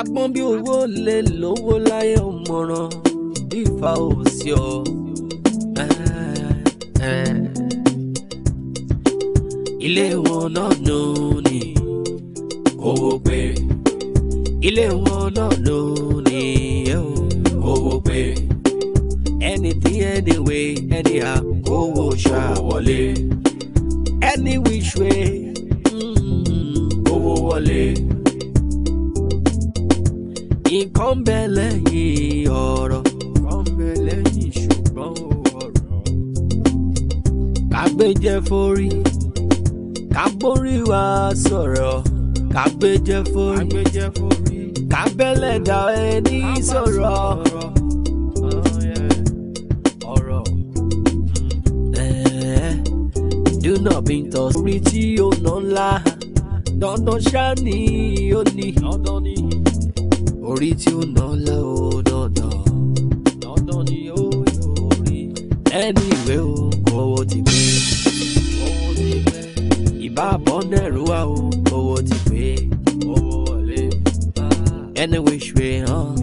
agbọ́n bí owó lè lówó láyé ọmọràn bí ìfà ò sí ọ. ilé wọn náà ló ní owó pé ilé wọn náà ló ní owó pé anything anyway anyhow owó ṣàwọlé any which way owó wọlé. Mm -hmm nǹkan ń bẹ lẹ́yìn ọ̀rọ̀ nǹkan ń bẹ lẹ́yìn ṣùgbọ́n ọ̀rọ̀. kàgbéjẹ forí kàgbórí wa sọ̀rọ̀ kàgbéjẹ forí kàbẹ́lẹ̀dá ẹni sọ̀rọ̀. dúnà bí n tọ́ orí tí ó ná ńlá dandan ṣáà ni ó ní orí tí ó ná lá o dandan dandan ni ó yóò rí ẹni ìwé o kówó ti pé owó ti pé ìbá bọ́ nẹ́rù wá o kówó ti pé owó wọlé ẹni wíṣọ hàn.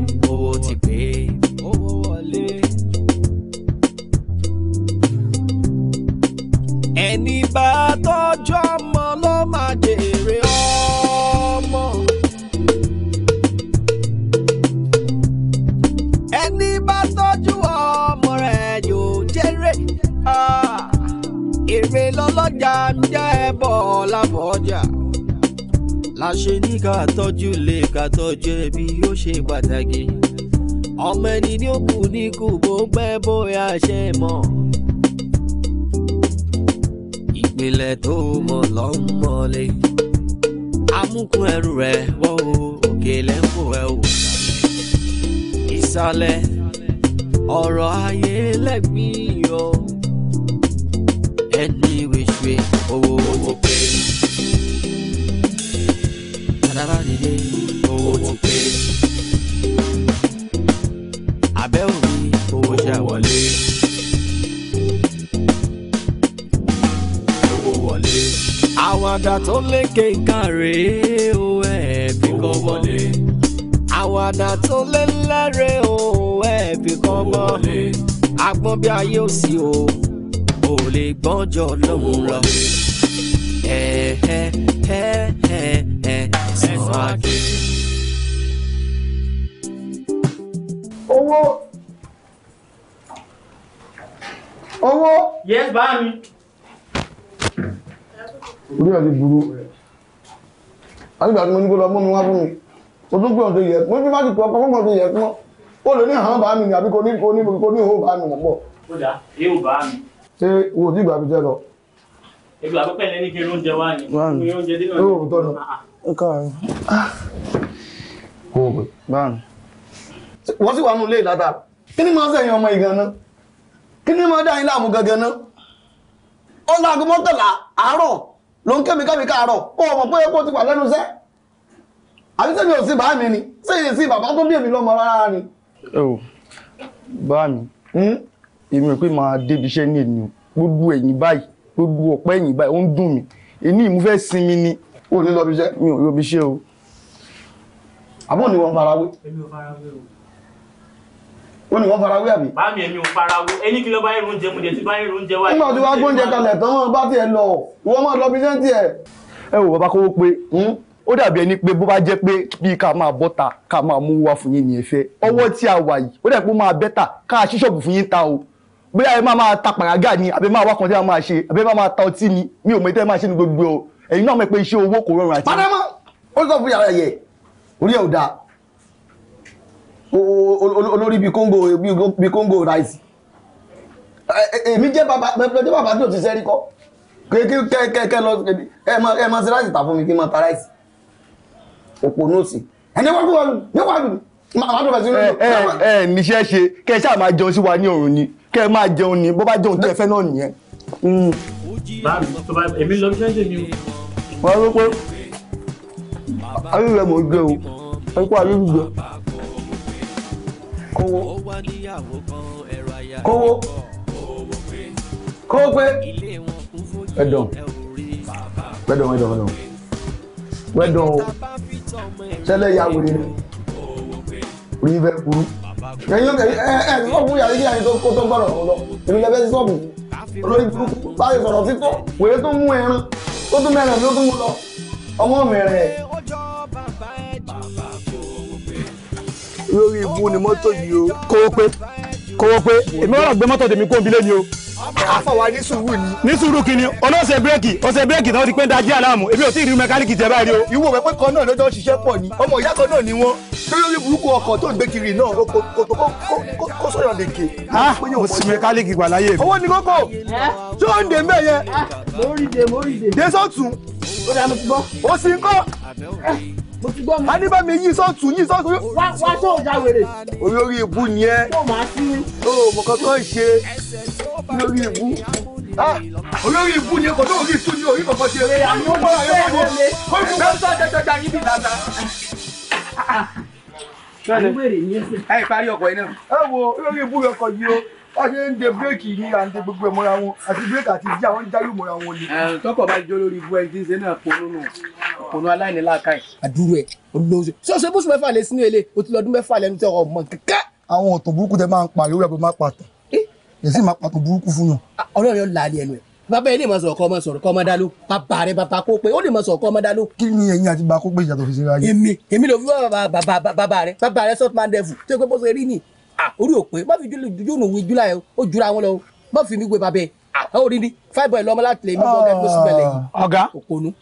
ṣe ní ká tọ́jú lè ká tọ́jú ẹbí ó ṣe pàtàkì ọmọ ẹni ní òkú ní kù bó pẹ́ bóyá ṣe mọ̀ ìpìlẹ̀ tó mọ̀ lọ́ ń mọ̀lé amúkún ẹrù rẹ̀ wọ́ o òkè lẹ́kọ̀ọ́ ẹ̀ o ìsàlẹ̀ ọ̀rọ̀ ayé lẹ́gbìn yọ. ké kàrẹ́ o ẹ̀ fi kọ́ bọ́. àwàdà tó lé lẹ́rẹ̀ o ẹ̀ fi kọ́ bọ́. agbọ́n bí ayé ò sí o ò lè gbọ́njọ lọ́wọ́ lọ. owó owó. yes bá mi. orí ẹ̀ ti àtìgbà tí mo ní kó lọ mú mi wá fún mi mo tún gbé ọ̀dọ̀ yẹ mo tún bá ti kọ́ ọkọ̀ ọ̀dọ̀ yẹ fún ó lè ní àwọn bá mi ni àbí kò ní kò ní kò ní ìhó bá mi mọ̀ pọ̀. ó dà yóò bá mi. ṣé wo ti gbà mí jẹ lọ. ìgbà pípẹ́ lẹ́ni kí oúnjẹ wá ni mi oúnjẹ dínà ni. yóò tọ́ nù. kóòpè báyìí. wọ́n sì wà nù lé ìlàtà kí ni máa ń sẹ́yìn ọmọ ìgànnà kí ni máa dá yín láàmú gangan náà ó láago àárọ̀ ló ń kémi kémi káàárọ̀ ó mọ̀ pé epo ti wà lẹ́nu iṣẹ́ àbí sẹ́mi ò sí bàá mi ni sẹ́yìn sí bàbá tó bí èmi lọ́mọ rárá ni. ẹ o bá mi hmm? èmi ò pé máa débi iṣẹ́ ní ènìyàn gbogbo ẹ̀yìn báyìí gbogbo ọ̀pá ẹ̀yìn báyìí ó ń dùn mí èmi ìmúfẹ́ sinmi ni. o ní lọ bí iṣẹ́. mi ò lọ bí iṣẹ́ o. àbúrò ni wọ́n farawé. èmi ó ní wọ́n farawé àbí. báàmì èmi ò farawé ẹni kí ló bá irun jẹ mo dé tí bá irun jẹ wáyé. nígbà tí wàá gbóúnjẹ kalẹ̀ tán wọn bá tiẹ̀ lọ wọ́n máa lọ bí sẹ́ńtì ẹ̀. ẹ wò bàbá kówó pé hmm? ó dàbí ẹni pé bó bá jẹ́ pé bí ká máa bọ́ta ká máa mú wá fún yín ní ẹ̀fẹ́ ọwọ́ tí a wà yìí ó dàbí pé ó máa bẹ́tà ká ṣí ṣọ́ọ̀bù fún yín ta o bóyá ẹ máa máa ta pàrágà ni àbí máa wá kan tí a máa ṣe àbí máa máa ta ọtí ni mi ò mọ ìtẹ́ máa ṣe ní gbogbo ẹ̀yin náà mọ̀ pé iṣẹ́ owó kò rọrùn àti. padà mọ́ ó sọ fún yàrá yẹ orí ẹ̀ ò dáa olórí bíi kóńgò bíi kóńgò ráìsì èmi jẹ́ bàbá jẹ́ bàbá tí ò ti sẹ́rí kọ́ kẹ́kẹ́ lọ ẹ máa ṣe ráìsì tà fún mi kí n máa ta ráìsì òpó nóòsì ẹni wá fún wa ní wá lù máa tó bẹ̀ sí nínú. ẹ ẹ níṣẹ́ ṣe kẹ ẹ ṣáà máa jẹun sí wa ní òrùn ni kẹ ẹ máa jẹun ni bó bá jẹun tẹ ẹ fẹ́ náà nìyẹn. Hmm. báàbí tó bá èmi lọ ṣẹ́ ń tèmi o. wọ́n ló pé ayé rẹ̀ mò ń gbé o ẹ kó ayé mi gbé kówó kówó kówó pé ẹ̀dùn wẹ́dọ̀ wẹ́dọ̀ wẹ́dọ̀ wẹ́dọ̀ sẹ́lẹ̀ ya wèrè ni orí bẹ́ẹ̀ kúrú ẹ̀yin ẹ̀ ẹ̀ ẹ̀ sọ́ọ̀bù yàrá tó tó gbọ́dọ̀ tó lọ èmi lẹ́fẹ́ sí sọ́ọ̀bù olórí burúkú báyìí sọ̀rọ̀ títọ́ wèrè tó mú ẹran tó tún mẹ́rin ló tún mú lọ ọmọ mẹ́rin ẹ̀. lórí ibú ni mọ́tò yìí o. kówó pé kówó pé èmi wọ́n gbé mọ́tò tèmi kó nbílẹ̀ ni o. àfọwà ní sùúrù ni. ní sùúrù kí ni bírèkì ọ̀sẹ̀ bírèkì náà ti pẹ́ dájí àlámù èmi ò tí ì rí mẹkáníìkì jẹ báyìí o. ìwọ wẹ́pẹ́ kan náà lọ́jọ́ ṣiṣẹ́ pọ̀ ni ọmọ ìyá kan náà ni wọ́n lórí burúkú ọkọ̀ tó gbé kiri náà kó sọ̀rọ̀ lèkè. a ò sí mẹkáníìkì gbà láyé mi. owó ni kókó tó ń dè mẹ́ yẹn. móríde móríde. dé sọ́tún. ó dáná ti gbọ́ a ní bá mi yí sọ́ọ̀tù yí sọ́ọ̀tù. wá wá tó o jáwèrè. olórí ibú ni ẹ. tó máa sí. o mọ̀kàn tó ń ṣe olórí ibú. Ah, olórí ibú ni kò tó orí ìtúni orí kankan ṣe. èèyàn ló bọ́ ayé wọ́n lé. ó ní bẹ́ẹ̀ sọ jẹjẹjẹ níbi ìlànà. ẹ parí ọkọ̀ yìí náà. ẹ wo olórí ibú yọkọ̀ yìí o wọ́n ṣe ń de bírèkì ní àǹtí gbogbo ẹ̀mọ́ra wọn àti bírèkì àti ìjà wọn jáyò mọ́ra wọn ni. tọkọ bá jó lórí ibú ẹni tí ń ṣe náà ponú nù ponú aláìní làákàyè. àdúró ẹ olóṣè ṣé o ṣe bóṣù mẹ́fà lè sínú ilé o ti lọ ọdún mẹ́fà lẹ́nu tí ọkọ mọ kẹkẹ. àwọn ọ̀tọ̀ burúkú tẹ máa ń pa lórí ẹ̀bùn máa pa tán yẹn sì máa pàtó burúkú fún yàn. Ah, ọlọ́run bàbá ẹ lè máa sọ̀rọ̀ kọ́ ọmọ sọ̀rọ̀ kọ́ ọmọ dáló bàbá rẹ bàbá kó pé ó lè máa sọ̀rọ̀ kọ́ ọmọ dáló. kí ni ẹ̀yin àti bàbá kó pé ìyàtọ̀ fi ṣe ra yín. èmi èmi ló fi bá bàbá bàbá rẹ bàbá rẹ sọ́tún máa ń dẹ̀fù tó bó ṣe rí nì orí òpè má fi jóná wí júlá ẹ ó jura wọn lọ má fi mi wé babẹ ẹ ò rí ni fáìbọ̀ ìlú ọmọ láti lè mí gbọ́dọ̀ ló sì bẹ̀lẹ̀ yìí. Ah. ọ̀gá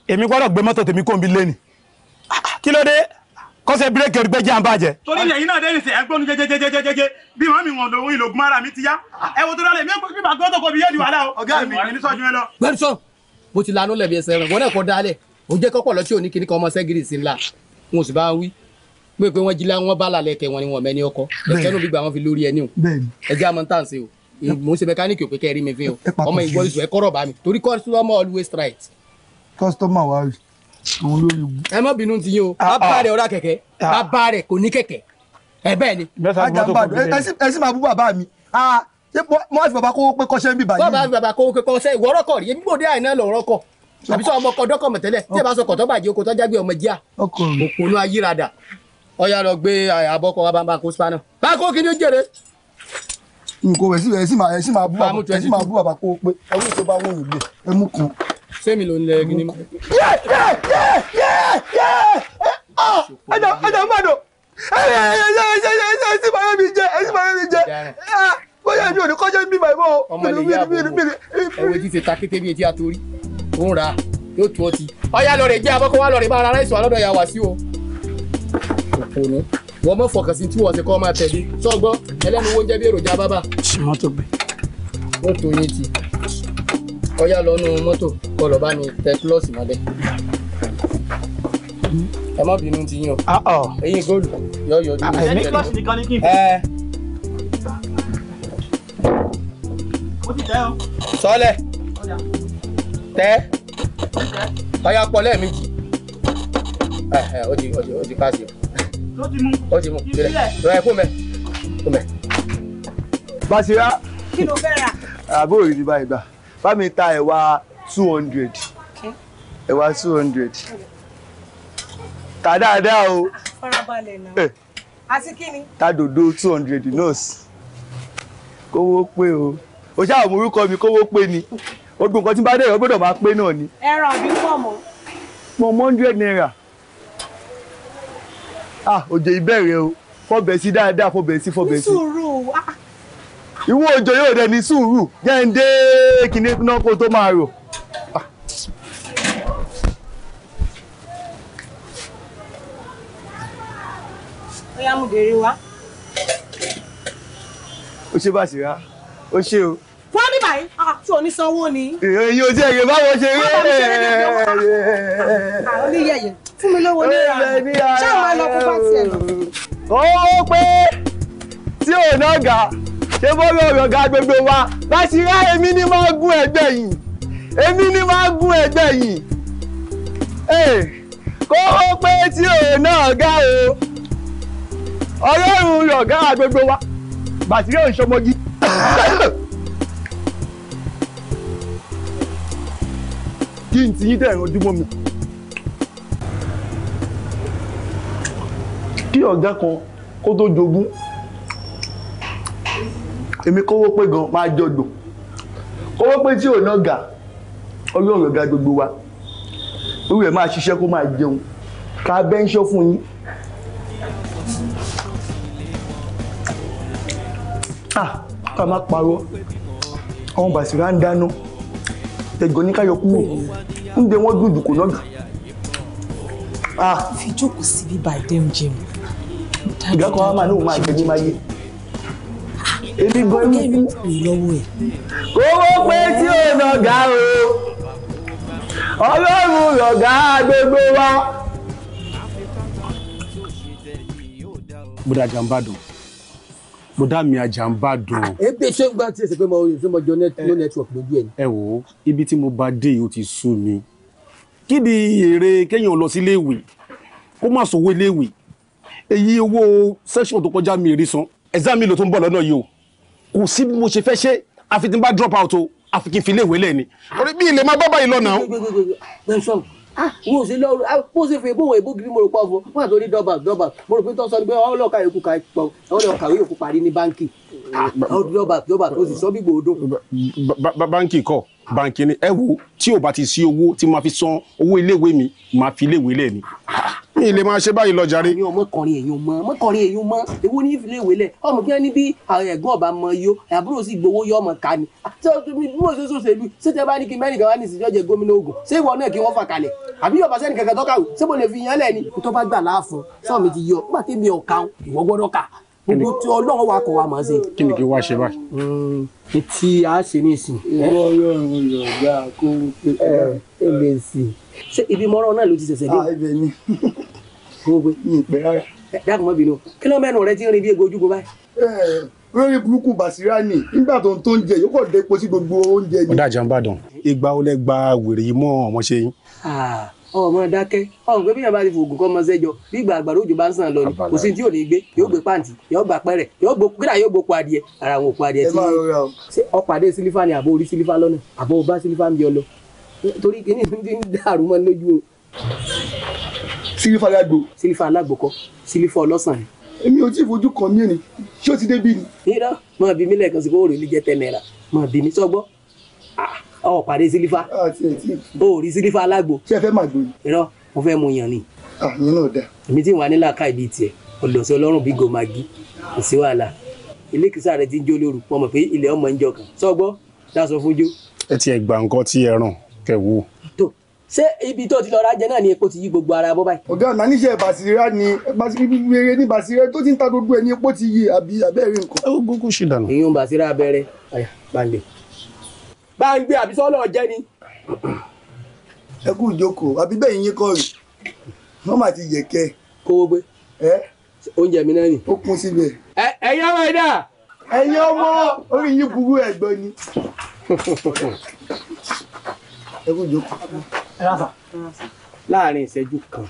èmi gbọ́dọ̀ gbé mọ́tò tèmi kò ń bi lẹ́nì kí ló dé kọ́sẹ̀ bírèkì orí gbẹ́jẹ́ à ń bàjẹ́. torí ilẹ̀ yìí náà dé nìsẹ̀ ẹgbọ́n jẹjẹjẹjẹjẹjẹ bí màmí wọn lòun ìlògùn ara mi ti yá ẹ wo tó lọ́lẹ̀ mi bí bàgbọ́ tó kọ bí yé di wàhálà o. ọ̀gá mi ní sọ́jú ẹ lọ. gbẹ́rùsọ̀ bó ti lanú lẹ̀bi ẹsẹ̀ rẹ̀ wọ́n náà kọ́ dálẹ̀ ó jẹ́ kọ́pọ̀ lọ́sí òní kìnnìkan ọmọ sẹ́gìrì sí ńlá n ò sì bá wí pé pé wọ́n jìlá wọn bá lálẹ́ kẹ wọn ni wọn mẹ́ni ọkọ ẹ̀sẹ̀ ló fi gbà wọn fi lórí ẹni o ẹ̀jẹ̀ àmọ́ tá à ń ṣe o mò ń ṣe mẹkáníìkì òpè kẹ́rì mi fi o ọmọ ìwọ ìṣù ẹ kọ́rọ̀ bá mi torí customer always right. customer wa òun ló rí. ẹ má bínú ti yín o ah, bàbá ah. rẹ̀ ọ̀rá kẹ̀kẹ́ ah. bàbá rẹ̀ kò ní kẹ̀kẹ́ ẹ bẹ́ẹ̀ ni. ẹ sì máa bú bàbá mi mo á fi bàbá kówó pé kọ́ṣẹ́ ń bì báyìí. bàbá bàbá kówó pé kọ́ṣẹ́ ìwọ ọ̀rọ̀ rí ebi gbòde àìná lọ̀rọ̀ kọ̀ àbí ọmọ kọ mọ̀tẹ́lẹ̀ tí ẹ bá sọ kọ̀tọ́ bàjẹ́ okòtọ́jà ọmọ jíà òpònú ayírada ọyá lọ gbé àbọ̀kọ eh, wa bá ń bá kó spanner bá kó kí ni ó jèrè. nǹkan ẹ̀ sì ẹ̀ sì máa ẹ̀ sì máa bú bàbá ẹ̀ sì máa bú bàbá kó o pé ọdún tó bá wọ̀nyí lé ẹ mú kan. sẹ́mi ló ń lẹ gíní mọ́. yẹ yẹ yẹ yẹ yẹ ọ ẹjọ ẹjọ mbàdàn ẹ ẹ ẹ ẹ ẹ ẹ ẹ sì máa yẹ mi jẹ ẹ sì máa yẹ mi jẹ bóyá mi ò ní kọjá bí màá bọ. ọmọ ilé yà bò ẹwé ti ṣe ta kété bíi etí àtórí ó ra yóò tún ọtí. ọyá lọ rè jẹ́ wa lọ rè máa aláìsàn alọ́dọ̀ yà wá sí o òpònú wọ́n mọ̀ fọkàn sí tí wọ́n ti kọ́ máa tẹ̀lé sọ́gbọ́ ẹlẹ́nu owó ń jẹ́ bí èròjà bábà. ṣé mọ́tò gbé. ó tó yín ti ọyá lọ́nu mọ́tò kọ lọ́ọ́ bá ní tẹ kílọ̀sì mọ́lẹ̀. ẹ má bínú ti yín o eyín góòlù yọ yọ ojú ah, mi. ẹ kílọ̀sì nìkan ní kí n fi. ó ti tẹ́ o. sọ́lẹ̀ tẹ́ ọyá pọ̀ lẹ́ẹ̀mejì ó ti ká sí i ó ti mú ó ti mú ìrẹ rẹ kó mẹ kó mẹ. Basira kí ló fẹ́ rà. àbúrò yìí ti bá ìgbà bá mi ta ẹ̀wà two hundred ẹ̀wà two hundred ta dáadáa o. farabalẹ̀ náà eh. àti kí ta dòdò two hundred nurse kówó pé o o ṣáà mú orúkọ mi kówó pé ni o gbọ́n nǹkan tí bá dẹ̀ yọ gbọ́dọ̀ máa pé náà ni. ẹran àbí pọ̀ mọ́. pọ̀ mọ́ hundred naira. ah òjò ìbẹ̀rẹ̀ o fọbẹ̀ sí dáadáa fọbẹ̀ sí fọbẹ̀ si. ní sùúrù ah. ìwọ òjò yóò dẹ ní sùúrù jẹ́ ń dé kíní náà kó tó máa rò. Ah. ó yá mú o wọ́n ní ah, tí ní sanwó ni. èyí ò jẹ́ ìyẹn ṣe rí. àwọn fún mi lówó níra ṣé àwọn ẹ lọ kó pàtì ẹ lọ. ó pé tí ò náà gà ṣé bọ́ọ̀lù ọ̀rọ̀ ga gbogbo wa bá ti rá èmi ni máa gún ẹgbẹ́ yìí èmi ni máa gún ẹgbẹ́ yìí eh, kó ó pé tí ò náà gà o ọlọ́run lọ̀gá gbogbo wa bàtírí òṣòmogi. kí n ti yín ẹ̀rọ dúmọ́ mi. kí ọ̀gá kan kó tó jogún èmi kówó pé gan máa jọdò kówó pé tí ò ná gà ọlọ́run ọ̀gá gbogbo wa wíwẹ̀ máa ṣiṣẹ́ kó máa jẹun ká bẹ́ńṣọ́ fún yín. ah ká má parọ́ àwọn bàṣírà ń dáná ẹ̀gọ́ ní káyọ̀ kúrò ń de wọ́n dùn jù kò náà gà. Ah. fi jókòó síbí by dem Jim ìgbà kan wàá máa ní òun máa jẹ́ ní máyé èmi gan ní. kówó pé tí ò nàgà o ọlọ́run lọ̀gá gbogbo wa. bùdá jàǹbàdùn bùdá mi àjàǹbàdùn. ebi ṣé gba tí ẹsẹ̀ pé mo ṣe mo jọ no network lójú ẹ̀ ni. ẹ wo ibi tí mo bá dé yìí ó ti sú mi kí ni èrè kéèyàn lọ sí iléèwé kó má sọ owó iléèwé èyí owó session tó kọjá mi rí san exam mi ló tó bọ̀ lọ́nà yìí o kò sí bí mo ṣe fẹ́ ṣe àfi tí n bá drop out o àfi kí n fi ilé ìwé lẹ̀ ni orí bí ilé máa bá báyìí lọ́nà. Ah. mo ṣe lọ́rùn ah, mo ṣe fi ebó wọn ebó gidi mo rò pa ọ̀fọ̀ wọn àti orí dọ́bà dọ́bà mo rò pé tó sọ ni pé ọlọ́ọ̀ka yòókù ká pọ̀ ọlọ́ọ̀ka yòókù parí ní báńkì dọ́bà dọ́bà tó sì sọ bí gbòòdò. báńkì kọ́ báńkì ni ẹ wo tí o bá ti sí owó tí máa fi san owó iléèwé mi máa fi iléèwé lẹ̀ ni mi lè máa ṣe báyìí lọ jàre. ẹyin ọmọ kọrin ẹyin ọmọ ọmọ kọrin ẹyin ọmọ ewu ní iléèwé lẹ ọmọ kí wọn ní bí ẹ̀gbọ́n ọba mọ yó àbúrò sì gbowó yọ ọmọ ká ni bí mo ṣe sọsọ èlú ṣé tẹ bá ní kí mẹ́rin kan wá ní ìsìnjọ́ jẹ gómìnà Ògùn ṣé ìwọ náà kí wọ́n fà kalẹ̀ àbí yọ̀bá sẹ́ni kankan tọ́ka wò ṣé mo lè fi yan lẹ́ni. tó bá gbà láàfún sọ́ọ̀ mi ti gbogbo tí ọlọ́run wa kò wa mọ̀ ṣe. kí ni kí wá ṣe báyìí. ní tí a ṣe ní ìsìn. ìwọ ọlọ́run yóò gbà kó o pé ẹ lè sì. ṣé ibi mọ́rọ́ náà ló ti ṣẹ̀ṣẹ̀ dé. Ah, ibẹ̀ ni. kó o pé. mi ì pẹ́ rárá. dákun mọ́ bínú kí ló mẹ́nu rẹ ti ń rin bí egbò ojúgbò báyìí. lórí burúkú Basira ni nígbà tó ń tó ń jẹ yóò kọ̀ dé epo sí gbogbo oúnjẹ ni. ọ̀dà àjàmbá dàn. ìgbà wo lẹ gba wèrè yìí mọ́ ọmọ ṣe yín. Ah ọmọ dákẹ́ ọmọ pé bí yàrá bá ti fògùn kọ́ ọmọ sẹ́jọ bí ìgbà àgbàdo òjò bá ń sàn lọ ni kò sí tí ò ní gbé yóò gbé pàǹtì yóò gbà pẹ́rẹ̀ yóò gbó kíra yóò gbópo adìẹ ara àwọn òpó adìẹ tí ó pàdé sílífà ni àbó orí sílífà lọ́nà àbó bá sílífà ń bí ọ lọ torí kíní ti ń dàrú mọ́ lójú o. sílífà alágbò. sílífà alágbò kọ́ sílífà ọlọ́sàn ni. èmi ò tí ì ọ pàdé sílífà ah, ó rí sílífà alágbo. ṣé ẹ fẹ́ màgbó yìí. irọ́ mo fẹ́ mu yàn ni. àyìn ah, náà dà. èmi tí wàá nílà ká ìbí tiẹ̀ ọ̀dọ̀sẹ̀ ọlọ́run bí gòmági kò sí wàhálà ilé kìsà rẹ ti ń jó lóru wọn mọ̀ pé ilẹ̀ ọmọ ń jọ kàn sọ́gbọ́ dáṣọ fúnjó. ẹ ti ẹ gbà nǹkan tí ẹ ràn kẹ wò. tó ṣé ibi tó ti lọ rájẹ náà ni epo ti yí gbogbo ara bọ́ báyìí. ọ̀gá àná níṣẹ́ ìbàṣírá ni ìbàṣírá ní ìbàṣírá tó ti ń ta gbogbo ẹ̀ ní epo ti yí àbí abẹ́rẹ́ nǹkan. ẹ gbogbo kò dànù. ìyún ìbàṣírá abẹ́rẹ́ àyà balẹ̀ bá ń gbé àbí sọ́lọ̀ jẹ́ ni. ẹ kú ìjókòó àbí bẹ́ẹ̀ yín kọ́ rè wọ́n mà ti yẹ̀kẹ́. kówó gbé oúnjẹ mi náà nì. ó kún síbẹ̀. ẹ̀yin ọmọ ẹ̀dá. ẹ̀yin ọmọ orí yín burú ẹ̀gbọ́n ni. ẹ kú ìjókòó. ẹ rà sà. láàrin ìṣẹ́jú kan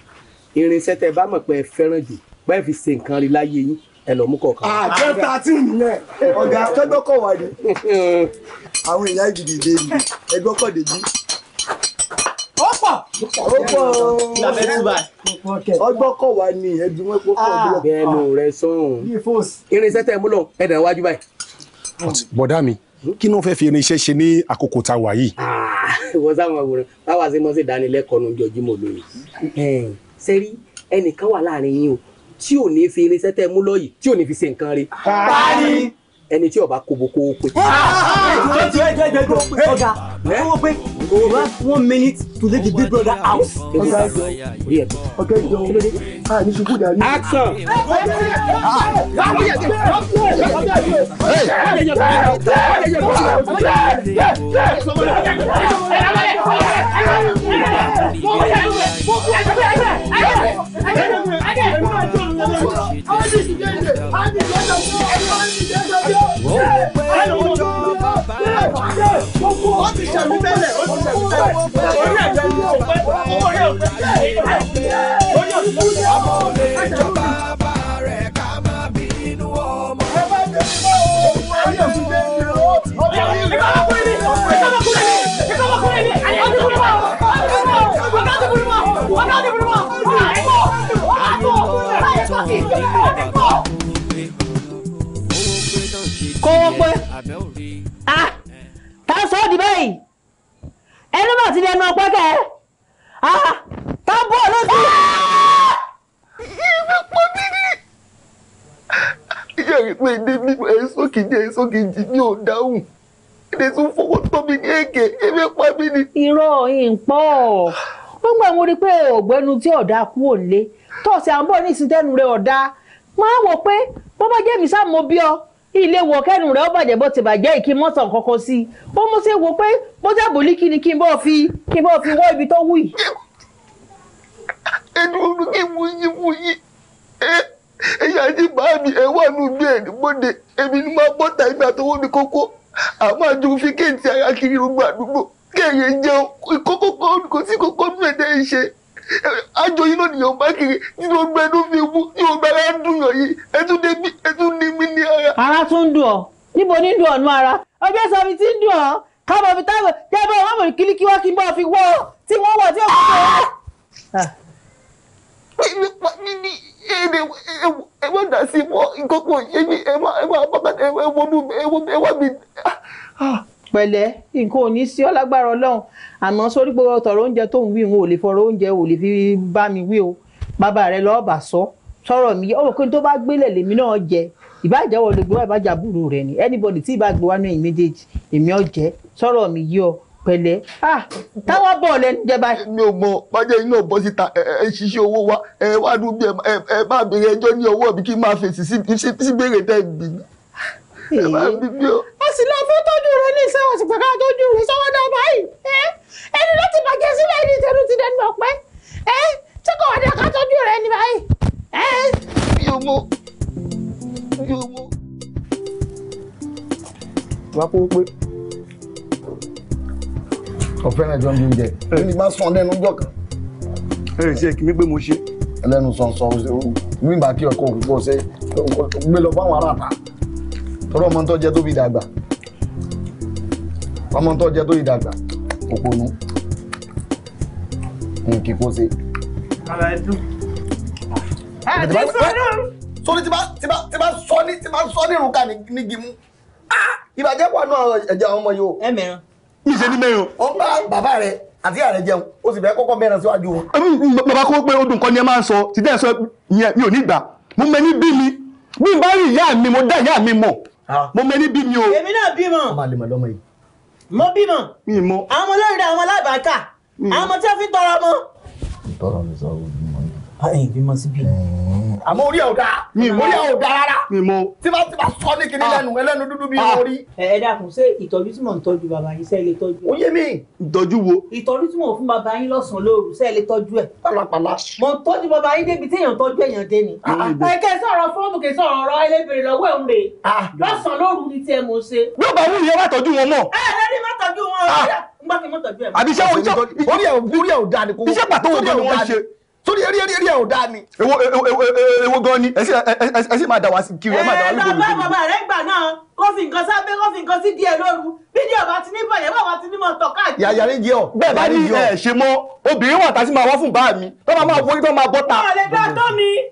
irinṣẹ́ tẹ bá mọ̀ pé ẹ fẹ́ràn jù pé ẹ fi ṣe nǹkan rí láyé yín ẹ lọ mú kọ̀ọ̀kan. àjọ ah, thirteen nìyẹn ọ̀gá akẹ́gbẹ́kọ̀ wà ní. àwọn èèyàn ìdìdì dé ni ẹgbẹ́ ọkọ̀ dèjì. ó pọ̀ ó pọ̀ ọgbọ́n kọ̀ wá ní ẹbí wọn kó pọ̀ bí wọ́n. bẹ́ẹ̀ ló rẹ sọ́hùn irinṣẹ́ tẹ̀ mú lọ ẹ̀dá iwájú báyìí. bọ̀dá mi kí ló ń fẹ́ fi irinṣẹ́ ṣe ní àkókò tá a wà yìí. ìwọ ah, sáwọn àwòrán báwa ṣe mọ sí ìdánilẹ́kọ̀ọ́ ní ọjọ́ Jímọ̀ lónìí. sẹ́rí ẹnìkan wà láàrin yín o tí ò ní fi irinṣẹ́ tẹ́ mú lọ yìí tí ò ní fi ṣe nǹkan rí. báyìí ẹni tí ọba kobo kó o pé. ọ̀gá wọ́n pé you have one minute to leave the big brother house. ọ̀gá ìjọ ọ̀gá ìjọ a ní sùkúù dàrí. action. Thank you. orí ẹ̀jẹ̀ ní òpẹ́ owó orí òpẹ́ orí di báyìí ẹnu náà ti di ẹnu ọpẹ́ kẹ́ tábọ̀ ló ti. ìwé pọ̀ mí ni ìyá rẹ̀ pé èdè mi ẹ̀ sókè ní ẹ̀ sókè jì ní ò dáhùn èdè tún fọwọ́ tọ́ mi ní èkè ewé pa mí ni. irọ́ ìpọ́ wọ́n gbà wọ́n rí pé ọ̀gbẹ́nu tí ọ̀dà kú ò lé tọ́sí à ń bọ̀ ní ìsìntẹ́nu rẹ̀ ọ̀dà wọ́n á wọ̀ pé bọ́bá jẹ́mi sáà mo bí ọ ilé wọ kẹrùn rẹ ó bàjẹ́ bó ti bàjẹ́ ìkí mọ́sàn kankan sí i ó mú sí wo pé bó jẹ́ bòlíkì ni kí n bọ́ fi kí n bọ́ fi wọ́ ibi tó wù yìí. ẹnu ọdún kí mo yí mo yí ẹyà àti bàámi ẹ wà nù bí ẹ bóde èmi ni máa bọ́ tàbí àtọwọ́ mi kókó àmọ́ àjò fi kéèntì ara kiri gbogbo àdúgbò kéèyàn jẹun kókó kó sí kókó nù ìṣe. Ajo yìí náà nìyàn bá kiri tí ló gbẹ ló fi wú tí ó gbẹrẹ dùn yàn yìí ẹtún débi ẹtún ní mí ní ara. ara tún ń dùn ọ níbo ní dùn ọ̀nù ara ọjọ́ sọ mi ti ń dùn ọ kábọ̀ mi táwọn jábọ̀ wọn mọ̀ kílí kí wọ́n kí n bọ́ fi wọ́ tí wọ́n wọ̀ tí ó kú tó. ní èdè ẹwọ́ dà sí wọ́n ìkókò yé mi ẹ máa bọ́ ẹ wọ́n mi pẹ̀lẹ́ nǹkan ò ní sí ọ lágbára Ọlọ́run àmọ́ sórí pé ọ̀tọ̀rọ̀ oúnjẹ tó ń wí òun ò lè fọ̀rọ̀ oúnjẹ ò lè fi bá mi wí o bàbá rẹ lọ́ọ́ bà sọ sọ̀rọ̀ mi yẹ ọ̀rọ̀ pé tó bá gbélé lèmi náà jẹ ìbájáwọ̀ lè gbé wá ìbájábùrù rẹ ni anybody tí ìbá gbé wá náà méjèèjì èmi ọ̀ jẹ́ sọ̀rọ̀ mi yí ọ pẹ̀lẹ́ ah táwa bọ̀ lẹ́nu jẹba. mi ò mọ bájẹ́ iná bọ́ síta ẹ ṣiṣẹ́ owó wa ẹ wá dùn bí ẹ bá béèrè ẹjọ́ ní ọwọ́ mi kí n máa fèsì sí béèrè tẹ́ ẹ bì a sì lọ fún tọ́jú rẹ ní ìṣe ọ̀sìn pẹ̀ka tọ́jú rẹ sọ́wọ́ náà báyìí ẹni ló ti bàjẹ́ sílẹ̀ ní ìtẹ̀rù ti dẹnu ọ̀pẹ́ tí kò wọ́n ní ọ̀ká tọ́jú rẹ ní báyìí. yóò mú yóò mú. wá kó pé ọ̀fẹ́ náà jọ ń bí oúnjẹ ní bá sàn lẹ́nu ọjọ́ kan. ẹ ẹ ṣe kí mi pé mo ṣe. ẹlẹ́nu sọ̀nsọ̀ gbígbà kí ọkọ̀ òkú pọ̀ ṣe gbé lọ fáwọn aráàlú tọrọ ọmọ tó jẹ tó fi dàgbà ọmọ tó jẹ tó fi dàgbà òpònú nkì kó se. àti sọ́nù. sórí tí bá tí bá tí bá sọ ní tí bá sọ ní ìrùkà ní gímú ah, ìbàjẹ́ pọ̀ náà ẹ̀jẹ̀ àwọn ọmọ yìí o. ẹ mẹ́rin. níṣẹ́ ni mẹ́rin o. ó ń bá bàbá rẹ̀ àti ààrẹ jẹun ó sì bẹ́ẹ̀ kọ́kọ́ mẹ́rin síwájú wọn. bàbá kó pé odùn kan ni ẹ máa ń sọ ti dẹ́ sọ yẹn mi ò ní gbà mo mẹ ní bí mi bí n bá rí ìyá mi mo dá ìyá mi mọ̀ mo mẹ ní bí mi o. èmi náà bímọ. ọmọ àlè lọmọ yìí. mo bímọ. mi mọ. àwọn ọmọ lórí àwọn alábàákà àwọn ọmọ tí wọn fi tọrọ mọ. tọrọ mi sọ ọ bímọ. a ẹ̀yin bímọ síbí àmọ́ orí ẹ̀ ò dáa orí ẹ̀ ò dáa rárá tí bá ti bá sọ ní kinní ah. lẹ́nu ẹlẹ́nu dúdú bíi ah. orí. ẹ ẹ dákun ṣé ìtọ́jú tí mò ń tọ́jú bàbá yín ṣe é lè tọ́jú. ó yé mi. ìtọ́jú wo. ìtọ́jú tí mò ń fún bàbá yín lọ́sàn-án lóru ṣe é lè tọ́jú ẹ̀. pàlàpàlà. mo ń tọ́jú bàbá yín débi tí èèyàn tọ́jú èèyàn dé ni. ẹ kẹ́ sọ̀rọ̀ fọ́ọ̀mù kẹ́ sọ̀rọ̀ ọ̀rọ̀ ẹlẹ́bẹ̀rẹ̀ lọ́wọ́ ẹ̀ ń rè ah. lọ́sàn-án lóru mo ṣe. bí ó bá wù yẹn wá tọ́jú wọn mọ́. ẹ ẹ lẹ́ni má tọ́jú wọn àbíṣẹ́ orí ẹ̀ ò iṣẹ́ pàtó wo ni wọ́n ṣe sórí eré eré eré ẹ ò dáa ni. ewo ewo ewo gan ni ẹ sì ẹ sì máa dà wá sí kiri ẹ máa dà wá lóko lóko. ẹ lọ bá bàbá rẹ gbà náà kó fi nǹkan sábẹ́ kó fi nǹkan sí díẹ̀ lóru bídíò bá ti ní bọ̀yẹ̀ bá wa ti ní mọ̀ tọ̀ káàkiri. yàyà ni yẹ ọ. bẹ́ẹ̀ bá ní ẹ ṣe mọ obìnrin wà tàbí máa wá fún báà mi tó máa máa wọlé tó máa bọ́ta.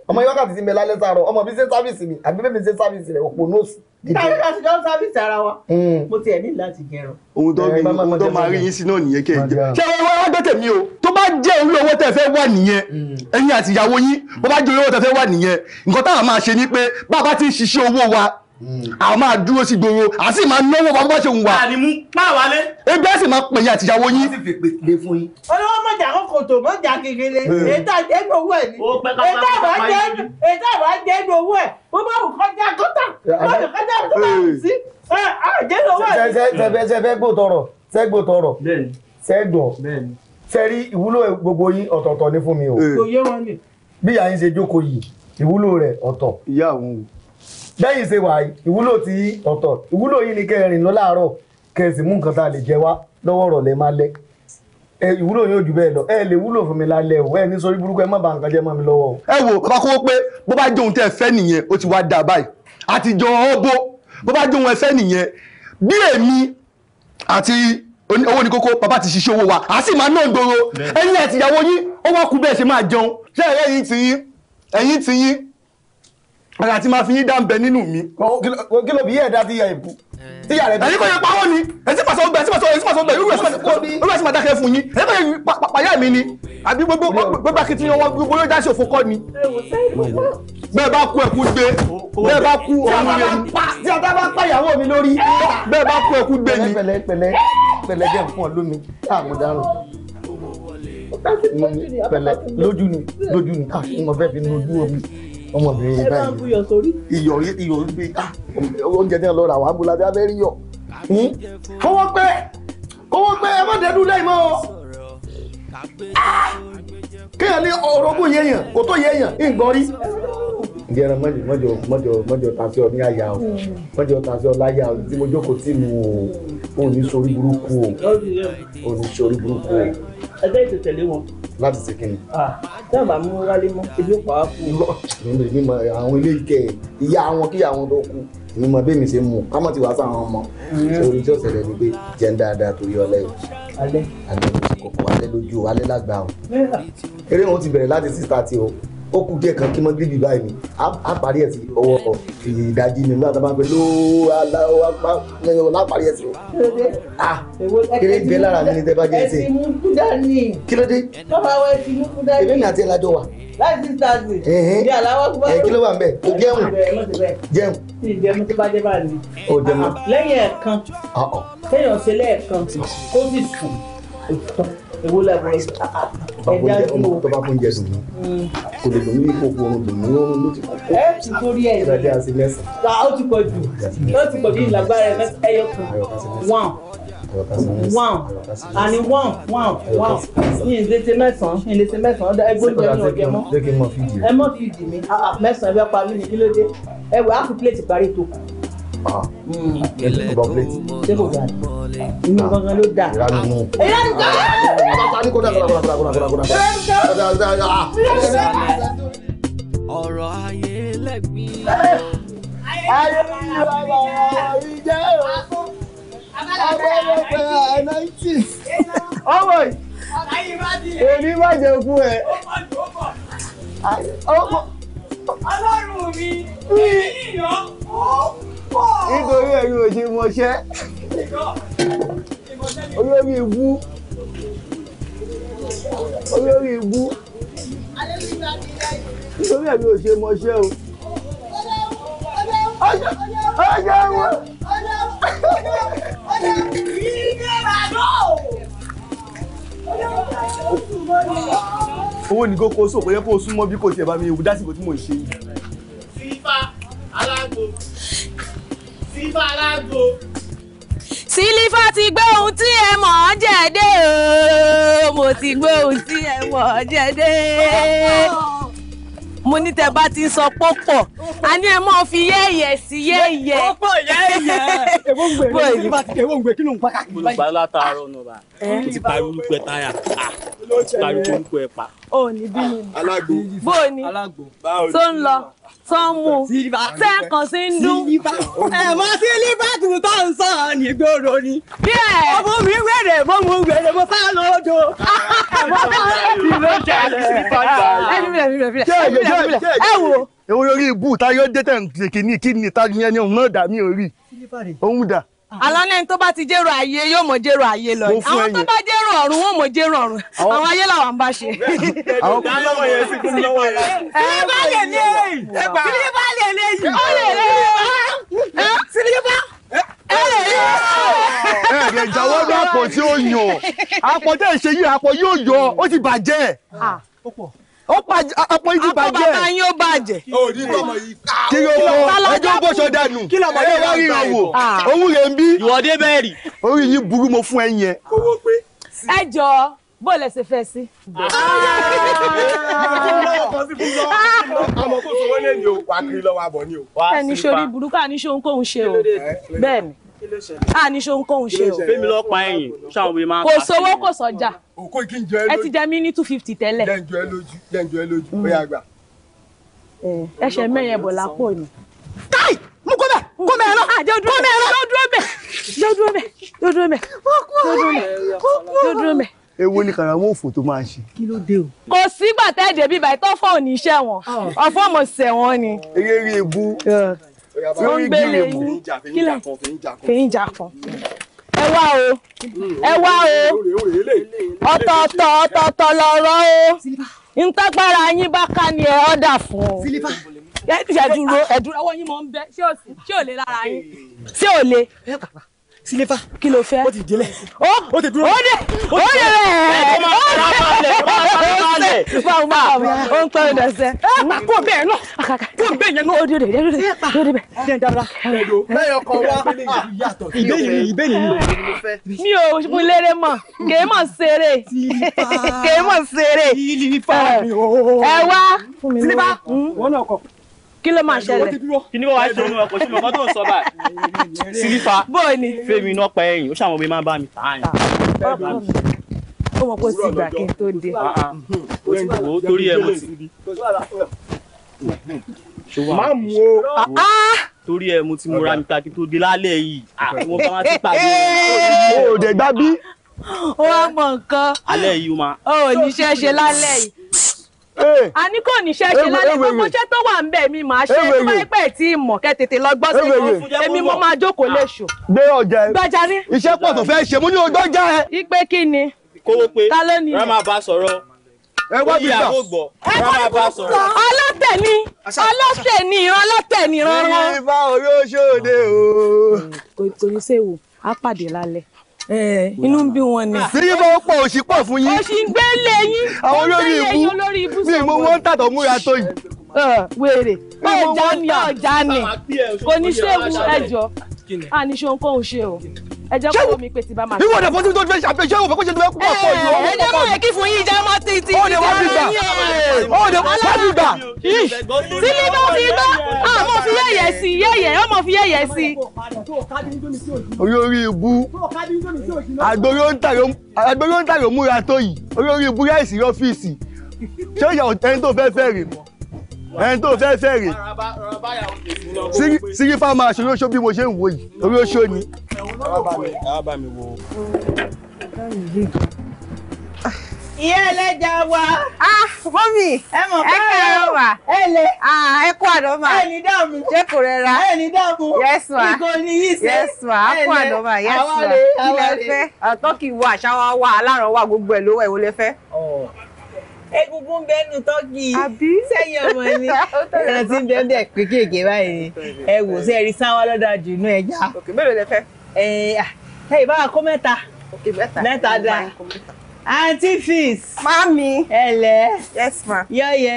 ọmọ yìí wákàtí ti mẹ lálẹ́ sàárọ̀ ọmọ mi ṣe sáfìsì mi àbí bẹ́ẹ̀ mi ṣe sáfìsì rẹ̀ òpó nóòsì nítorí láti jọ ń sábìsì ara wa hmm. mo tiẹ̀ ní láti gẹrun. ohun tó gbé eh, ohun tó máa rí yín sí náà nìyẹn kẹ́ ẹ jẹ. Hmm. ṣé ẹ wá gbé tèmi o tó bá jẹ́ orí owó tẹ́ fẹ́ wà nìyẹn hmm. ẹ̀yin àti ìyàwó yín bó bá jẹ́ orí owó tẹ́ fẹ́ wà nìyẹn nǹkan táwọn máa ṣe ni pé bá bá ti ń ṣiṣẹ́ owó wa a máa dúró sí gbòòrò a sì máa náwó bá bá ṣe wù wá. àní mú má wálé. ẹgbẹ́ sì máa pẹ̀yìn àtìyàwó yín. wọ́n sì fèpè lé fún yín. olówó mọ̀jà kòkò tó mọ̀jà kékeré ètò àjẹgbò owó ẹ̀ ni ètò àbá jẹ́gbò owó ẹ̀ bó bá wù kọjá kọ́tà bó bá kọjá tó bá wù sí àjẹgbò owó ẹ̀ ni. sẹgbó tọrọ sẹgbó tọrọ sẹgbọ sẹrí ìwúlò gbogbo yín ọ̀tọ̀ọ̀tọ̀ ní fún mi o. bí ìyá yín ṣe jókòó yìí ìwúlò rẹ̀ ọ̀tọ̀. ìyá òun bẹ́yìn ṣe wà ìwúlò ti ọ̀tọ̀ ìwúlò yìí ni kẹrin lọ láàárọ̀ kẹsì mú nǹkan tá a lè jẹ wá lọ́wọ́ rọ̀lẹ́ má lẹ́ ẹ ìwúlò yóò jù bẹ́ẹ̀ lọ ẹ lè wúlò fún mi lálẹ́ o ẹ ní sórí burúkú ẹ má bà nǹkan jẹ́ mọ́ mi lọ́wọ́ o. ẹ wo bàbá kówó pé bó bá jóun tẹ fẹ́ nìyẹn ó ti wá dà báyìí àtijọ́ ọ̀bọ bó bá jóun ẹ fẹ́ nìyẹn bí èmi àti owó ní kókó bàbá ti ṣiṣẹ́ owó wa a sì máa ná gbòòrò ẹ̀yin àtìyàwó yín ó wá kú bẹ́ẹ̀ ṣe máa jẹun ṣé ẹ̀yìn ti yín ẹ̀yìn ti yín àgbà tí máa fi yín dáǹbẹ nínú mi. kí ló bí yẹ́ ẹ̀dá ti yà èbú. tíyà rẹ̀ bí. ẹ̀yin kò yẹ pawọ́ ni ẹ̀sìn pàṣẹ ọgbẹ́ ẹ̀sìn pàṣẹ ọgbẹ́ ẹ̀sìn pàṣẹ ọgbẹ́ olúwa ẹ̀sìn máa dákẹ́ fún yín ẹ̀yin kò yẹ pàyà mi ni àbí gbogbo akitiyan wọn gbogbo yóò dáṣe òfò kọ́ ni. bẹ́ẹ̀ bá kú ẹ̀kú gbé bẹ́ẹ̀ bá kú ọ̀run yẹn ni. tí a bá pa ìyàwó mi lórí. bẹ́ẹ̀ bá kú ẹ̀kú gbé ni. pẹ̀lẹ́ pẹ̀lẹ́ pẹ̀lẹ́ jẹ́ fún ọ lómi káàmù dáràn pẹ̀lẹ́ lójú ni lójú ni káàmù mo fẹ́ fi nu ojú omi ọmọbìnrin yìí báyìí iyọ̀ iyọ̀ bí ah, oúnjẹ náà lọ rà wá bó ládé abẹ́rẹ́ yọ̀ kówó pé kówó pé ẹ má dẹ́dú lẹ́yìn mọ́ ọ ah! kéèyàn ní orogún yéèyàn kò tó yéèyàn ìgbọ́n rí gẹ́rẹ́ mọ́jọ mọ́jọ mọ́jọ mọ́jọ tàṣí ọ ní àyà o mọ́jọ tàṣí ọ láyà o tí mo jókòó tì mú o ò ní sori burúkú o ò ní sori burúkú o. ẹgbẹ́ ètò wọn láti ṣe kíni. Ah, dábàá mú wálé mọ́ ebi pa á kú. nínú èmi mọ àwọn ilé ìkẹ ìyá wọn kíyà wọn tó kú èmi mọ bẹ́ẹ̀ mi ṣe mú ká mọ̀ ti wá sáwọn ọmọ orí mm. tí ó ṣẹlẹ̀ ni pé jẹun dáadáa torí ọlẹ́ yìí. alẹ́ alẹ́ kòkó alẹ́ lójú alẹ́ lágbàá o eré wọn ti bẹ̀rẹ̀ láti six thirty o ó kù díẹ̀ kan kí mọ́ gírígì báyìí mi á parí ẹ̀ sí ọwọ́ ìdajì mi náà tá a máa ń pè lóò aláwọ̀ láparí ẹ̀ sí o. kéré gbé lára mi ni tẹ bá jẹ́ ẹ ṣe. ẹsìn mú kúdà ní. kí ló dé. bàbá wa ẹsìn mú kúdà ní. èmi ni àti ẹ̀ lájọ wà. láti sàgbè. ní àláwọ̀ gbọ́. ẹ kí ló wà ń bẹ̀ o jẹun jẹun. ìjẹun tó bá jẹ bá mi. o jẹun. lẹ́yìn ẹ̀ẹ̀kan kéèyàn ṣe lẹ́ẹ̀kan kó sì sùn èwo lẹ́gbẹ̀ẹ́ tó bá fún jẹ dùnú mm. kò lè dùnú ní kókó oorun dùnú oorun ló ti kókó. ẹ ti torí àti mẹ́sàn. wa ó ti pọ̀ jù ó ti pọ̀ jù ìlàgbára ẹ mẹ́sàn ẹyọ kan one àní one one one ní ìlẹ́sẹ̀ mẹ́sàn-án ìlẹ́sẹ̀ mẹ́sàn-án ọ̀dà ẹgbẹ́ oúnjẹ mi ò mọ́ ẹ mọ́ fìdí mi ah, ah, mẹ́sàn-án ẹ fẹ́ pa mí ní kí ẹ wẹ̀ á fi parí tó kù. Ah. Hmm, ìpínlẹ̀ ah. ah. ayé lẹ́gbìn. ayé èmi má jẹ fún ẹ. ọlọ́run mi èmi nìyàn ó nítorí ẹ̀yin ò ṣe olórí ibú olórí ibú nítorí ẹ̀yin ò ṣe o. ọjọ́ wọn. owó ní kókó sóò kó yẹ kó o súnmọ́ bí kò tiẹ̀ bá mi wù dásìkò tí mò ń ṣe fífa alágbó sílífà alágbo. sílífà ti gbé ohun tí ẹ mọ̀ ọ́ jẹ́ o mo ti gbé ohun tí ẹ mọ̀ ọ́ jẹ́ mo ní tẹ bá ti ń sọ pọ́pọ̀ a ní ẹ mọ́ fi yẹ́yẹ́ sí yẹ́yẹ́. pọ́pọ̀ yẹ́yẹ́ èwo ń gbé èwo ń gbé kí ló ń pa káàkiri báyìí. mo ló pa látàárọ̀ náà bá mo ti parí orúkọ ẹ táyà ah, parí orúkọ ẹ pa. o ní bínú ni alágbo bó o ní tó ń lọ tó ń mu sẹ́ẹ̀kan sí ń dún. ẹ̀mọ́ sí líbàtù tó ń sọ ní gbòòrò ni. bíẹ̀ ọmọ mi wèrè mo mu wèrè mo sá lódo. ẹ̀mọ́ bá ẹ̀mí ló jẹ́ ẹ̀mí rẹ̀ fi rẹ̀ fi rẹ̀ lórí ẹ wò. èwo lórí ibú táyọ̀ dé tẹ̀ ń ṣe kínní kínní táyọ̀ yẹn ni òun náà dà mí ò òun dà. alọ́nẹ́ni tó bá ti jẹ́rọ ayé yóò mọ̀ jẹ́rọ ayé lọ àwọn tó bá jẹ́rọ ọ̀run wọ́n mọ̀ jẹ́rọ ọ̀run àwọn ayé làwọn ń bá ṣe. àwọn kò lọ́wọ́ yẹn sí kún lọ́wọ́ rẹ̀. sílíbà lè lè léyìí ó lè léyìí sílíbà ẹ̀rẹ̀ ìjàwọ́ náà tí ó yàn àpọ̀ tẹ́ ṣe yí àpọ̀ yóò yọ ó ti bàjẹ́. Ah, ó pa àpò igi bàjẹ́. àpò bàbá yín ó bàjẹ́. òní lọmọ yìí ká. kí ló kọ ẹjọ́ bóṣọ dànù. kí lọmọ yóò wá rí ìrànwọ́. òun rè ń bí. ìwọ́dé bẹ́ẹ̀ rí. orí yín burú mo fún ẹ yẹn. owó pé. ẹ jọ bó lẹ ṣe fẹ́ sí. ẹni sori burúkú àníṣe ohunkóhun ṣe o bẹ́ẹ̀ a ah, ní ṣe ohunkóhun ṣe o. fẹ́mi lọ pa ẹ̀yìn ṣáà wí máa pa. kò sówó kò sọ́jà ẹ ti jẹ mí ní two fifty tẹ́lẹ̀. jẹ́njú ẹ lójú jẹ́njú ẹ lójú ó yà gbà. ẹsẹ̀ mẹ́yẹn bọ̀ lápò ni. káì mú kó bẹ̀ kó bẹ̀ lọ ah, kó bẹ̀ lọ. yóò dúró bẹ̀ yóò dúró bẹ̀ yóò dúró bẹ̀ yóò dúró bẹ̀ ewo ni karamọ òfò tó máa ṣe. kí ló dé o. kò sígbà tẹ́ ẹ̀ débi báyìí tọ́fọ̀ ò ní iṣẹ́ wọn ah. ọ̀fọ̀ mọ̀ sẹ̀wọ̀n ni. eré rí ebu ló ń gbélé yín kílẹ̀ fèyíjà kan ẹ wá o ẹ wá o ọ̀tọ̀ọ̀tọ̀ ọ̀tọ̀ọ̀tọ̀ lọ̀rọ̀ o ntẹ́gbára yín bá ká ni ẹ ọ́dà fún o ẹ̀dúró ẹ̀dúró ọwọ́ yín mọ̀ ń bẹ́ ṣé ò lè lára yín ṣé ò lè sílẹ̀fà. kí ló fẹ́. ó ti délẹ̀. ó ó ti dúró. ó dé ó dé rẹ̀. ó máa máa lẹ̀ ó máa máa lẹ̀. máa máa máa ó ah! ń pẹ́ ọ̀dọ̀ sẹ́. ẹ má kó bẹ́ẹ̀ lọ. Ah, kó bẹ́ẹ̀ yẹn lọ. ó dé dé dé dé dé bẹ̀. Ah! dé dára. lẹ́yìn ọkọ̀ wa ìbéèrè mi ìbéèrè mi. mi ò mú léré mọ̀ kèé mọ̀ ṣeré. kèé mọ̀ ṣeré. ẹ wá. sílẹ̀fà hmm? wọn náà kọ kí ló máa ṣẹlẹ̀. kí ni kò wá ṣe olúwa kò ṣe mọ̀kọ́ tó ń sọ báyìí. sílífà fèmí iná pa ẹ̀yìn ó ṣàwọn omi máa ń bá mi tà á yẹn. ó mọ̀ pé ó sì gbà kí n tó dé. o ah, ah. torí ẹ mo ti. má mú o. Ah, torí ẹ mo ti múra mi kí n tó dé lálẹ́ yìí. mo bá wá ti pàdé. o ò dẹ̀ gbá bí. ó wá mọ̀ nǹkan. alẹ́ yìí ó máa. o ò ní ṣe ṣe lálẹ́ yìí a ní kò ní ṣẹ́ṣe lálẹ́ gbogbo iṣẹ́ tó wà ń bẹ̀ mi máa ṣe é máa pẹ́ tí mọ̀ kẹ́ tètè lọ gbọ́ sí i èmi mo máa jókòó ah, léṣù. gbé ọjà ẹ gbàjà ni. iṣẹ́ pọ̀ tó fẹ́ ṣe mú ní o já ẹ. ìpè kí ni. kówó pé rámà bá sọ̀rọ̀ ẹ wá bí sà ẹ wá bí sà ọlọ́tẹ̀ ni ọlọ́tẹ̀ ni ìran ọlọ́tẹ̀ ni ìran. ìfà orí oṣooṣe o. kò ní sèwò á pàdé lálẹ́. Eh, inú ń bí wọn ni. síyí ah. bá pọ̀ òṣì pọ̀ fún yín. òṣì ń gbé lé yín. àwọn olórí ibú mi mo wọ́n tàtọ̀ múra tó yìí. Ah, wèrè ọjà ni ọjà ni kò ní ṣéwù ẹjọ́ àníṣe ohunkóhun ṣe o ẹ jẹ́ kó omi pé ti bá máa. ìwọ ni fọ́sibí tó ti fẹ́ ṣàfihàn ṣé òfò kó ṣe tó fẹ́ kú pọ̀ eh, pọ̀ yìí. ẹ jẹ́ mọ̀ kí fún yín jámọ́ ti ti eh, ti ti ọmọ yín ọmọ yín. sílíbà ti gbọ́ àmọ́ ah, fi yẹ̀yẹ̀ sí yẹ̀yẹ̀ ọmọ fi yẹ̀yẹ̀ sí. olórí ibú àgbóyó ń tàyò múra tó yìí olórí ibú yáìsì ọ́fíìsì ṣé ìyàwó ẹni tó fẹ́ fẹ́ rè mọ́ ẹni tó fẹ́ fẹ́ rè sírífà máa ṣe oríṣó bí mo ṣe ń wò yìí oríṣó ni. ìyá ẹlẹ́jà wa. Ah, mọ́mì ẹ mọ̀ bá ẹ wà ẹ lè. Ah, ẹ kú àdọ́mà ẹ ní dààmú ṣé kò rẹra ẹ ní dààmú yẹ́sù à ìkànnì yìí ṣe yẹ́sù à á kú àdọ́mà yẹ́sù à ilẹ̀ fẹ́ tọ́kì wa àṣà wa wa aláràn wa gbogbo ẹ̀ lówó ẹ̀ wọlé fẹ́ egungun bẹnu tọ́kì sẹ́yìn ọmọ ni ẹran tí ń bẹ ń bẹ kéékèèké báyìí ẹ wò sí ẹ̀rí sáwọn lọ́dà jù inú ẹja. òkè mélòó lẹ fẹ́. ẹ ẹ ìbára kó mẹ́ta mẹ́ta dá aunty fees. mami. ẹlẹ. yes ma. yọyẹ.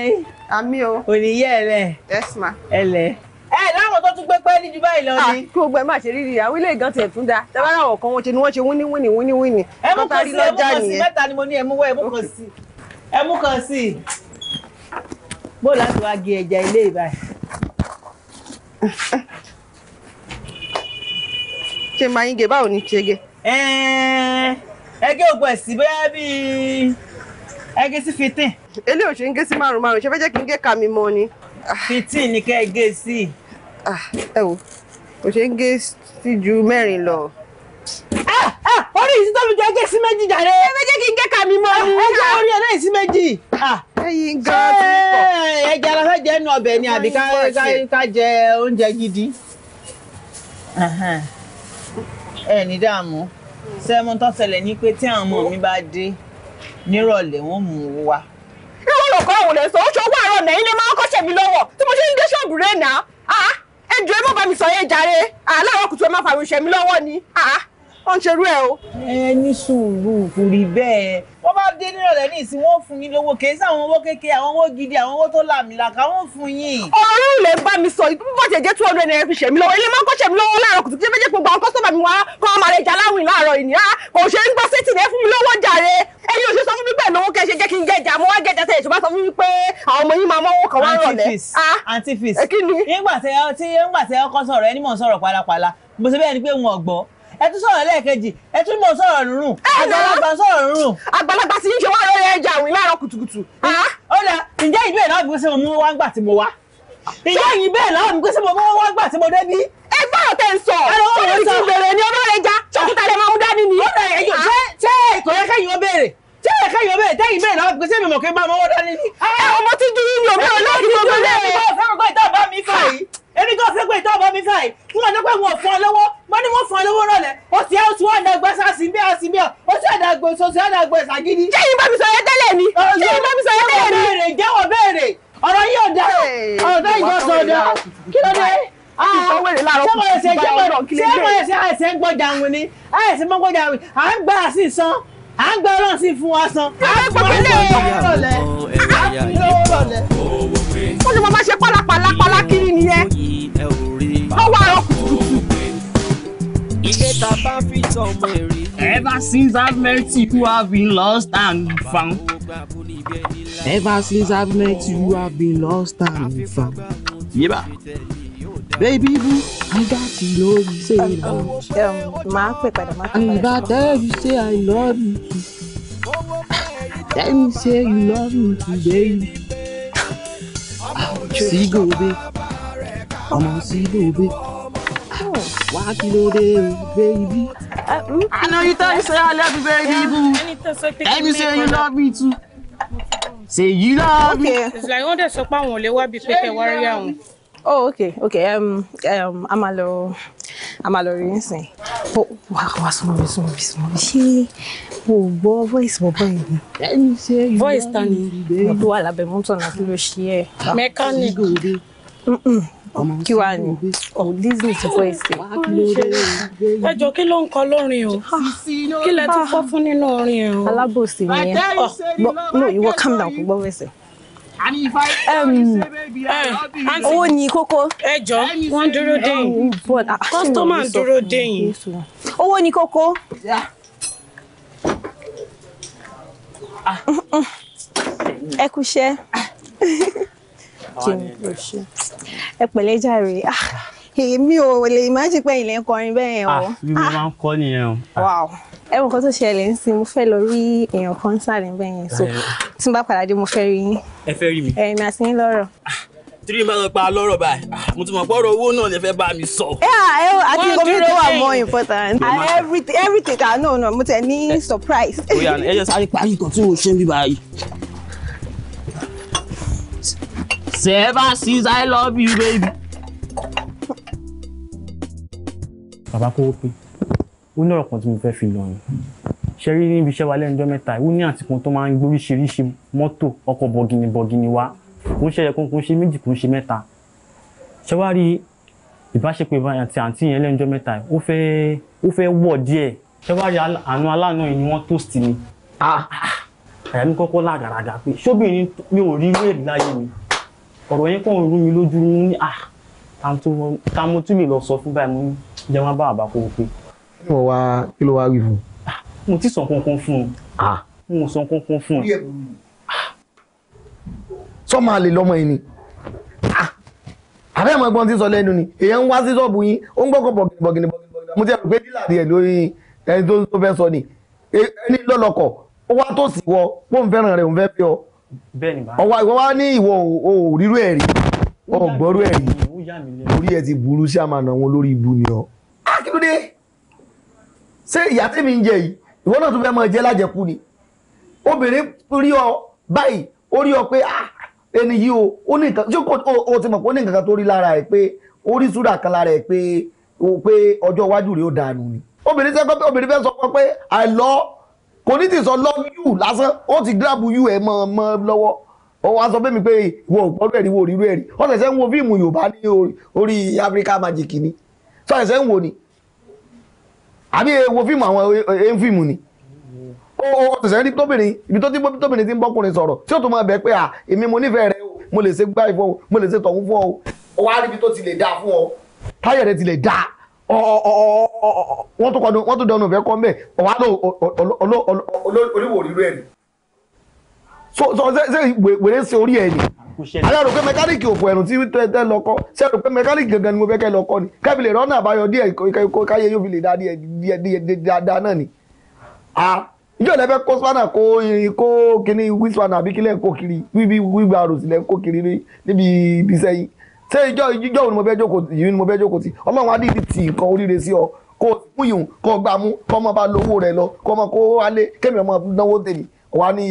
àmì o. òníyẹ ẹlẹ. yes ma. ẹlẹ ẹ láwọn tó tún gbẹpẹ ní ju báyìí lọ ni. Ah, kí gbogbo ẹ má ṣe rírì àwọn ilé ìgàn tiẹ̀ tún da tẹ́wọ́n àwọn kan wọn ṣe ni wọ́n ṣe wíní wíní wíní. ẹ mú kàn sí ẹ mú kàn sí mẹ́ta ni mo ní ẹ mú wọ́ ẹ mú kàn sí. ẹ kan sí i bó láti wá gé ẹja ilé ìbáyìí. ṣe máa ń báwo ni ṣe gé. ẹgẹ́ ògùn ẹ̀sìn bẹ́ẹ̀ bíi ẹgẹ́ sí fifteen. eléyìí ò ṣe ń gé sí márùn márùn ṣe fẹ́ jẹ́ kí n gé ka mi mọ ni. fifteen ni kẹ́ ẹ gé sí. Ah, ẹ wo kò ṣe ń gé sí ju mẹ́rin lọ. Ah, ah, orí yìí tó fi jọ gé sí méjì jàre. ẹ méjì kí n gé kàmí mọ́ ni. Ah, ẹ jẹ́ orí ẹ náà sí méjì. ẹyin gan ti pọ̀. ẹ jẹ́ aláfẹ́ jẹ́ nu ọbẹ̀ ni àbí ká jẹ oúnjẹ gidi. ẹ ní dààmú sẹ́mu tó ṣẹlẹ̀ ní pé tí àwọn ọmọ mi bá dé nírọ̀lẹ́ wọ́n mú un wá. ìwọ ló kọ́ òun lẹ sọ oṣù owó àárọ̀ náà ilé máa ń kọ́ṣẹ́ mi lọ́wọ́ tí mo ṣe ń dé ṣọ́ọ̀bù rẹ̀ náà. ẹ jọ̀ọ́ ẹ má bá mi sọ yẹn jàre àlọ́ kùtù ẹ má fàwọn ìṣẹ̀mí lọ́wọ́ ni wọ́n ń ṣerú ẹ̀ o. ẹ ní sùúrù kò rí bẹ́ẹ̀. wọ́n bá dé nírọ̀lẹ́ ní ìsìn wọ́n fún yín lówó kèé sí àwọn owó kékeré àwọn owó gidi àwọn owó tó làmìlàkà wọ́n fún yín. ọ̀rọ̀ ìlẹ̀ bá mi sọ bó ti jẹ́ two hundred naira fi ṣẹ̀mí lọ́wọ́ ilé máa ń kọ́ ṣẹ̀mí lọ́wọ́ láàárọ̀ kùtù tí méjì gbogbo àwọn kọ́sọ́mà mi wá kọ́ ọmọ rẹ̀ jaláwìn láàárọ̀ ìnira ah, kò ṣe ń gbọ́ sétí rẹ̀ fún mi lọ́wọ́ jàre ẹ̀yin ò ṣe sọ fún mi bẹ́ẹ̀ lówó kẹ́ ṣe jẹ́ kí n jẹ́ ìjà mo wá jẹ́jà tẹ̀ ìṣùbá sọ fún mi pé àwọn ọmọ yín máa mọ́wọ́ kan wá rọ̀lẹ́. antifis antifis nígbà tí ẹ ń gbà tí ẹ kọ́ sọ̀rọ̀ ẹni mọ̀ sọ̀rọ̀ pálapàla bó ṣe bẹ́ẹ̀ ni pé wọn ò gbọ́ ẹ tún sọ̀rọ̀ lẹ́ẹ̀kejì ẹ tún mọ̀ sọ̀rọ̀ rúrùn àgbàlagbà sọ̀rọ̀ rúrùn. àgbàlagbà sì ń ṣe wá lórí ẹja àwìn láàárọ̀ kùtùkùtù. ó dà ǹjẹ́ ìlú ẹ̀ náà bí sẹ́mo mú wá gbà tí mo wá. ǹjẹ́ ìyìn bẹ́ẹ̀ náà bí sẹ́mo mú wá gbà tí mo dé bí. ẹ gbọ́dọ̀ tẹ̀ ń sọ sọ́dọ̀ ti bèrè ni ọmọ rẹ̀ já ṣọ́kúta rẹ̀ máa ń dání ni. ó dà ẹ̀yọ̀ ṣé kò yẹ kẹ́yìn ó béèrè tí ẹ ká yọ bẹ́ẹ̀ tẹ̀yìn bẹ́ẹ̀ náà gbèsè mi mọ kí n bá ọmọ wọn dání ni. ẹ ọmọ tí ju yín ni òmíràn lọ́ọ̀dún mọ́ mi lẹ́yìn. ọmọ tí ju yín ni òmíràn èmi gan fẹ́ pé ìtọ́ ọmọ mi fà yìí fún ọ ní pé wọn ò fún ọ lọ́wọ́ mo ní wọn fún ọ lọ́wọ́ rọlẹ̀ o sì ẹ́ o tún ọ̀dà ẹgbẹ́ sàṣì bí àṣì bí ọ o tún ọ̀dà ẹgbẹ́ sọ̀sì ọ̀dà ẹgbẹ́ sàgídí. ṣé yín bá mi sọ̀rọ̀ tẹ́lẹ̀ ni ṣé yín bá mi sọ̀rọ̀ tẹ́lẹ̀ ni. béèrè jẹ́wọ́ béèrè ọ̀rọ̀ yìí ò dá ọ̀rọ̀ tó ìjọ sọ ọ̀dà kí ló dé. Ah. ṣé mo lè ṣe àìsàn gbọ́jà wù ni àìsàn gbọ́jà wù à ń gbà sí san à ń gbà ọlọ́run sí fún wa san. àwọn ẹgbẹ́ pẹ̀lú ẹ̀rọ nìyẹn lọ́wọ́ àárọ̀ kùtùkùtù. ilé ta bá fi tọmọ èrè. Ever since I've met you, I've been lost and found. Ever since I've met you, I've been lost and found. Yeba. Baby boo, I got to know you say I love you. And if I tell you say I love you too, tell me say you love me today. Ah, Sigo, be ọmọ sílòbe wá kí ló dé baby. I know you tell me say I love you baby. Tell me say you love me too. Say you love me. It's like wọ́n dẹ̀ sọ pé àwọn ò lè wá bí pé kẹ́ wá rí àwọn. Oh, okay, okay. Um, um, I'm a lo, I'm a lo rinsing. But wow, wow, small, small, small. She, oh, boy, voice, boy, boy. Let me say, voice, Tani. Mo tó wà lábẹ́ mọ́tò náà kí ló Mechanic. Mm-mm kí wàá ní ọ oh, disney ti fọ èsì. ẹ jọ kí ló ń kọ lórin o ah, kí lẹ tún kọ fún nínú orin ẹ o. alábòsí nìyẹn ọ gbọ oh, no ìwọ calm down kò gbọ́ wẹ̀sẹ̀. owó ni kókó. ẹ jọ wọn dúró dẹ̀yìn kọ́sítọ́mà oh, ah, dúró dẹ̀yìn. owó ni kókó. ẹ kúṣẹ́. Ah. kí n lè ṣe ẹ pẹ̀lẹ́ jàre ah, èmi ò lè imagine pé ilẹ̀ ń kọrin bẹ́ẹ̀ yẹn o. Ah, bí mo ah. máa ń kọ́ nìyẹn o. ẹ mọ̀ nǹkan tó ṣẹlẹ̀ ń sìn mo fẹ́ lọ rí èèyàn kan sáré bẹ́ẹ̀ yẹn so eh. tí n bá padà dé mo fẹ́ rí yín. ẹ fẹ́ rí mi. ẹ̀yin eh, àti yín lọ́rọ̀ tírí bá lọ pa lọ́rọ̀ báyìí mo ti mọ̀ pọ́rọ̀ owó náà lè fẹ́ bá mi sọ. I think computer wa more important everything everything ah no no mo tẹ ní eh, surprise. ó yá ẹ jẹ́ sáré parí nǹkan tí mo ṣe ń bí báyìí. Yes, ever since I love you, baby. Bàbá kó pé ó ní ọ̀rọ̀ kan tí mo fẹ́ fi lọ yẹn. Ṣé rí níbi iṣẹ́ wa lẹ́nu ọjọ́ mẹ́ta ó ní àsìkò tó máa ń gbóríṣiríṣi mọ́tò ọkọ̀ bọ̀gìnì bọ̀gìnì wá kò ń ṣe ẹ̀kọ́ kò ń ṣe méjì kò ń ṣe mẹ́ta. Ṣé wá rí ìbáṣepọ̀ àti àǹtí yẹn lẹ́nu ọjọ́ mẹ́ta ó fẹ́ ó fẹ́ wọ̀ díẹ̀. Ṣé wá rí àánú aláàánú yìí ni wọ́n toast mi. Àyà mi kọ́kọ́ lágàràgà pé ṣóbìnrin mi ò rí wéèlì láyé mi ọ̀rọ̀ yẹn kàn rú mi lójú ah, mi ní à ta mo tún lè lọ sọ fún báyìí mo ní jẹ́ wọn bá àbá kó o pé. kí ló wá kí ló wá wí fún. Ah, mo ti sọ kankan fún un ah. mo sọ kankan fún un. sọ máa lè lọ́mọ yìí ni àbẹ́ ọmọ ẹgbọ́n ti sọ lẹ́nu ni èèyàn ń wá sí ṣọ́ọ̀bù yín ó ń gbọ́kọ̀ bọ̀gìnì bọ̀gìnì mo ti ẹ̀rù pé dílà díẹ̀ lórí ẹni tó fẹ́ sọ ni e, ẹni lọ́lọ́kọ̀ ó wá tó sì wọ pé òun fẹ́ràn rẹ̀ òun fẹ́ fi ọ bẹ́ẹ̀ ni bá. ọwọ́ ìwọ wá ní ìwọ ò rírú ẹ̀ rí ọgbọ́rú ẹ̀ rí orí ẹ ti burú sí àmàna wọn lórí ibu ni ọ. kí ló dé ṣé ìyá tèmi ń jẹ yìí ìwọ náà tún fẹ́ máa jẹ lájẹkù ni obìnrin rí ọ báyìí ó rí ọ pé ẹni yìí o ó ní nǹkan ṣé o ti mọ̀ pé ó ní nǹkan kan tó rí lára ẹ pé ó rí súrà kan lára ẹ pé ọjọ́ iwájú rẹ̀ ó dànù ni obìnrin fẹ́ sọ pé I love kò ní ti sọ love you lásán ó ti grab you ẹ̀ mọ́ mọ́ lọ́wọ́ ó wá sọ bẹ́ẹ̀ mi pé ìwọ ò gbọ́dọ̀ ẹ̀rí wo òrírú ẹ̀rí ó ṣẹ̀ṣẹ̀ ń wo fíìmù Yorùbá ní orí Africa Magic ni sọ ṣẹ̀ṣẹ̀ ń wo ni àbí wo fíìmù àwọn ẹ̀ń fíìmù ni ó ṣẹ̀ṣẹ̀ rí tóbìnrin ibi tó ti bọ́ tóbìnrin ti ń bọ́kùnrin sọ̀rọ̀ tí ó tún máa bẹ̀ pé à èmi mo nífẹ̀ẹ́ rẹ o mo lè ṣe gbá ìfọ̀ o mo lè ṣe tọ̀hún fún ọ o wá rí wọ́n tó kọ́nu wọ́n tó dẹnu ìfẹ́ kọ́ mbẹ́ ọ̀wá ló olówó òrìrú ẹ̀ ni so so ṣe wèrè ṣe orí ẹ̀ ni alẹ́ rò pé mẹkáníìkì òfò ẹ̀rùn tí tẹ́ lọ kọ́ ṣe rò pé mẹkáníìkì gangan ni mo fẹ́ kẹ́ lọ kọ́ ni kẹ́bi lè rọ́nà àbáyọ díẹ̀ káyé yóò fi lè dáa díẹ̀ dáadáa náà ni ìjọ lẹ́fẹ́ kó spanner kó kó kíní wí spanner àbí kílẹ̀ kó kiri wíwí wíwí àròsílẹ̀ kó kiri níbi ibi sẹ́yìn ṣé ìjọ ìjọ òun ni mo fẹ́ jókòó tì yìí ni mo fẹ́ jókòó tì ọlọ́run adìdí tì nǹkan oríire sí ọ kó fún ìhùn kó gbà mú kó ọmọ bá lówó rẹ lọ kó ọmọ kó wálé kémi ọmọ náwó tèmi wà ní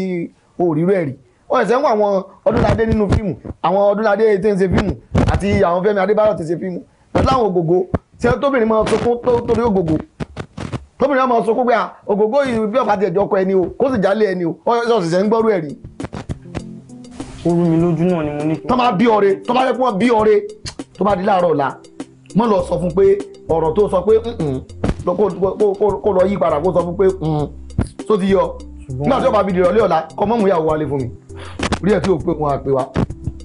òrírò ẹ̀rí wọ́n ẹ̀sẹ̀ ń wọ àwọn ọdúnladé nínú fíìmù àwọn ọdúnladé tí ń ṣe fíìmù àti àwọn fẹ́mi adébáyọ̀ tí ń ṣe fíìmù pẹ̀lú àwọn ògògó tí ẹ tóbìnrin máa sunkún torí ògògó tóbìnrin máa sunkún pé ògògó yìí bí ọ̀pá ti ẹ̀jọ́ kọ ẹni o kó sì jálé ẹni o ọ̀sẹ̀ ń gbọ́rú ẹ̀rí ó rú mi lójú náà ni mo ní. tó bá bí ọ̀rẹ́ tó bá yẹ kí wọ́n bí ọ̀rẹ́ tó bá di láàárọ̀ ọ̀la mọ́ lọ sọ fún pé ọ̀rọ̀ tó sọ pé kó lọ yí padà kó sọ fún pé tó ti yọ nígbà tí ó bá bí dìrọ̀lẹ́ ọ̀la kọ́ mọ́mú ìyàwó wálé fún mi rí ẹ̀ tí ò pé wọn àpè wa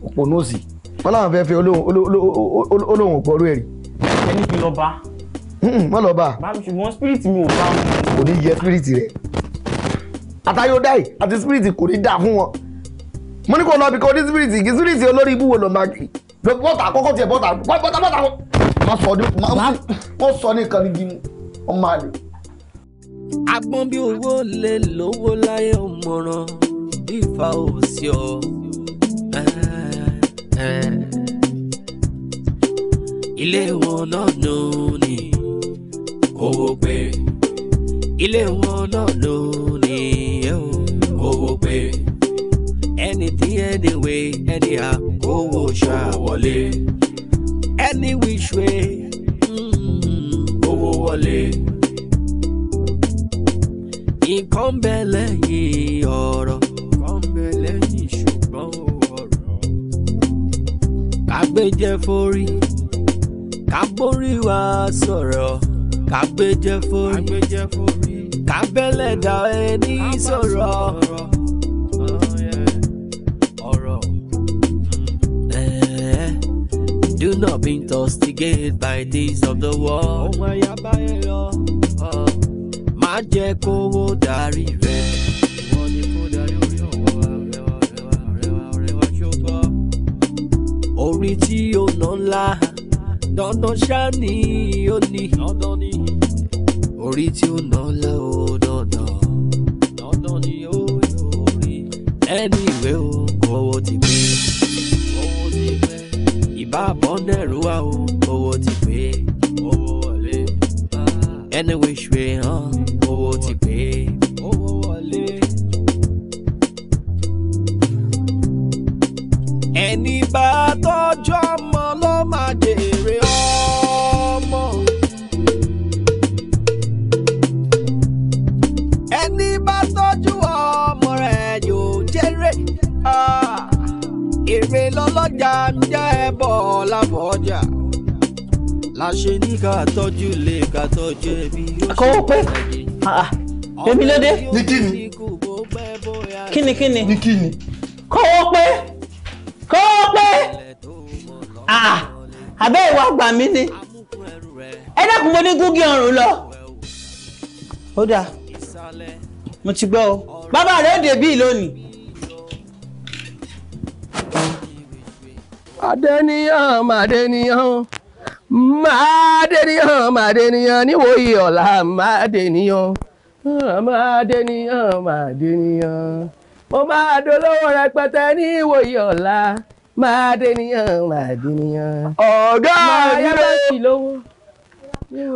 òpó nóòsì wọn làwọn fẹ́ fẹ́ olóhùn òpó rẹ̀ rí. ẹni kí lọ bá. mọ́ lọ bá. ṣùgbọ́n spirit mi ò bá wọn. kò ní yẹ spirit rẹ̀ mo ní kò lọ bí kò ní spirit kí spirit olórí ibú wo ló máa kì bọ́tà àkọ́kọ́ tiẹ̀ bọ́tà bọ́tà bọ́tà wọ́n sọ ní nǹkan ní gímù ọmọ àlè. agbọ́n bí owó lè lówó láyé òmòràn ìfà òsì ọ ilé wọn náà ló ní owó pé ilé wọn náà ló ní owó pé anything anyway anyhow owó ṣá wọlé. any which way mm-hmm, owó wọlé. nǹkan ń bẹ lẹ́yìn ọ̀rọ̀. nǹkan ń bẹ lẹ́yìn ṣùgbọ́n ọ̀rọ̀. kàgbéjẹ́ forí kàgbórí wa sọ̀rọ̀ kàgbéjẹ́ forí kàbẹ́lẹ̀ dá ẹni sọ̀rọ̀. You not been intoxicated by things of the world. ọmọ ẹ̀yà báyẹn lọ. má jẹ́ kówó darí rẹ̀. ìwọ ni kó darí orí ọ̀wọ́ rẹwà rẹwà rẹwà rẹwà ṣùgbọ́. orí tí ó ná ńlá dandan ṣá ni ó ní. dandan ni. orí tí ó ná ńlá ó dandan. dandan ni ó yọ orí. ẹni ìwé o kò owó ti gbé ìbá bọ́ndẹ̀rù wa o owó ti pé owó wọlé ẹni wíṣùwé hàn owó ti pé owó wọlé. ẹni bá. jámjá ẹbọ lábọjà láṣẹ ní ká tọ́jú lè ká tọ́jú ẹbí. àkọ́wọ́ pé ah, ah, èmi ló dé. ní kíni. kíni kíni. ní kíni. kọ́wọ́ pé kọ́wọ́ pé àbẹ́ ah, ìwà àgbà mi ni ẹ dákun mo ní gúgí ọrùn lọ. ó dáa mo ti gbọ́ o bàbá rẹ̀ ó débí lónìí. adẹniyàn màdẹniyàn màdẹniyàn màdẹniyàn níwòye ọ̀la màdẹniyàn màdẹniyàn ah, màdẹniyàn mo máa dolówó rẹpẹtẹ níwòye ọ̀la màdẹniyàn màdẹniyàn. ọ̀gá mi rẹ̀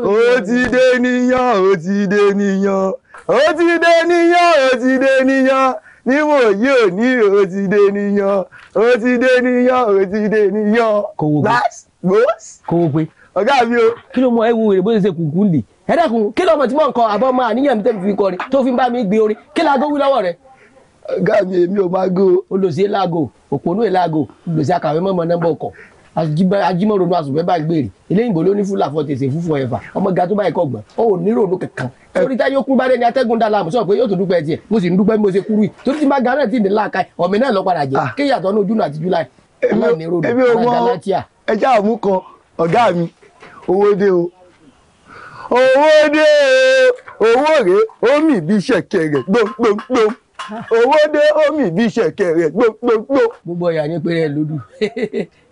ó ti dé níyàn ó ti dé níyàn ó ti dé níyàn ó ti dé níyàn níwòye òní ó ti dé níyàn ó ti dé níyàn ó ti dé níyàn. kówó gbé kówó gbé. ọ̀gá mi o. kí ló mọ ewu èrè bó ṣe ṣe kùkú nì ẹ dẹ́kun kí lọmọ tí mò ń kọ àbọ̀ ọmọ àníyàn mi tẹ́ fi kọrin tó fi bá mi gbé orin kí laago wí lọ́wọ́ rẹ. ọ̀gá mi èmi ò máa go. olùsí laago òpònú ìlaago olùsí akàwé mọ́mọ́ nọ́mbà ọkọ̀ ajímọ̀rònú àsùnfẹ́ bá gbèrè eléyìnbó ló ní fúlà fọ́tẹ̀ ṣe fúfọ́ ẹ̀fà ọmọ ga tó báyìí kọ̀gbọ́n ó ò ní rònú kankan torí táyé okun bá dẹni atẹ́gùn dá láàmú sọ̀rọ̀ pé yóò tó dúpẹ́ tiẹ̀ mo sì ń dúpẹ́ bí mo ṣe kúrú yìí torí tí bá gan náà ti dín láàka ọ̀mí náà lọ padà jẹ́ ah. kéyàtọ̀ ní ojú náà àti july ọmọ ní rònú ẹjá àmú kan ọ̀gá mi owó dé o owó o owó rèé ó mì bí ṣẹ̀kẹ̀ rẹ̀ gbóngbóngbóng ah. owó dé ó mì bí ṣẹ̀kẹ̀ rẹ̀ gbóngbóngbóng. gbogbo ìyá yín péré lódù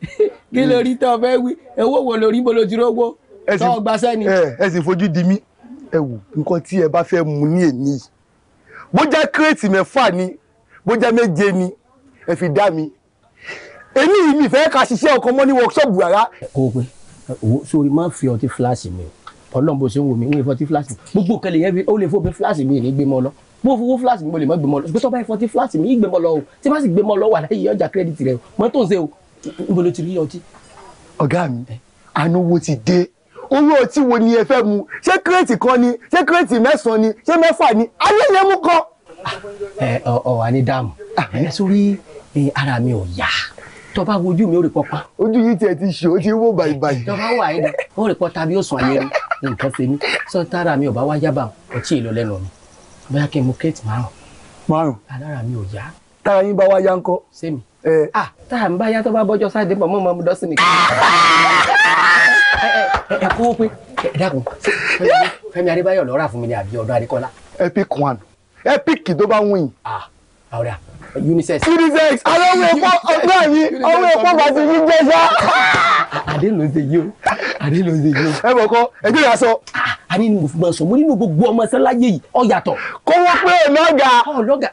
kí lórí tó fẹ́ wí owó wo lórí bó ló ti rówó tó gba sẹ́ni. ẹ sì fojú di mí ẹ wò nǹkan tí ẹ bá fẹ́ mu ní èmi bó jẹ́ kírètì mẹ́fà ni bó jẹ́ méje ni ẹ fi dá mi èmi yìí mi fẹ́ ká ṣiṣẹ́ ọkọ mọ́ ní wọ́ọ̀ṣọ́ọ̀bù rárá. kò pé sórí máa ń fi ọtí fíláàsì mi ọlọ́run bó ṣe ń wò mí wọ́n fọtí fíláàsì gbogbo kẹlẹ̀ yẹn ó lè fọ́ọ̀bù fíláàsì mi ní gbémọ lọ bó fowó fíláàsì mi mo lè mọ́ gbémọ lọ ṣùgbọ́n tó bá fọtí fíláàsì mi yìí gbémọ lọ o tí bá sì gbémọ lọ wà láyé ọjà kírẹ́dìtì rẹ mọ́ tó ń ṣe o níbo ló ti rí ọtí. ọ̀gá mi ànáwó ti dé owó ọtí wo ni ẹ fẹ́ mu ṣé kírètì kan ni ṣé kírètì mẹ́sàn-án ni ṣé mẹ́fà ni ayé yẹn mú kọ́. ẹ ọ wà ní dáàmú ah, ẹ sórí ara mi ò yá tó bá wojú mi ó rí pọpá. ojú yìí tiẹ̀ ti ṣe ó ti wó bàìbàì. tó bá wà yín ó rí pọta bí ó sùn ayé ni nǹkan ṣe mí sọ tára mi ò bá wá yábà ọtí èlò mi bóyá kí n mu kírètì márùn. márùn. alára mi ò yá tára yín bá wá yá ńkọ́. sẹ́mi ah tára mi bá yá tó bá bọ́jọ́ sáde pọ̀ mọ́ mọ́ mi dọ́sìn nìkan. ẹ kó pé ẹ dákun Fẹ́mi Adébáyọ̀ ló rà fún mi ní àbí ọdún Adékọ́lá. epic one epic tó bá wù yín. Ah àwòrán unisex. unisex ọlọ́wọ́ epo ọgbẹ́ mi ọwọ́ epo bàtí mi jẹ́ sá. adé ló ń ṣe yìí o adé ló ń ṣe yìí o. ẹ bọ̀ kọ́ ẹgbẹ́ yà sọ. adé ah, ni mo fi máa sọ mo nínú gbogbo ọmọ sẹ́láyé yìí ọ yàtọ̀. kó wọ́n pé ọ̀nàgà kó wọ́n pé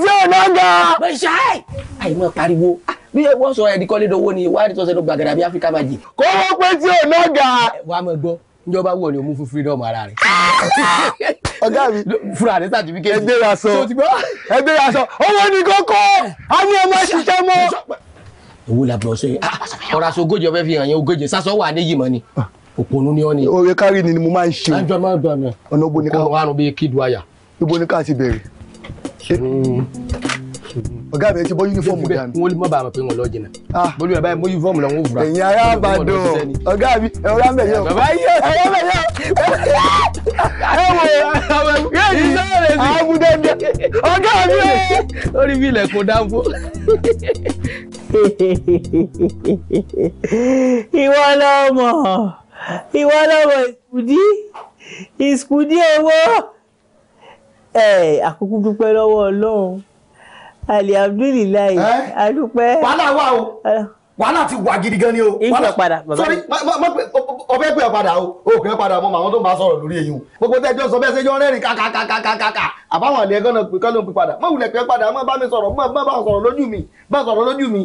tí ọ̀nàgà. bẹ́ẹ̀ ṣáì àìmọ̀ pariwo ah, bí wọ́n sọ ẹ̀dínkọ́lé dọ́wọ́ ni wàá rí tọ́sẹ̀ ló gbàgàdà bí áfíríkà máa jì. kó wọ́n pé tí ọ̀nàgà. wàá mọ̀ gbọ́ njọba wọ̀ ni òun fún freedom ara rẹ̀. ọ̀gá mi. fúra rẹ certificate. ẹgbẹ́ wa sọ ẹgbẹ́ wa sọ owó ni kókó a ní ọmọ ṣiṣẹ́ mọ́. owó la bọ̀ ṣe ah, ọ̀rọ̀ aṣọ ogójì ọ̀fẹ́ fi hàn yẹn ogójì sásọ wà ní yìí mọ́ ni ah. òpònú ni ọ́ ni. oore kárí ni mo máa ń ṣe. ẹjọ́ máa ń dọ̀ ọ̀nà. ọ̀nà ògbóni ká. ọ̀rọ̀ àrùn bíi kídu àyà. ibo ni ká ti bẹ̀rẹ̀ ọ̀gá mi ẹ ti bọ́ yúnífọ̀mù dànù. wọ́n lè má bàa mọ̀ pé wọ́n lọ jìnnà. Ah. bólú ẹ̀ báyìí mọ yúnífọ̀mù lọ́wọ́ òwúrọ̀. ẹ̀yin ará àbàdàn ọ̀gá mi ọ̀gá mi ẹ̀yọ. bàbá yẹ ẹ̀yọ bẹ̀yọ. ẹ wo yóò ní sọ́ọ̀rẹ́ sí. àbúdẹ́dẹ́ ọ̀gá mi. ó rí bí ilẹ̀kùn dáńfó. ìwọ lọmọ ìwọ lọmọ ìsùdí ìsùdí owó àkókò dúpẹ́ lọ́wọ́ Ọlọ́run alihamdulilayi adúpẹ́. wàhálà wà o wàhálà ti wà gidi gan ni o. ìfẹ́ padà Sorry. mi. ọbẹ̀ pẹ̀ padà o òkè padà mọ́ àwọn tó ń bá sọ̀rọ̀ lórí eyín o. gbogbo tẹ́jọ́ sọ bẹ́ẹ̀ sẹ́jọ́ rẹ́rìn kàkàkàkàkàkà àbáwọn àlẹ́ kọ́nà pé kọ́nà pé padà mọ́ wulẹ̀ pẹ́ padà mọ́ bá mi sọ̀rọ̀ mọ́ bá sọ̀rọ̀ lójú mi bá sọ̀rọ̀ lójú mi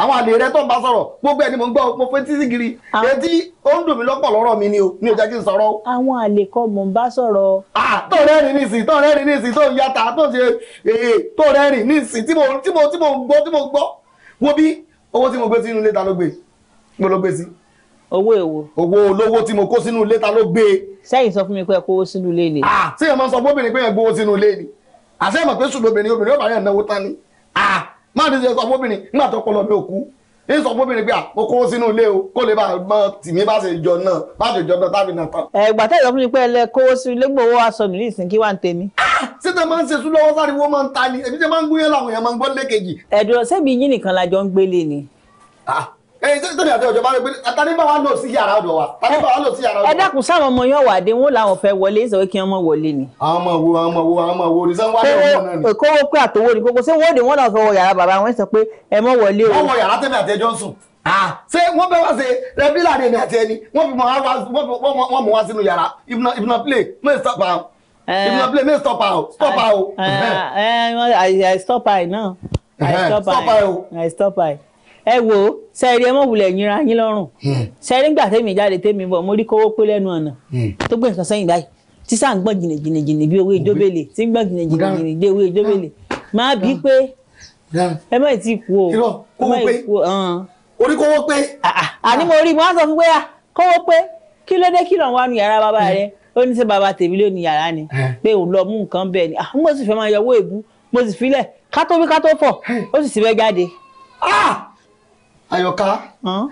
àwọn àlè rẹ tó ń bá sọ̀rọ̀ gbogbo ẹ̀ ni mò ń gbọ́ mo fẹ́ ah. tí sígiri etí ó ń dùn mí lọ́pọ̀ lọ́rọ̀ mi ni o ní ìjà kí n sọ̀rọ̀ o. àwọn àlè kọ́ mò ń bá sọ̀rọ̀. tó rẹ́rìn ní ìsìn tó rẹ́rìn ní ìsìn tó ń yàtà tó ṣe èyè tó rẹ́rìn ní ìsìn tí mo tí mo tí mo gbọ́ tí mo gbọ́ wo bí owó tí mo gbé sínú ilé ta ló gbé mo ló gbé sí. owó èwo. owó olówó tí mo kó sínú ilé ta ló gbé. sẹ́yìn sọ fún mi pé ẹ kówó ah sẹ́yìn máa ń sọ fún obìnrin pé ẹ gbówó sínú ilé ni àṣẹ mọ̀ pé ṣùgbọ́n ni. ah má ti ṣe sọ fóbìnrin nígbà tó pọlọ mi ò kú ní sọ fóbìnrin pé mo sínú ilé o kó lè bá mọ tìmí bá ṣe jọ náà bá ṣe jọ náà tábìlì náà ẹgbà tẹ́ ìsọfún mi ẹlẹ́ kówó sí ilé gbòòwò aṣọ́nù ní ìsìn wà ń tèmi. ṣé tẹ máa ń ṣe sún lọ́wọ́ sáré wọ́n máa ń ta ni èmi tẹ máa ń gbóyè láwọn èèyàn máa ń gbọ́ lékejì. ẹ̀dùn ọ̀sẹ̀ mi yín nìkan la ń gbélé ni tẹ́lẹ̀ àti ọ̀jọ̀ba rẹ̀ pé àtàníbà wa náà sí yàrá ọ̀dọ̀ wa àtàníbà wa náà sí yàrá ọ̀dọ̀ wa. ẹ dákun sáwọn ọmọ yẹn wà dé wọn làwọn fẹ́ wọlé ìsọwé kí wọn mọ wọlé ni. àwọn ọmọ wo àwọn ọmọ wo àwọn ọmọ wo ni sẹ́wọ́n wá lọ́wọ́ náà ni. èkó wo pé àtòwò ni kókó ṣé wọ́n dé wọn náà fẹ́ wọ yàrá bàbá wọn sọ pé ẹ mọ wọlé o. wọ́n wọ yàrá tẹ́lẹ̀ àti ẹjọ́ ń sùn ṣé wọ́n bẹ wá ṣe rẹ́bílà ni àti ẹni wọ́n fi wọ́n mú wá sínú yàrá ìbùnà play mẹ́ stop out ìbùnà play mẹ́ stop out stop out. stop out náà stop out stop out ẹ wò ó sẹ́ẹ̀rì ẹ mọ̀ wulẹ̀ yínra yín lọ́rùn sẹ́ẹ̀rì hmm. ń gbà tẹ́mi jáde tẹ́mi bọ̀ mo rí kówó pé lẹ́nu ọ̀nà hmm. tó gbé nǹkan sẹ́yìn báyìí tí sáà ń gbọ́n jìnnìjìnnì bí owó ìjóbèlè tí ń gbọ́n jìnnìjìnnì bí owó ìjóbèlè ah. máa bí ah. pé ẹ má ti kú o ẹ má ti kú o. orí kówó pé. Ah, àní mo rí mo á sọ fún pé kówó pé kí ló dé kí lọ́n wá nu yàrá bàbá rẹ hmm. ó ní sẹ́ bàbá tèmi ló ní yàrá ni pé òun lọ mú nǹkan bẹ́ẹ̀ ni mo sì fẹ́ máa yọ owó èbú mo sì filẹ̀ ká tó bí ká tó fọ̀ ó sì sì fẹ́ jáde. ah Ayọ̀ká ó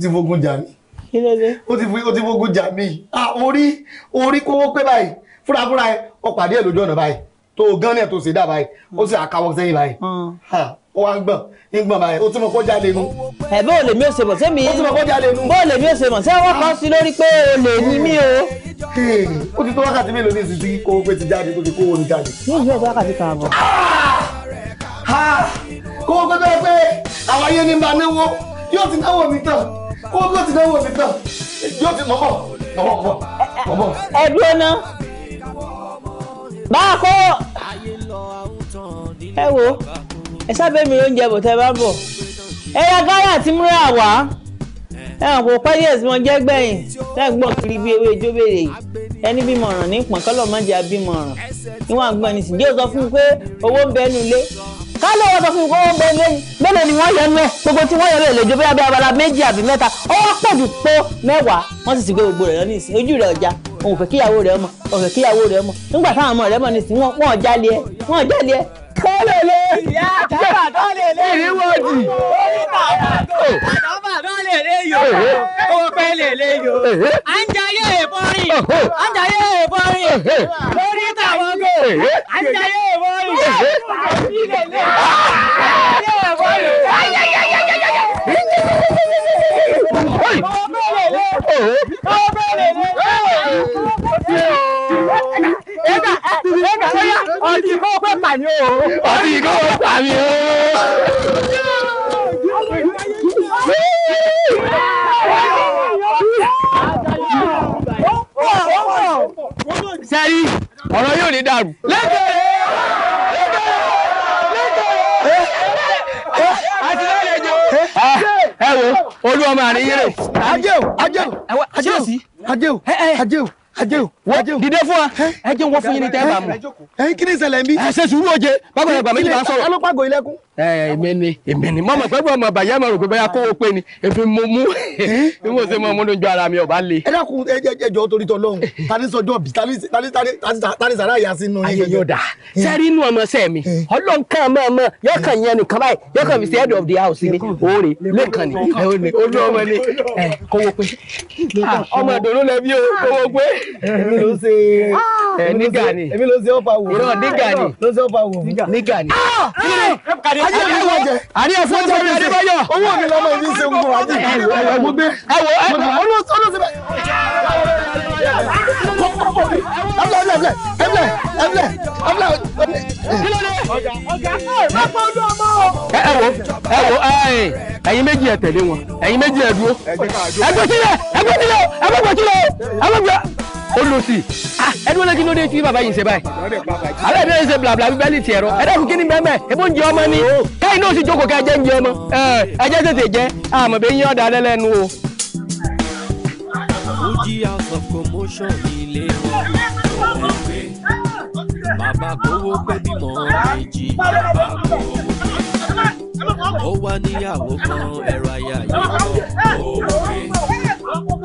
ti fogun jà mí ó ti ó ti fogun jà mí ah, orí orí kówó pé báyìí fúrafúra ẹ ọ̀pàdé ẹ̀ lójú ọ̀nà báyìí tó gán ní ẹ̀ tó ṣe dá báyìí ó sì àkàwọ̀ sẹ́yìn báyìí ó wá ń gbọ̀n ń gbọ̀n báyìí ó tún kó jáde nu. ẹ bó o lè mí ò ṣe mọ̀ sẹ́mi ó tún mọ̀ kó jáde nu. bó o lè mí ò ṣe mọ̀ sẹ́mi wọ́n kàn sí lórí pé o lè ní mí o. ó ti tó wákàtí mélòó ní ìsinsìnyí kó o pé ti jáde tó ti kó o ní jáde. yóò yóò wákàtí kan àbọ̀. Ah! kó o gbẹ́dọ̀ pé àwọn ayé ní máa náwó yóò ti náwó mi tán kó o gbẹ́dọ̀ ti náwó mi tán yóò ti mọ̀mọ́ mọ̀mọ́ mọ̀mọ́. ẹ dúró ná bá a kó ẹ wo ẹ sábẹ́ mi oúnjẹ bò tẹ́ bá bọ̀ ẹ ya gáyà tí múra wá ẹ hàn kó pẹ́ díẹ̀ tí wọ́n jẹ́ gbẹ̀yìn lẹ́gbọ̀n kiri bí ewé ijó béèrè yìí ẹni bímọ ọ̀ràn ní pọ̀n kọ́lọ̀ má jẹ́ abímọ ọ̀ràn níwọ̀n àgbọ̀n ní sì jẹ́ sọ fún un pé owó ń bẹ nulẹ̀ ká ló wọ́n sọ fún mi kó mélòó mélòó ni wọ́n yẹ nú ẹ̀ gbogbo tí wọ́n yẹ lè lójú bóyá bí abala méjì àbí mẹ́ta ó wá pọ̀ jù pé mẹ́wàá wọ́n sì ti gbé gbogbo rẹ̀ lọ nísìnyí ojú rẹ̀ ọjà òun fẹ́ kíyàwó rẹ̀ mọ̀ òun fẹ́ kíyàwó rẹ̀ mọ̀ nígbà táwọn ọmọ rẹ̀ mọ̀ nísìnyí wọ́n ọjà lé ẹ wọ́n ọjà lé ẹ tọ́lẹ̀lẹ̀ ìrìnwọ̀dì owó pẹ́ lèlé yo à ń jayé ìbọrin à ń jayé ìbọrin lórí tàwọn gò à ń jayé ìbọrin àbí lèlé jayé ìbọrin owó pẹ́ lèlé owó pẹ́ lèlé ẹ̀dà ẹ̀dà sọ́yà ọtí kò fẹ́ pa o. ọtí kò fẹ́ pa o. sẹ́rí ọ̀rọ̀ yóò ní dàrú. Ah, ẹ wo olú ọmọ àríyìn rẹ. ajé o ajé o ajé o ajé o dìde fún wa ẹ jẹ́ wọ́n fún yín ní tẹ́ bá mu. ẹ kí ni ìṣẹ̀lẹ̀ mi. ẹ ṣe sùúrù oje bákan náà gbàmí ti ń sọ̀rọ̀. alópagò ilẹ̀kùn èmi ni èmi ni mọ̀mọ̀ pẹ́pẹ́ ọmọ bàyá mọ̀ rò pé bóyá kówó pé ni èmi mo mú bí mo ṣe mọ ọmọ lójú ara mi ọba le. ẹ dákun ẹjọ torí tọ lọhùn tani sọjọ bí tani sara yà sí inú. ayé yóò dà sẹ́rí inú ọmọ sẹ́ mi eh. ọlọ́run kan mọ́ ọmọ yóò kàn yẹn nìkan báyìí yóò kàn fi sí head of the house ni òòrè lẹ́ẹ̀kan ni olú ọmọ ni eh, kówó pé ah, ọmọ ìdòdó lẹ bí o kówó pé. èmi ló ṣe ẹ ah, nígà ni èmi ló ṣe ọ̀pá wò. ìrọ̀ nígà ni ló ṣe ọ̀pá wò. nígà ni. Ah! ayé mi wọ jẹ àní ẹ fún jẹbi adébáyọ owó mi lọmọ ìdí ṣe ń gun ajé ẹwọ ẹwọ olóṣèlú ẹblẹ ẹblẹ ẹblẹ ẹblẹ ẹblẹ. ẹ wo ẹ wo ẹyin méjì ẹ tẹ̀lé wọn ẹyin méjì ẹ dúró ẹgbẹ́ sílẹ̀ ẹgbẹ́ sílẹ̀ ẹgbẹ́ sílẹ̀ ẹgbẹ́ sílẹ̀ ó lọ sí ẹni wọn lọ́kí lóde fi bàbá yìí ṣe báyìí alẹ́ mi ò ṣe blabla bíbélì tiẹ̀ rọ ẹ dẹ́kun kí ni bẹ́ẹ̀ ebó ń jẹ ọmọ ni kẹ́yìn náà sì jókòó ká ẹjẹ́ ń jẹ ọmọ ẹjẹ́ tètè jẹ àmọ̀ bẹ́ẹ̀ yín ọ̀dà alẹ́ lẹ́nu o. Fuji house of commotion ilé wọn ò pé bàbá kówó pé bímọ méjì bàbá kówó pé ó wá níyàwó kan ẹ̀rọ ayé àyè wọn ò pé.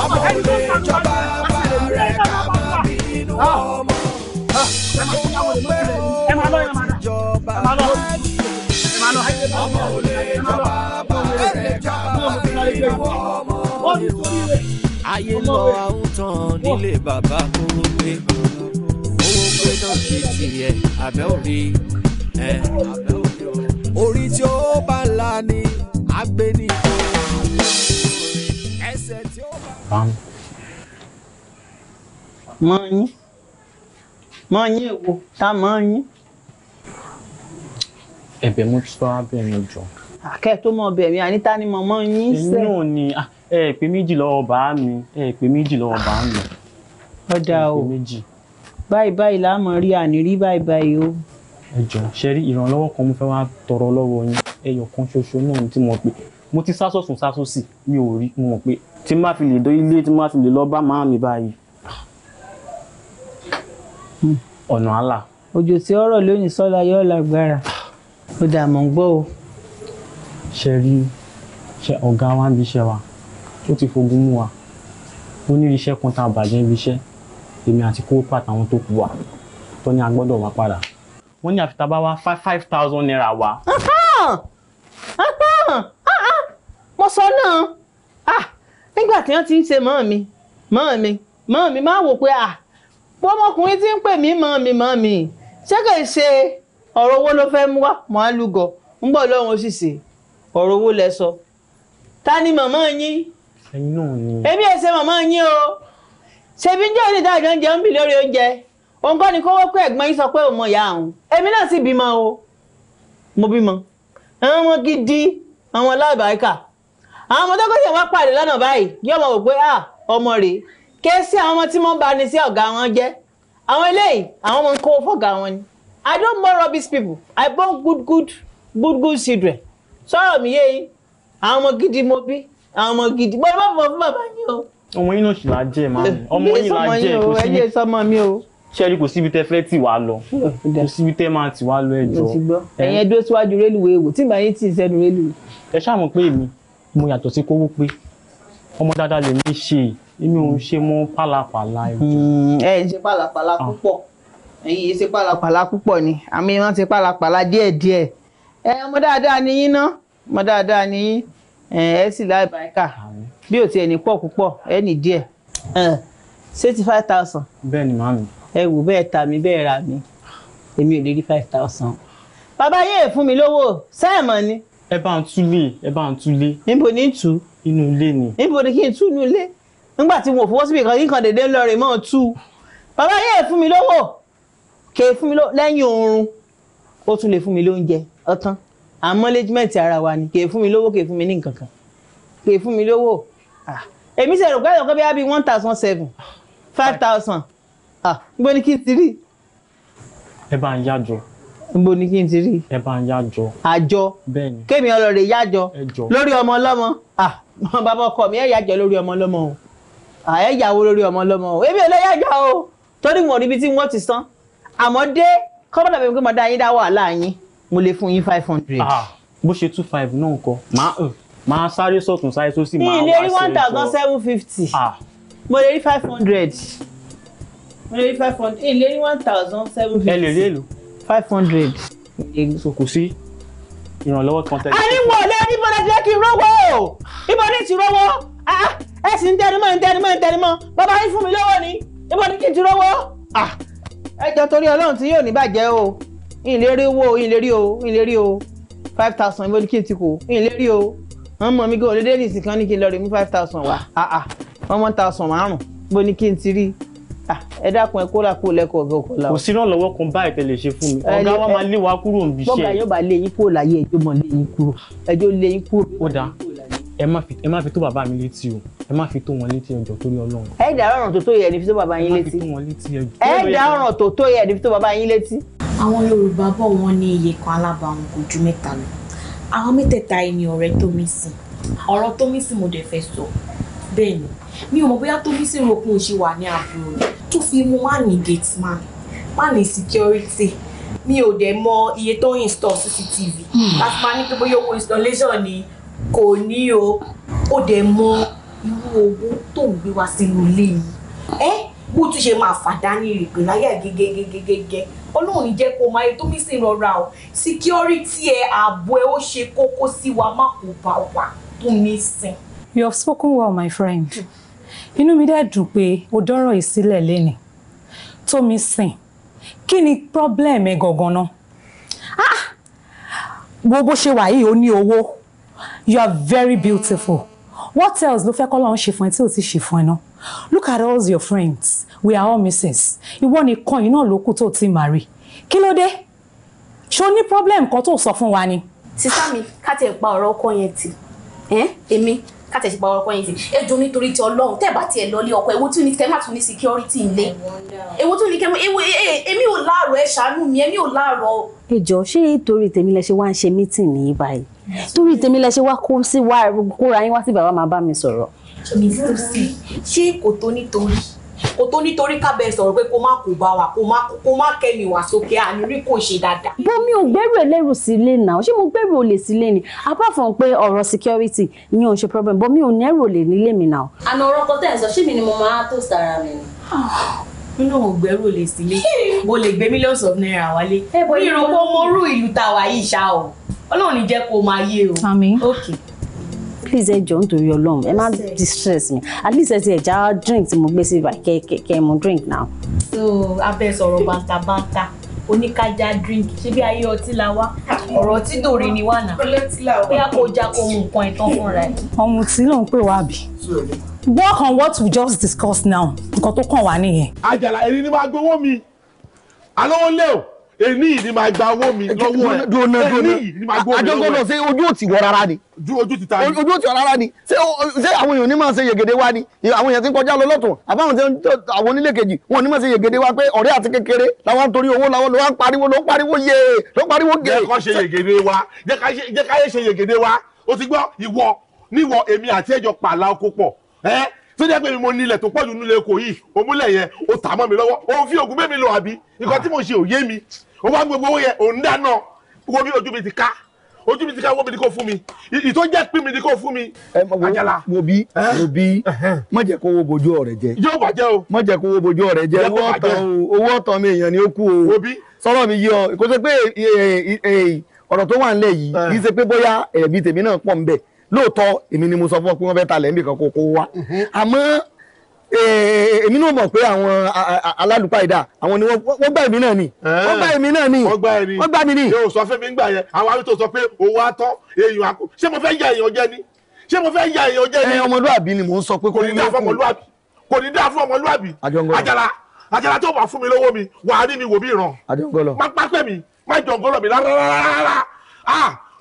ọmọ ẹni tó rẹ kábà bínú ọmọ. ẹ ọmọ ayé lọ àwùtàn nílé bàbá kúrú pé owó pé náà ṣe tiẹ̀ àbẹ́ òbí ẹ̀ àbẹ́ òbí orí tí ó bá la ni agbẹni ẹsẹ̀ tí ó bá báwọn. mọ́yìn mọ́yìn èwo tá mọ́yìn. ẹ̀bẹ̀ mo ti sọ abẹ́rin jọ. àkẹ́ tó mọ bẹ̀rẹ̀ àníta ni mọ̀mọ́ yín sẹ́. inú ni ẹ pè méjì lọ́wọ́ bá mi ẹ pè méjì lọ́wọ́ bá mi. ọ̀dà o báyìí báyìí láàmú rí ànírí báyìí báyìí o ẹ jọ̀ọ́ ṣe rí ìrànlọ́wọ́ kan mo fẹ́ wá tọrọ lọ́wọ́ yín ẹyọ kan ṣoṣo náà tí mo pè mo ti sásọ̀sùn sásọ̀sì mi ò rí mo mọ̀ pé tí má fi lè dó ilé tí má fi lè lọ bá màá mi báyìí ọ̀nà àlà. òjò tí ọ̀rọ̀ lónìí sọ́la yóò lágbára ó dà mọ̀ ń gbọ́ o. ṣe rí ṣe ọ̀gá wa ń bíṣẹ́ wa ó ti fogun mú wa ó ní iṣẹ́ kan tá a bàjẹ́ ibi iṣẹ́ èmi àti kó pàtàwọn tó kù wa tó ní a gbọ́dọ̀ wá padà wọ́n ní àfitá bá wá five thousand naira wa. mo sọ náà. Ah! nígbà tí wọ́n ti ń ṣe mọ́ mi mọ́ mi mọ́ mi máa wò pé à pọ́mọkùnrin ti ń pè mí mọ́ mi mọ́ mi ṣé kò ṣe ọ̀rọ̀ owó ló fẹ́ mú wá mọ́ á lúgọ ń bọ̀ lọ́run òṣìṣẹ́ ọ̀rọ̀ owó lẹ sọ ta ni màmá yín èmi ẹ̀ ṣe màmá yín o ṣebí ń jẹ́ oníta ìjọ ń jẹun bì lórí oúnjẹ òun kọ́ ni kó wọ́n pé ẹ̀gbọ́n yín sọ pé òun ìyá òun èmi náà sì bímọ o mo bímọ àwọn ọmọ gidi àwọn aláìbáríkà àwọn ọmọ tọkọ yẹn wá pàdé lọ́nà báyìí yóò mọ̀ wò pé à ọmọ rèé ké sí àwọn ọmọ tí wọ́n bá ní sí ọ̀gá wọn jẹ́ àwọn eléyìí àwọn ọmọ nǹkan fọ̀gá wọn ni I don't born rubbish people I born good good good good children sọ̀rọ̀ mi yé yín àwọn ọmọ gidi mo bí àwọn ọmọ gidi mo bá bọ̀ fún bàbá yín o. ọmọ yín náà sì láà jẹ máa mi ọmọ yín láà jẹ kò sí ẹyẹ sọmọ mi o. sẹ́ẹ̀rì kò síbi tẹ́ fẹ́ tì wá lọ kò síbi tẹ́ máa tì wá lọ ẹ̀jọ̀. ẹ̀yẹn dúró síwájú rélùwéè wò tí màá yín tì í sẹ́nu rélùwéè. ẹ ṣáà mọ̀ pé èmi mo yàtọ̀ sí kówó pé ọmọ dáadáa lè mi ṣe inú òun ṣe mọ́ pàlàpàlà ẹ̀. Hmm, ẹ ṣe ah. pàlàpàlà púpọ̀ ẹ̀yin yìí ṣe pàlàpàlà púpọ̀ ni àmì wọn ṣe pàlàpàlà díẹ̀díẹ̀ ẹ ọmọ dáadáa ni yín ná ọmọ dáadáa ni yín ẹ sì láì báyìíkà bí ò tiẹ̀ ní pọ̀ púpọ̀ ẹ ní díẹ̀ seventy five thousand. bẹ́ẹ̀ ni màámi. ẹ wò bẹ́ẹ̀ ta mi bẹ́ẹ̀ ra mi èmi ò lè rí five thousand. bàbá yéè fún mi lówó sẹ́ẹ̀mọ̀ ni ẹ bá ń túlé ẹ bá ń túlé. níbo ní tú. inú ilé ni. níbo ni kí n tú inú ilé nígbà tí mo fọwọ́ síbi kan kí n kàn déédéé lọ rè mọ́ tú. bàbá yẹ fún mi lówó kè é fún mi lẹ́yìn oorun ó tún lè fún mi lóúnjẹ ọtán àmọ́ management ara wa ni kè é fún mi lówó kè é fún mi ní nǹkan kan kè é fún mi lówó èmi ṣe rò pé bí abi one thousand seven five thousand níbo ni kí n ti rí. ẹ bá ń yájọ nbo ni kí n ti rí. ẹ bá ń yájọ. àjọ kémi ọlọrẹ yájọ lórí ọmọ ọlọmọ ah bàbá ọkọ mi ẹ yájọ lórí ọmọ ọlọmọ o ẹ yàwó lórí ọmọ ọlọmọ o èmi ò lè yájọ o torí wọn níbi tí wọn ti san àmọ́ dé kọ́mọ́dà bẹ̀rẹ̀ pé mo dá yín dá wàhálà yín mo lè fún yín five hundred. bó ṣe two five náà kọ máa máa sáré sọ̀tún sáré sósì máa wá sí ẹ̀ṣọ́. mi lè rí one thousand seven fifty mo lè rí five hundred mo lè rí five hundred ẹ rí one thousand seven fifty. ẹ lè rí èlò five hundred. so kò sí ìrànlọ́wọ́ kan tẹ́lẹ̀. àníwọ̀ lé níbo la jẹ́ kí n rówó ibo ni ti rówó ah, ah, ẹ sì ń tẹnumọ́ ń tẹnumọ́ ń tẹnumọ́ bàbá yín fún mi lówó ni ibo ni kí n ti rówó. Ah, ẹ jọ torí ọlọ́run tí yóò ní bàjẹ́ o ìlérí wo ìlérí o ìlérí o five thousand ibo ni kí n ti kù ìlérí o wọ́n mọ̀ mí gan olóde nìsín kan ní kí n lọ rí mú five thousand wá wọ́n one thousand márùn-ún ibo ni kí n ti rí Ah, ẹ dákun ẹ kóra kó lẹ́kọ̀ọ́ ọ̀gá ọ̀kọ̀ la. kò sí ìrànlọ́wọ́ kan báyìí tẹ̀lé ṣe fún mi ọ̀gá wa máa lé wa kúrò níbi iṣẹ́. bọ́gà yóò bá lé yín kúrò láyé ẹjọ́ mọ̀ lé yín kúrò ẹjọ́ lé yín kúrò. ó dáa ẹ má fi ẹ má fi tó bàbá mi létí o ẹ má fi tó wọn létí ẹjọ́ torí Ọlọ́run. ẹ dá ọ̀ràn tó tó yẹ ẹni fi tó bàbá yín létí. ẹ dá ọ̀ràn tó tó yẹ ẹni fi tó bàbá yín létí. àwọn Yorùbá bọ̀ wọ́n ní iye kan alábàáhùn kò ju mẹ́ta lọ àwọn mẹ́tẹ̀ẹ̀ta yìí ni ọ̀rẹ́ Tómisìn ọ̀rọ̀ Tómisìn mo dẹ̀ fẹ́ sọ bẹ́ẹ̀ ni mi ò mọ̀ bóyá Tómisìn rokun ṣì wà ní àbúrò rẹ̀ tó fi mú má gate man má security mi ò dẹ̀ mọ iye tó ń install cctv hmm. láti máa ní pé bóyá owó installation ni kò ní o ó dẹ̀ mọ irú owó tó ń gbé wá sínú ilé mi ẹ́ bó tún ṣe máa fà dání rèpè láyà gégégégégé ọlọ́run ní jẹ́ kó máa yẹ tó mí sì rọra o security ẹ ààbò ẹ ó ṣe kókó sí wa má kó bá wa tó ní sìn. you have spoken well my friend. Mm inú mi dẹ̀ dùn pé o dọ́rọ̀ yìí sílẹ̀ lẹ́nìí tómi sìn kí ni problem ẹ gangan náà ah wo bó ṣe wà yìí o ní owó you are very beautiful what else ló fẹ́ kọ́ lọ́run ṣe fún ẹ tí ò ti ṣe fún ẹ náà look at all your friends we are all misses ìwọ nìkan yìí náà ló kù tó ti marry kí ló dé ṣó ní problem kan tó sọ fún wa ni. sísá mi ká tiẹ̀ pa ọ̀rọ̀ ọkọ yẹn tì èmi kátẹ̀ ṣe pa ọkọ yín sí ẹ nítorí ti ọlọ́run tẹ́ ẹ bá tiẹ̀ lọlé ọkọ èwo tún ni kẹ́ má tún ní security ilé èwo tún ni kẹ́ e, e, èmi ò láàárọ̀ ẹ ṣàánú mi èmi ò láàárọ̀. ẹ ṣé torí tèmi lẹ ṣe wá ń ṣe mítìn ní báyìí torí tèmi lẹ ṣe wá kó sí wá kóra yín wá sí bàbá máa bá mi sọ̀rọ̀. ṣé kò tó nítorí kò tó nítorí kábẹ́ sọ̀rọ̀ pé kó má kó bá wa kó má kẹ́mi wá sókè àní rí kò ṣe dáadáa. bómi ò gbẹ́rù ẹlẹ́rù sílé náà ṣé mo gbẹ́rù olè sílé ni apart from pé ọ̀rọ̀ security ni ò ṣe problem bómi ò nẹ́rù olè nílé mi náà. àná ọ̀rọ̀ kan tẹ̀ ń sọ ṣé mi ni mo máa tó sára mi ni nínú ah, ògbẹ́rù lè sílé mo lè gbé millions of naira wálé ní ìrọ̀pọ̀ mọ́rú ìlú tàwa yìí ṣá o ọlọ́run ní jẹ́ kó máa yé o. àmín please ẹ jọ̀ọ́ nítorí Ọlọ́run ẹ má distress me. at least ẹ ti ẹja drink tí mo gbé sí ibà kẹ kẹ kẹ mu drink now. so abẹ sọ̀rọ̀ bàǹtàbàǹtà oníkájá drink ṣebí ayé ọtí la wá ọ̀rọ̀ ọtí dòrí ni wà náà bóyá kò já kó mu nǹkan ìtàn fúnra ẹ. ọmọ tí ló ń pè wá bí work on what we just discussed now nǹkan tó kàn wá nìyẹn. àjàlá èrè ni máa gbowó mi àlọ́ wọn lé o èmi yìí ni máa gba owó mi lọ́wọ́ ẹ̀ èmi yìí ni máa gbọ́ mi lọ́wọ́ ẹ̀. àjọgbọ́dọ̀ ṣe ojú ò tì wọ rárá ni. ojú ti ta ni. ojú ò tì wọ rárá ni ṣé àwọn èèyàn ní máa ṣe yègèdè wa ni àwọn èèyàn ti ń kọjá lọ lọ́tún àbáwọn tí àwọn onílé kejì wọn ní máa ṣe yègèdè wa pé ọ̀rẹ́ àti kékeré làwọn torí owó làwọn ló wá ń pariwo ló ń pariwo yé ló ń pariwo gé. jẹ́ ká ṣe yègèdè wa jẹ́ ká ṣe yègèdè wa ti gbọ́ ìwọ níwọ èmi àti ẹjọ́ pàlà oko pọ̀ ẹ́ tó jẹ́ pé mi mo nílẹ̀ tó pọ̀jù nílẹ̀ èkó yìí òmúlẹ̀ yẹn o tà mọ́ mi lọ́wọ́ òun fi ògùn bẹ́ẹ̀ mi lọ àbí nǹkan tí mo ṣe ò yé mi ó wá gbogbo owó yẹn òun dáná wo bí ojú mi ti ká ojú mi ti ká wo mi ni kò fún mi ìtò jẹ́ pín mi ni kò fún mi. àjàlá wo bí wo bí má jẹ́ kó owó bojú ọ̀rẹ́ jẹ. yóò bàjẹ́ o. má jẹ́ kó owó bojú ọ̀rẹ́ jẹ owó ọ̀tàn o owó ọ̀tàn mi èèyàn ni ó kú o. wo bí. sọ̀rọ̀ mi yí ọ kò sọ pé ọ̀rọ̀ tó wà nílẹ̀ yìí kì í ṣe pé bóyá ẹ̀bí tèmi náà pọ̀ ń bẹ̀ lóòótọ́ èmi ni mo sọ fún ọ pé wọ́n fẹ́ talẹ̀ níbìkan kó kó wa àmọ́ Eh, èmi náà mọ̀ pé àwọn alálùpàdà àwọn ni wọ́n gbà eh. èmi náà ni wọ́n gbà èmi náà ni wọ́n gbà mí ni. yóò sọ fún mi ń gbà yẹn àwọn àrùn tó sọ pé òwò atọ́ èèyàn àkó ṣé mo fẹ́ ya èèyàn jẹ ni ṣé mo fẹ́ ya èèyàn jẹ ni. ẹ eh, ọmọlúwàbí ni mò ń sọ pé kò ní dáa fún ọmọlúwàbí kò ní dáa fún ọmọlúwàbí àjàlá àjàlá tó bá fún mi lówó mi wà á rí mi wò bí ìran má pápẹ́ mi má jọ̀ǹgọ́lọ̀ mi rárá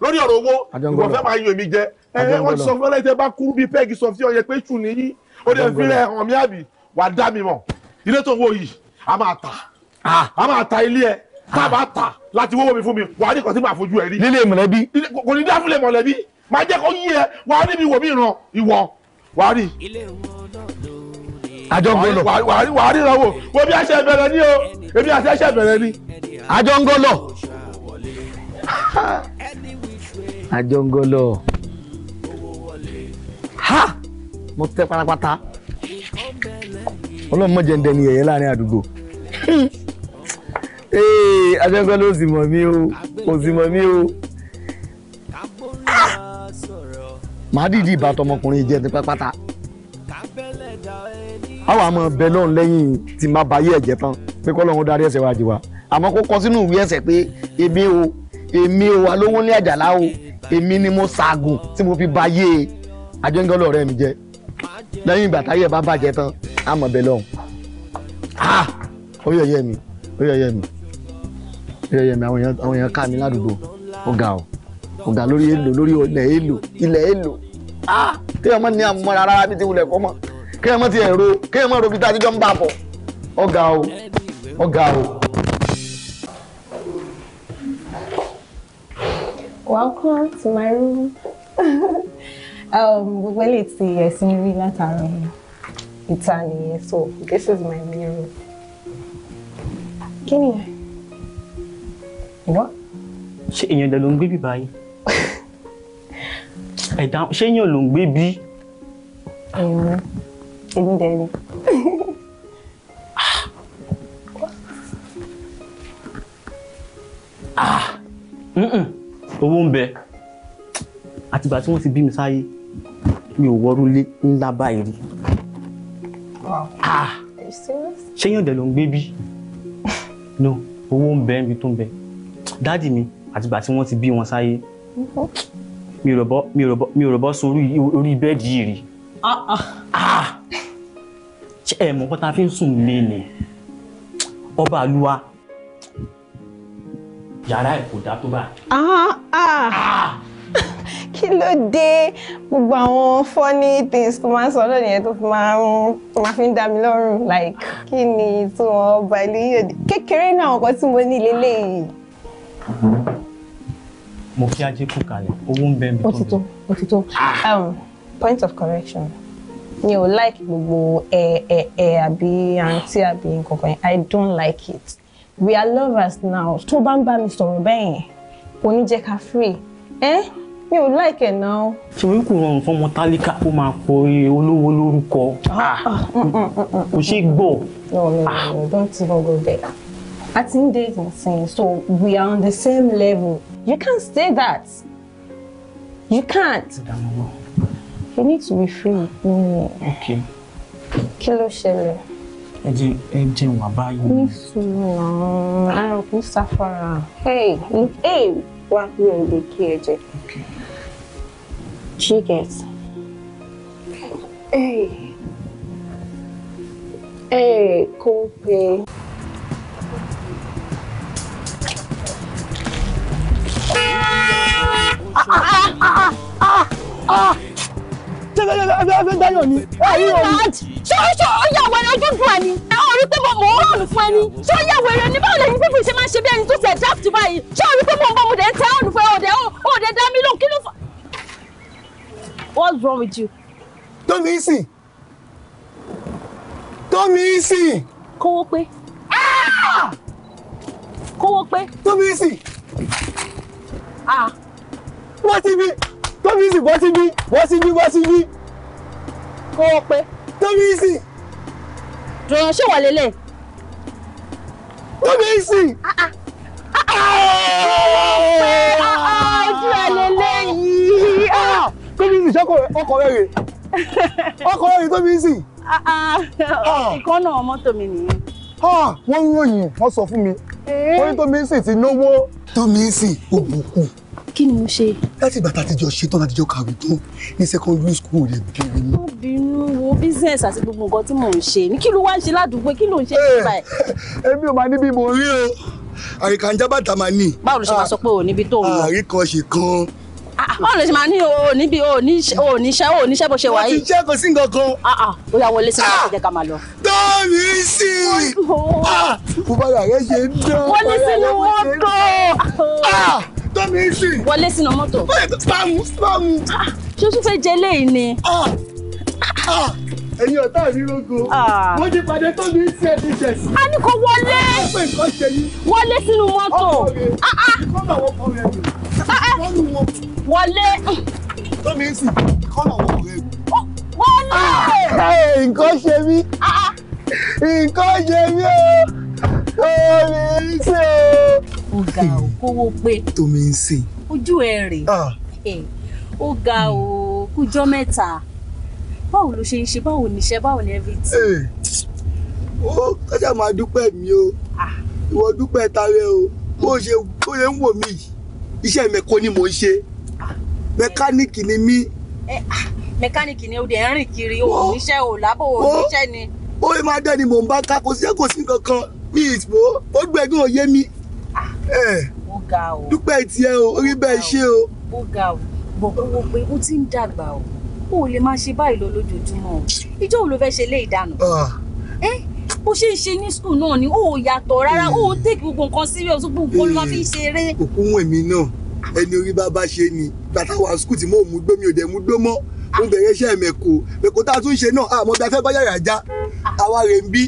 lórí ọ̀rọ̀ owó ìwọ fẹ́ máa yan èmi jẹ ẹ wọ́n ti sọ fún ọlẹ́tẹ̀ ó lè fi rẹ̀ mí àbí wà dá mi mọ̀ ilé tó ń wò yìí a máa tà ah. a máa ta ilé ẹ tá a bá tà láti wọ́wọ́ mi fún mi wà á ní kọ́sí máa fojú ẹ rí. nílé mọ̀lẹ́bí. kò ní dá mọ̀lẹ́bí máa jẹ́ kó yí ẹ wà á níbi ìwò mi ràn ìwọ wà á rí. àjọngọlọ wà á rí wà á rí ìrànwọ́ wo bí a ṣe bẹ̀rẹ̀ ní o èmi àti ẹṣẹ bẹ̀rẹ̀ ní. àjọngọlọ. àjọngọlọ. ha mo tẹ́ pátápátá ọlọ́run mọ̀jẹ̀ ń dẹni ẹ̀yẹ láàrin àdúgbò adẹ́gbẹ́ ló sì mọ̀ mí o kò sì mọ̀ mí o màá dìdí ìbátan ọmọkùnrin jẹ́ ti pátápátá àwọn àmọ́ bẹ lọ́run lẹ́yìn tí má ba ayé tán pé kọ́lọ́run darí ẹ̀ṣẹ̀ wa jì wá àmọ́ kó kọ sínú ìwé ẹ̀ṣẹ̀ pé èmi o èmi o alówó ní àjàlá o èmi ni mo ṣaagùn tí mo fi ba ayé mi jẹ́ lẹ́yìn ìgbà táyé bá bàjẹ́ tán á mọ̀ bẹ́ẹ̀ lọ́hùn. oyè ọyẹ oyè ọyẹ oyè ọyẹ àwọn èèyàn ká mi ládùúgbò ó ga ọ lórí èlò lórí ilẹ̀ èlò ilẹ̀ èlò kí ọmọ ní àmọ́ rárá bí ti wulẹ̀ kọ́ kí ọmọ ti ẹ̀rọ kí ọmọ robi tá a ti jọ ń bà bọ̀ ó ga ọ ó Welcome to my room. gbogbo eléyìí ti ẹ̀sìn rí látara ìta nìyẹn so this is my mirror. kí ni ẹ. ìwọ. ṣé èèyàn dẹ̀ ló ń gbé bí báyìí. ẹ̀dá ṣé èèyàn ló ń gbé bí. èmi èmi dẹ̀ ni. Ah, owó ń bẹ àtìgbà tí wọ́n ti bí mi sáyé mi ò wọrúlé ńlá báyìí rí. ṣé yàn dẹ̀ ló ń gbé bí? no owó ń bẹ níbi tó ń bẹ dáàdì mi àtìgbà tí wọ́n ti bí wọn sáyé mm-hmm. mi ò rọ̀bọ́ sun orí bẹ́ẹ̀dì yìí rí. Ah, ah. ṣé ẹ mọ̀ pátá fi ń sùn lé ni ọba àlùwà yàrá ẹ̀ kò dá tó bá kí ló dé gbogbo àwọn funny things tó máa ń sọ lónìí yẹn tó fi máa ń fi ń dá mi lọ́rùn like kí ni tí wọ́n bá ilé yìí òde kékeré náà àwọn kan tí mo ní lélẹ́yìí. Mm-hmm. mo fi ajé kú kalẹ̀ owó ń bẹ mi tó ó ti tó ó ti tó point of correction mi ò like gbogbo ẹ ẹ ẹ àbí àǹtí àbí nǹkan kan yẹn i don't like it we are lovers now tó bá ń bá mi sọ̀rọ̀ bẹ́ẹ̀ yẹn kò ní jẹ́ ká free. Eh? mi ò láìkẹ̀ náà. ṣùgbọ́n kò rọrùn fún ọmọ tálíkà kó máa pọ olówó lórúkọ ah, ah, ah, kò ṣeé gbọ́. no no no don't even go there i ti ń date so we are on the same level you can't say that you can't you need to be free with me. okay. kí ló ṣẹlẹ̀ ẹ jẹ ẹ jẹun àbáyọ. ní sùúrù náà àròkù sáfara. ẹ ẹ wá ní kí ẹ jẹ. She gets. Hey. Hey, Kope. Dáyọ̀ ni. Ṣé ó ṣe ó yà wẹ̀rẹ̀ ojú fún ẹni? Ẹ ò rí pé mo mò ń rọrùn fún ẹni. Ṣé ó yà wẹ̀rẹ̀ ni báwo lẹ́yìn pípé ṣe máa ṣe bí ẹni tó ṣe draft báyìí? Ṣé ó rí pé mo ń bọ́ mo dẹ̀ ń tẹ́ ọ̀nù fún ẹ? Òdẹ̀ ó dẹ̀ dá mí lóhùn kí ló fà? What's wrong with you? Tómísì. Tómísì. Kówó pé. Kówó pé. Tómísì. Ah. Bọ́ síbí. Tómísì bọ́ síbí. Don't síbí bọ́ síbí. Kówó pé. Tómísì. Dùnrùn ṣé wà lélẹ̀? Tómísì. ah ah! Show ẹ̀ lele! Ah! tóbi sì sọ́kọ̀ ọkọ̀ rẹ̀ rè ọkọ̀ rẹ̀ rè tóbi sì. Ah, ah. ah. ìkọ́nà mọ́tò mi nìyẹn. wọ́n ròyìn wọ́n sọ fún mi eh. wọ́n ní tómi sì ti náwó tómi sì òbùkù. kí ni mo ṣe. láti ìgbà tá a ti jọ ṣetán láti jọ kàwé tó ní secondary school rẹ̀ bìrì mi. wọ́n bínú wo business àti gbogbo nǹkan tí mò ń ṣe ní kí ló wá ń ṣe ládùúgbò kí ló ń ṣe eh, nípa ẹ̀. èmi ò máa níbi mo rí o àríkànjá bàtà máa ní. báwo ló ṣe máa sọ pé ò níbi tó ń lọ. àríkànṣe kan Ah, ah, báwo lè ṣe máa ní òní bí òní iṣẹ́ òní iṣẹ́ bó ṣe wà yìí. ti jẹ́ kò sí nǹkan kan. Ah, ó yá wọlé sí wọn jẹ́ ká máa lọ. tómi sí i mo bá rà ṣe ń dán. wọlé sínú mọ́tò. tómi sí i. wọlé sínú mọ́tò. spam spam. ṣé o tún fẹ́ jẹ léyìí ni. Ah, ẹ̀yin ọ̀tá mi rogo ah. mo ti pàdé tó ní ṣe ní ṣẹ̀sì. a ní kó wọlé wọlé sínú mọ́tò ah, wọlé. tó mi ń sìn kọ́ làwọn ọ̀rẹ́ mi. wọlé. nǹkan ṣe mí nǹkan ṣe mí o tó mi ń sìn o. ó ga ò kówó pé. tó mi ń sìn. ojú ẹ rè é eh, ó ga ò kújọ́ mẹ́ta báwo ló ṣe ń ṣe báwo níṣẹ́ báwo ni everything. Eh, ó kájà máa dúpẹ́ mi o ah. ìwọ dúpẹ́ tarẹ o bó ṣe bó ṣe ń wò mí iṣẹ́ mẹ́kọ ni mò ń ṣe ah. mẹkáníìkì ni mí. Eh, ah, mẹkáníìkì ni o dẹ̀ ń rìn kiri o níṣẹ́ o lábọ̀ o níṣẹ́ ni. ó yẹ máa dẹ́ni mò ń bá ká kò sí kò sí kankan mi ìtìmọ́ ó gbẹ̀gàn òye mi. Eh. dúpẹ́ tiẹ̀ o orí bẹ́ẹ̀ ṣe o. ó ga o bọ̀ kó wo pé ó ti ń dàgbà o o ò lè máa ṣe báyìí lọ lójoojúmọ́ o ìjọ wo ló fẹ́ ṣe lé ìdáná ẹ bó ṣe ń ṣe ní skul náà ni o ò yàtọ̀ rárá o ò tèkì gbogbo nǹkan serious gbogbo ló máa fi ṣeré. òkú wọn mi náà ẹni orí bàbá ṣe ni bàtà wà skul tí mo ń mú gbó mi ò dẹ̀ mú gbó mọ́ mo bẹ̀rẹ̀ iṣẹ́ mẹ́kọ mẹ́kọ tá a tún ṣe náà àmọ́ bí a fẹ́ bá yàrá já àwa rè ń bí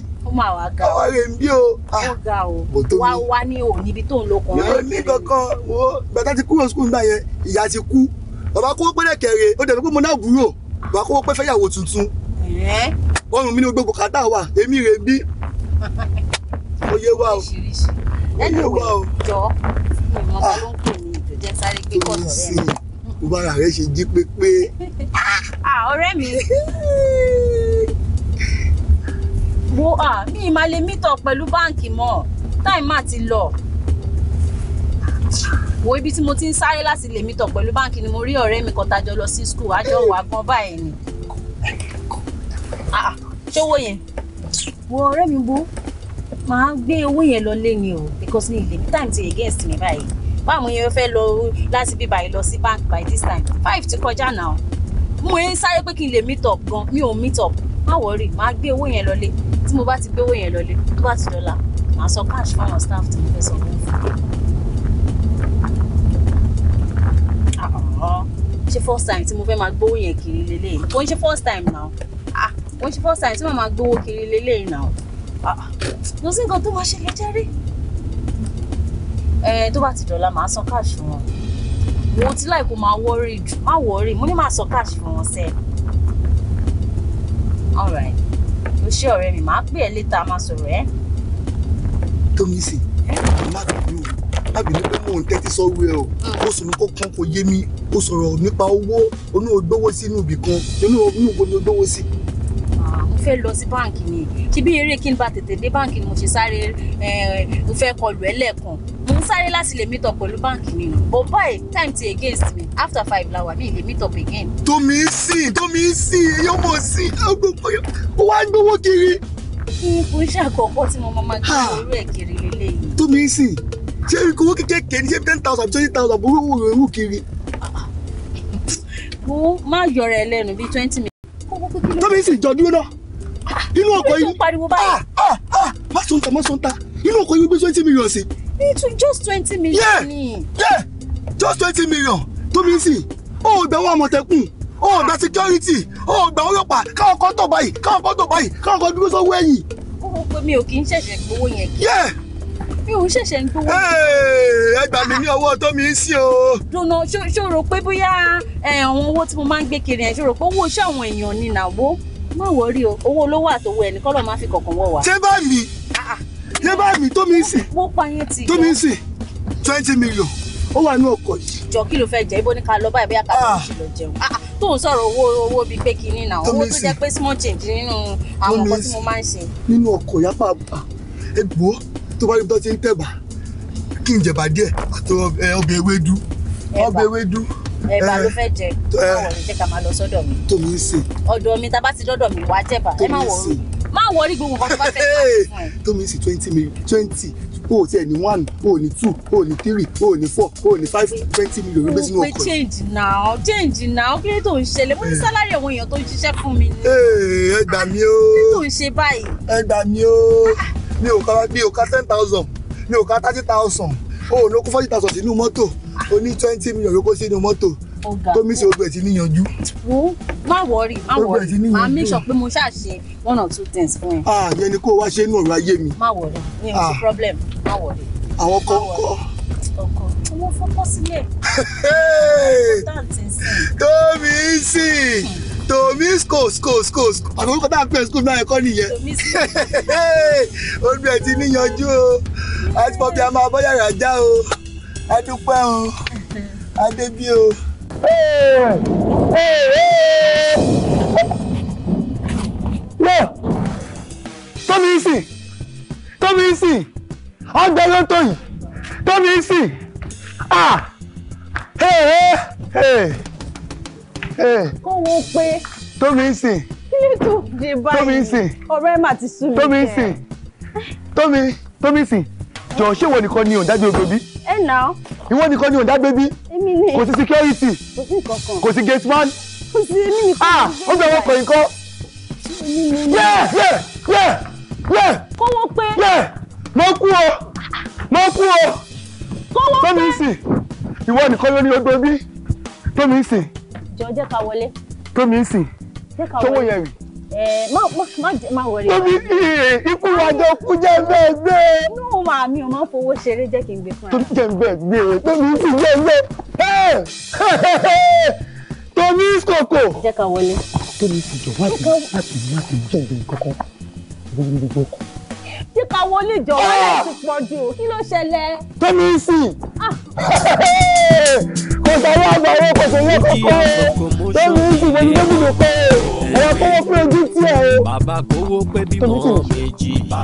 àwa rè ń bí o. ó ga o wá wá ní o níbi tó ń lo kàn mi ò ní kankan wo bàtà ti kúrò skul nígbà yẹn ìyá ti kú bàbá kówó pé lẹ́kẹ̀rẹ̀ ó dẹ̀ ní pé mo náà búrò bàbá kówó pé fẹ́yàwó tuntun ọrùn mi ni gbogbo kàtà wà èmi rè bí ó wa o ó wa o. Ah. mo bá ara rẹ ṣe jí pépé. Ah, ah, ọ̀rẹ́ mi wo mi ì máa mítọ̀ pẹ̀lú báǹkì mọ́ táì má ti lọ wo ibi tí mo ti ń sáré láti lè mi tọ̀ pẹ̀lú báǹkì ni mo rí ọ̀rẹ́ mi kan tajọ lọ sí skul àjọ wà gan báyìí ni ah, ah, ṣówó yẹn wo ọ̀rẹ́ mi bó máa gbé owó yẹn lọ lé ni o because ní ilé time ti against mi báyìí báwo yẹn fẹ́ lọ láti bí báyìí lọ sí bank by this time five ti kọjá náà mo ń sáré pé kí n lè meet up gan mi ò meet up má wọrí máa gbé owó yẹn lọlé tí mo bá ti gbé owó yẹn lọlé tó bá ti dọ́là màá sọ cash fáwọn staff tí mo fẹ́ sọ fún un. ṣe first time tí mo fẹ́ máa gbówó yẹn kiri lélẹ́yìn kò ṣe first time náà ah kò ń ṣe first time tí mo máa gbówó kiri lélẹ́yìn náà ah lọ sí nǹkan tó wá ṣẹlẹ̀ jẹ́rí ẹ eh, tó bá ti dọ̀la màá san káàṣì wọn mo ti láì kó máa wọ́ọ̀rì jù má wọ́ọ̀rì mo ní máa san káàṣì fún wọn sẹ́ẹ̀ all right o ṣé ọ̀rẹ́ mi màá pè ẹ́ létà máa sọ̀rọ̀ ẹ́. tómi sì eh? má dùn àbínú pé mò ń tẹ́tí sọ́wọ́ ẹ o ó sọ̀rọ̀ kọ́kọ́ kò yé mi ó sọ̀rọ̀ nípa owó onú ògbówó sí inú ibì kan inú ògbó ni ògbówó sí. Ah, mo fẹ́ lọ sí báǹkì ni ṣíbí eré kí n bá tètè dé báǹkì ni mo ṣe sáré eh, mo fẹ́ kọlù ẹ lẹ́ẹ̀kan mo ń sáré láti lè meet up pẹ̀lú báǹkì nínú but boy time ti against me after five lawa mi lè meet up again. tómi sí tómi sí yóò mọ̀ sí ó wá gbówó kiri. kí n kò ń tí mo máa gbé orí ẹ̀ kiri lélẹ́yìn. tómi sí ṣé owó kékeré ní ṣé ten thousand twenty thousand burú wùrù ewu kiri. wo má yọrọ ẹ lẹ́nu bíi twenty minutes. tóbi sì jọ dúró náà inú ọkọ̀ yìí ah, ah, ah, má sọ̀ntà má sọ̀ntà inú ọkọ̀ yìí gbé twenty million sí. just twenty million ni. just twenty million tóbi sì ó gbẹ̀wò àmọ̀tẹ́kùn ó gbà security ó gbà ọlọ́pàá káwọn kan tó báyìí káwọn kan tó báyìí káwọn kan dúró sọ́wọ́ ẹ̀yìn. ó wọ pé mi ò kì í ṣẹ̀ṣẹ̀ gbowó yẹn kí mi ò ṣẹ̀ṣẹ̀ ń gbowó. ẹ gbà mí ní ah. ọwọ́ tó mi ń sí o. dùnà ṣó rò pé bóyá àwọn owó tí mo máa ń gbé kiri yẹn ṣó rò pé owó iṣẹ́ àwọn èèyàn ni nàwó má wọrí o owó olówó àtòwò ẹnì kọ́lọ̀ máa fi kọ̀ọ̀kan wọ̀ wá. ṣé bá mi ah, ah. ṣé bá mi tó mi ń sìn. mo pa yẹn ti tó mi ń sìn twenty million ó wà ní ọkọ̀ yìí. jọ kí ló fẹ́ jẹ ibo ni ká lọ báyìí bóyá ká lọ sí lọ jẹun tó ń sọ̀rọ̀ owó owó bíi pé kinní náà owó tó jẹ́ pé small change nínú àwọn nǹkan tí mo máa ń ṣe. nínú ọkọ̀ yàpá ẹgbọ́n tó bá rí tó ti ń tẹ̀bà kí n jẹ̀bà díẹ̀ àti ọbẹ̀ ọbẹ̀ ewédú. ẹ̀bà ló fẹ́ jẹ báwo ni jẹ́ ká máa lọ sọ́dọ̀ mi. tòmí ń sè. ọ̀dọ̀ mi tá bá ti dọ́dọ̀ mi wá jẹ̀bà ẹ má wọrí má wọrí gbogbo nǹkan tó bá fẹ́ fún ẹ. tòmí ń sè twenty million twenty o ti ẹ ní one o ní two o ní three o ní four o ní five twenty million ló gbé sínú ọkọ o pe change now change now kí ló tó ń ṣẹlẹ̀ mo ní eh. sálárì àwọn èèyàn tó ń ṣiṣẹ́ fún mi ni. Eh, ẹ gbà mí o. kí ló tó ń ṣe báyìí. ẹ gbà mí o. Ah, mi ò ka mi ò ka ten thousand mi ò ka thirty thousand o ò lóko forty thousand sínú mọ́tò o ní twenty million lóko sínú mọ́tò tómi ṣe obìnrin ti níyanjú. wo má wọrí má wọrí máa make sure pé mo ṣáà ṣe one or two things fún ẹ. ah yẹn ni kó o wá ṣe inú ọ̀rọ̀ ayé mi. má wọrí yẹn ò sí problem má wọrí. àwọn kọ́ kọ́ ọkọ owó fọ́pọ́ sílẹ̀. tómi sí tomi sko sko sko àwọn orúkọ tá à ń pè skul náà ẹ̀kọ́ nìyẹn olú ẹ̀ ti níyanjú o àti pọ̀bí a máa bọ́ yàrá já o adúpẹ́ o adébí o. lọ tómi sìn tómi sìn ọgbẹ́ ló tó yìí tómi sìn ah. Hey, hey, hey. Eh. kó wọn pé. tómi ń sìn. kílẹ̀ tó dé báyìí tómi ń sìn. ọ̀rẹ́ mà ti sú mi jẹ. tómi ń sìn tómi tómi ń sìn jọ̀ọ́ ṣé ìwọ nìkan ni òǹdájú odò bí. ẹ nà ó. ìwọ nìkan ni òǹdágbé bí. èmi ni. kò sí security. kò sí kankan. kò sí gate man. kò sí èmi nìkan. ah ó bẹ̀rẹ̀ wọ́n kọ̀yìn kọ́. yẹ yẹ yẹ yẹ. kó wọ́n pé. yẹ mo kú o mo kú o. kó wọ́n pé. tómi ń sìn ìwọ nìkan ló ní odò bí tómi ń sìn jọ jẹ́ ká wọlé. tómi ń sìn ṣówó yẹn rì. ẹ má má má wọlé. tómi ikú wájọ kú jẹ́ bẹ́ẹ̀ gbé. inú màá mi ò máa ń fowó ṣeré jẹ́ kí n gbé fún ẹ. tómi jẹ́ bẹ́ẹ̀ gbé o tómi ń sìn jẹ́ bẹ́ẹ̀ tómi ń kòkò. jẹ́ ká wọlé. tómi ń sìn jọ wá sí wá sí wá jẹ́ ìgbẹ́ kankan wọ́n gbogbo ọkọ̀ jẹ́ ká wọlé ìjọ wọlé ah! ti pọ̀ jù kí ló ṣẹlẹ̀. tómi ń sìn kò sáré àgbàwọ kò sí owó kọ́kọ́ tómi ń sìn lórí gómìnà pé ẹ̀rọ kówó pé ojú tiẹ̀ o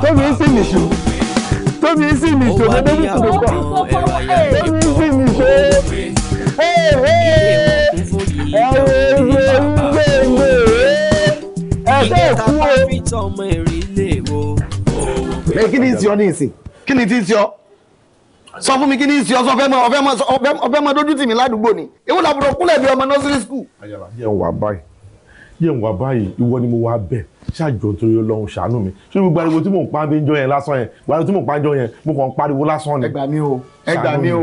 tómi ń sìn nìṣó tómi ń sìn nìṣó lórí gómìnà pọ̀ tómi ń sìn nìṣó ẹ̀rọ ìgbẹ́ ìgbẹ́ ẹ̀ṣẹ́ ìkú o ẹ kí ni ìsìn ọ ní ìsìn kí ni ti ń sọ sọ fún mi kí ni ń sọ sọ fẹ́ mọ ọfẹ́ mọ ọfẹ́ mọ dójú tì mí ládùúgbò ni èwo làbúrò kúlẹ̀ bí ọmọ nursery school. ayaba yẹn wà báyìí yẹn wà báyìí ìwọ ni mo wá bẹ̀ ṣáàjọ torí Ọlọ́run ṣàánú mi ṣé gbogbo ariwo tí mò ń pa bí ń jọ yẹn lásán yẹn gbogbo tí mò ń pa jọ yẹn mo kàn ń pariwo lásán ni. ẹ gbà o ẹ gbà o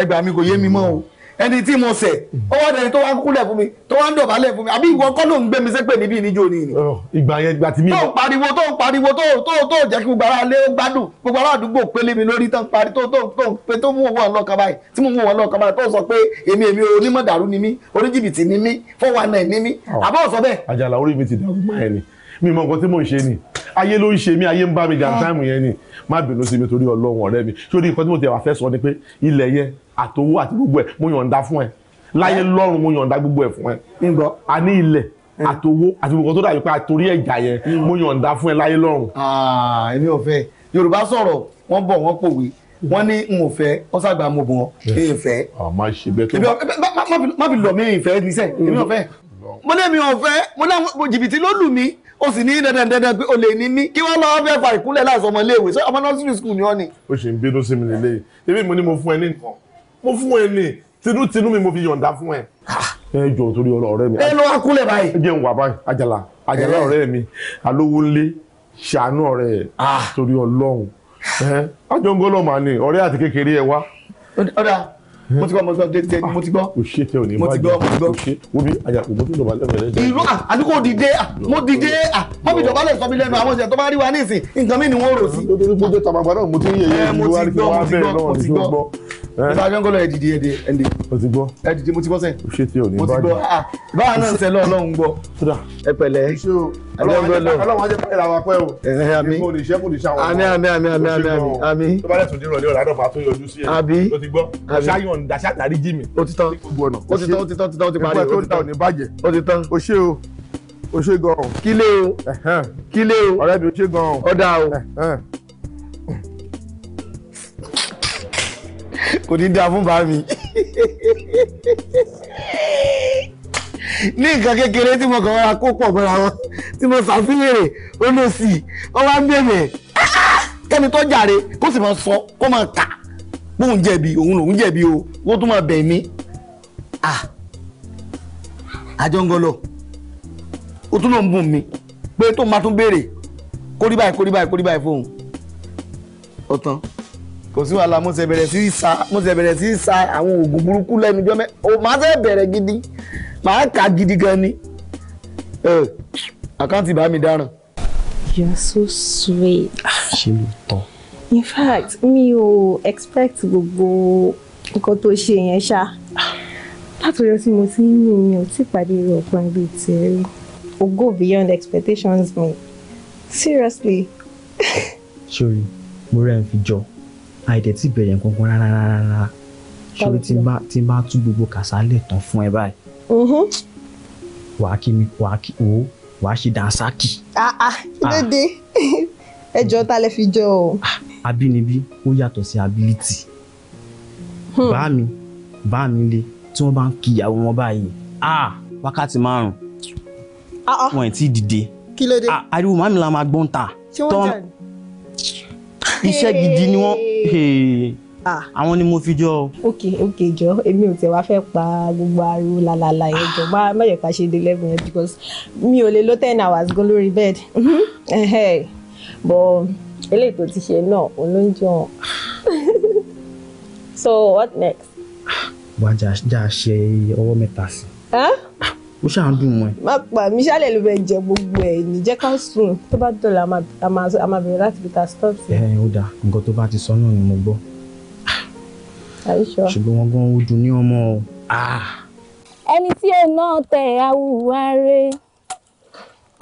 ẹ gbà kò yé mi mọ́ o ẹni tí mo ṣẹ̀ ó wá dẹni tó wá kúlẹ̀ fún mi tó wá ń dọ̀bálẹ̀ fún mi àbí ìwọ kọ́ ló ń gbé mi sépè níbí níjó ni. Oh, ìgbà yẹn ìgbà tí mi. tó ń pariwo tó ń pariwo tó tó tó jẹ́ kí gbogbo lé gbádùn gbogbo ara àdúgbò pélé mi lórí tó ń parí tó tó tó pé tó mú owó ọlọ́kan báyìí tí mo mú owó ọlọ́kan báyìí tó sọ pé èmi èmi onímọ̀ dàrú ni mí oníjìbìtì ni mí four one ni mí oh. àbá mi ti dàrú mọ́ ẹ ni mi mọ nǹkan tí mò ń ṣe ni ayé ló ń ṣe mí ayé ń bá mi jà oh. táìmù yẹn ni má bínú sí mi torí ọlọ́run ọ̀rẹ́ mi sórí nǹkan tí mo ti wà fẹ́ sọ ni pé ilẹ̀ yẹn àtòwò àti gbogbo ẹ̀ mo yọ̀ǹda fún ẹ láyé lọ́run mo yọ̀ǹda gbogbo ẹ̀ fún ẹ. ńgbọ́ a ní ilẹ̀ àtòwò àti gbogbo tó dàbí pé àtòrí ẹ̀jà yẹn mo yọ̀ǹda fún ẹ láyé lọ́run. Ah, èmi ò fẹ́ yorùbá sọ̀rọ̀ wọ́n bọ̀ wọ́n pòwe wọ́n ní n ò fẹ́ wọ́n sàgbà mo bọ̀ ẹ fẹ́. àmọ́ ah, ṣe bẹ́ẹ̀ tó má fi lọ mí ìfẹ́ níṣẹ́ mm-hmm. èmi ò fẹ́ mo ní èmi ò fẹ́ mo ní àwọn jìbìtì ló lù mí ó sì ní dandan dandan pé o lè ní mí kí wọ́n lọ́wọ́ fẹ́ fa ìkúnlẹ̀ láàsọ ọmọ iléèwé ọmọ nọ́sírì skul ni wọ́n ni. ó ṣe ń bínú sí mi lélẹ́yìn ebi mo ní mo fún ẹ ní nǹkan mo fún ẹ ní tinútinú mi mo fi yọ̀ǹda fún ẹ. ẹ jọ torí ọ̀rẹ́ mi. ẹ lọ wá kúlẹ̀ báyìí. ẹ jẹun wà báyìí àjàlá àjàlá ọ̀rẹ́ mi alówó ńlé ṣàánú ọ̀rẹ́ ẹ ah. torí ọlọ́run àjọngọ́lọ́ màá ní ọ̀rẹ́ àti kékeré ẹ wá. ọ̀dà mo ti gbọ́ mo ti gbọ́ dé mo ti gbọ́ mo ti gbọ́ mo ti gbọ́ mo ti gbọ́ omi àjà kò mo ti dọ̀bà lẹ́fẹ̀ẹ́ lẹ́dẹ̀. ìlú àdúgbò dìde mo dìde mo fi dọ̀bà sọ mi lẹ́nu àwọn ìṣẹ̀ tó bá rí wa ní ìsìn nǹkan mi ni wọ́n rò sí. lórí gbogbo tàbàgbà mo ti ń yẹ̀yẹ́ eh, ìlú gbọ́ mr abiyankolo ẹ dìde ẹdẹ ẹdẹ o ti gbọ́ ẹ dìde mo ti gbọ́ sẹ o ti o ní bàjẹ́ mo ah, báwa náà ń sẹ lọ́ọ̀lọ́hún ẹ pẹ̀lẹ́ abiyankolo ọlọ́run ajẹ́ eh, eh, àwọn apẹ́ o ẹ àmín mo lè ṣẹ́kù lè ṣàwọn àmín àmín àmín tó bá dẹ̀ tún dé ìrọ̀lẹ́ ọ̀làdọ̀ máa tún yọjú sí ẹ àbí o ti gbọ́ ṣáyọ̀n dàṣà tàrí jì mí o ti tán o ti tán o ti tán o ti parí o ti tán o ti tán o ṣe o o ṣe gan-an kílé o kílé o ọ̀rẹ́ mi o ṣe gan-an ọ̀dà kò ní dáa fún bá mi ní nǹkan kékeré tí mo kàn wá kó pọ̀ mọ́ra wọn tí mo ṣàfihàn olóòsì wọn wá ń bẹ̀rẹ̀ kẹ́ni tó jàre kó sì máa sọ kó máa kà bóun jẹ̀bi òun lòun jẹ̀bi o kó tún máa bẹ̀ mí àjọngọlọ ó tún ló ń bùn mí pé tóun bá tún béèrè kórìbáyé kórìbáyé kórìbáyé fóun ọ̀tán kò sí wàhálà mo ṣe bẹ̀rẹ̀ sí í sa mo ṣe bẹ̀rẹ̀ sí í sa àwọn oògùn burúkú lẹ́nu jọ́mẹ́ o máa fẹ́ bẹ̀rẹ̀ gidi máa kà gidi gan ni àkáǹtì bá mi dáràn. you are so sweet. Ah, ṣé ló tán. in fact mi ò expect gbogbo nǹkan tó ṣe yẹn ṣá látọjọ́ tí mo ti ń rìn mi ò tí pàdé irú ọkùnrin bíi tẹ̀rí o go beyond expectations mi seriously. sorry mo rẹ̀ ń fi jọ àìdẹ̀ tí bẹ̀rẹ̀ kankan rárá rárá ṣòro tí bá tí bá tú gbogbo kàsálẹ̀ tán fún ẹ báyìí. Mm-hmm. wàá kí mi wàá kí o wàá ṣe dànsákì. dédé ah, ah, ah. ẹjọ́ ta lẹ fi jọ o. àbínibí ó yàtọ̀ sí ability. Hmm. bá mi bá mi lé tí wọ́n bá ń kí ìyàwó wọn báyìí wákàtí márùn-ún wọn ì tí ì dìde. kí ló dé. ariwo màmí la máa gbọ́n ta. ṣé wọ́n jà ní iṣẹ́ gidi ni wọ́n ah. àwọn ni mo fi jọ ọ. ok ok jọ èmi ò tẹ wá fẹ́ pa gbogbo ariwo làlàlà yẹn jọ má má yẹ ká ṣe dé eleven yẹn because mi ò lè lo ten hours gan lórí bed mhm. but eléyìí tó ti ṣe náà òun ló ń jẹun so what next. wàá jà ṣe ọwọ́ mẹ́ta sí i ó ṣáà ń dùn mọ́ ẹ. má pa mi ṣálẹ̀ ló fẹ́ jẹ gbogbo ẹ̀ ní ká sùn tó bá dọ̀la a máa bẹ̀rẹ̀ láti peter stop. ẹ ẹ ó dáa nǹkan tó bá ti sọ náà ni mo gbọ́. ṣùgbọ́n wọn gan ojú ní ọmọ o. Ah! ẹni tí ẹ náà tẹ àwùwá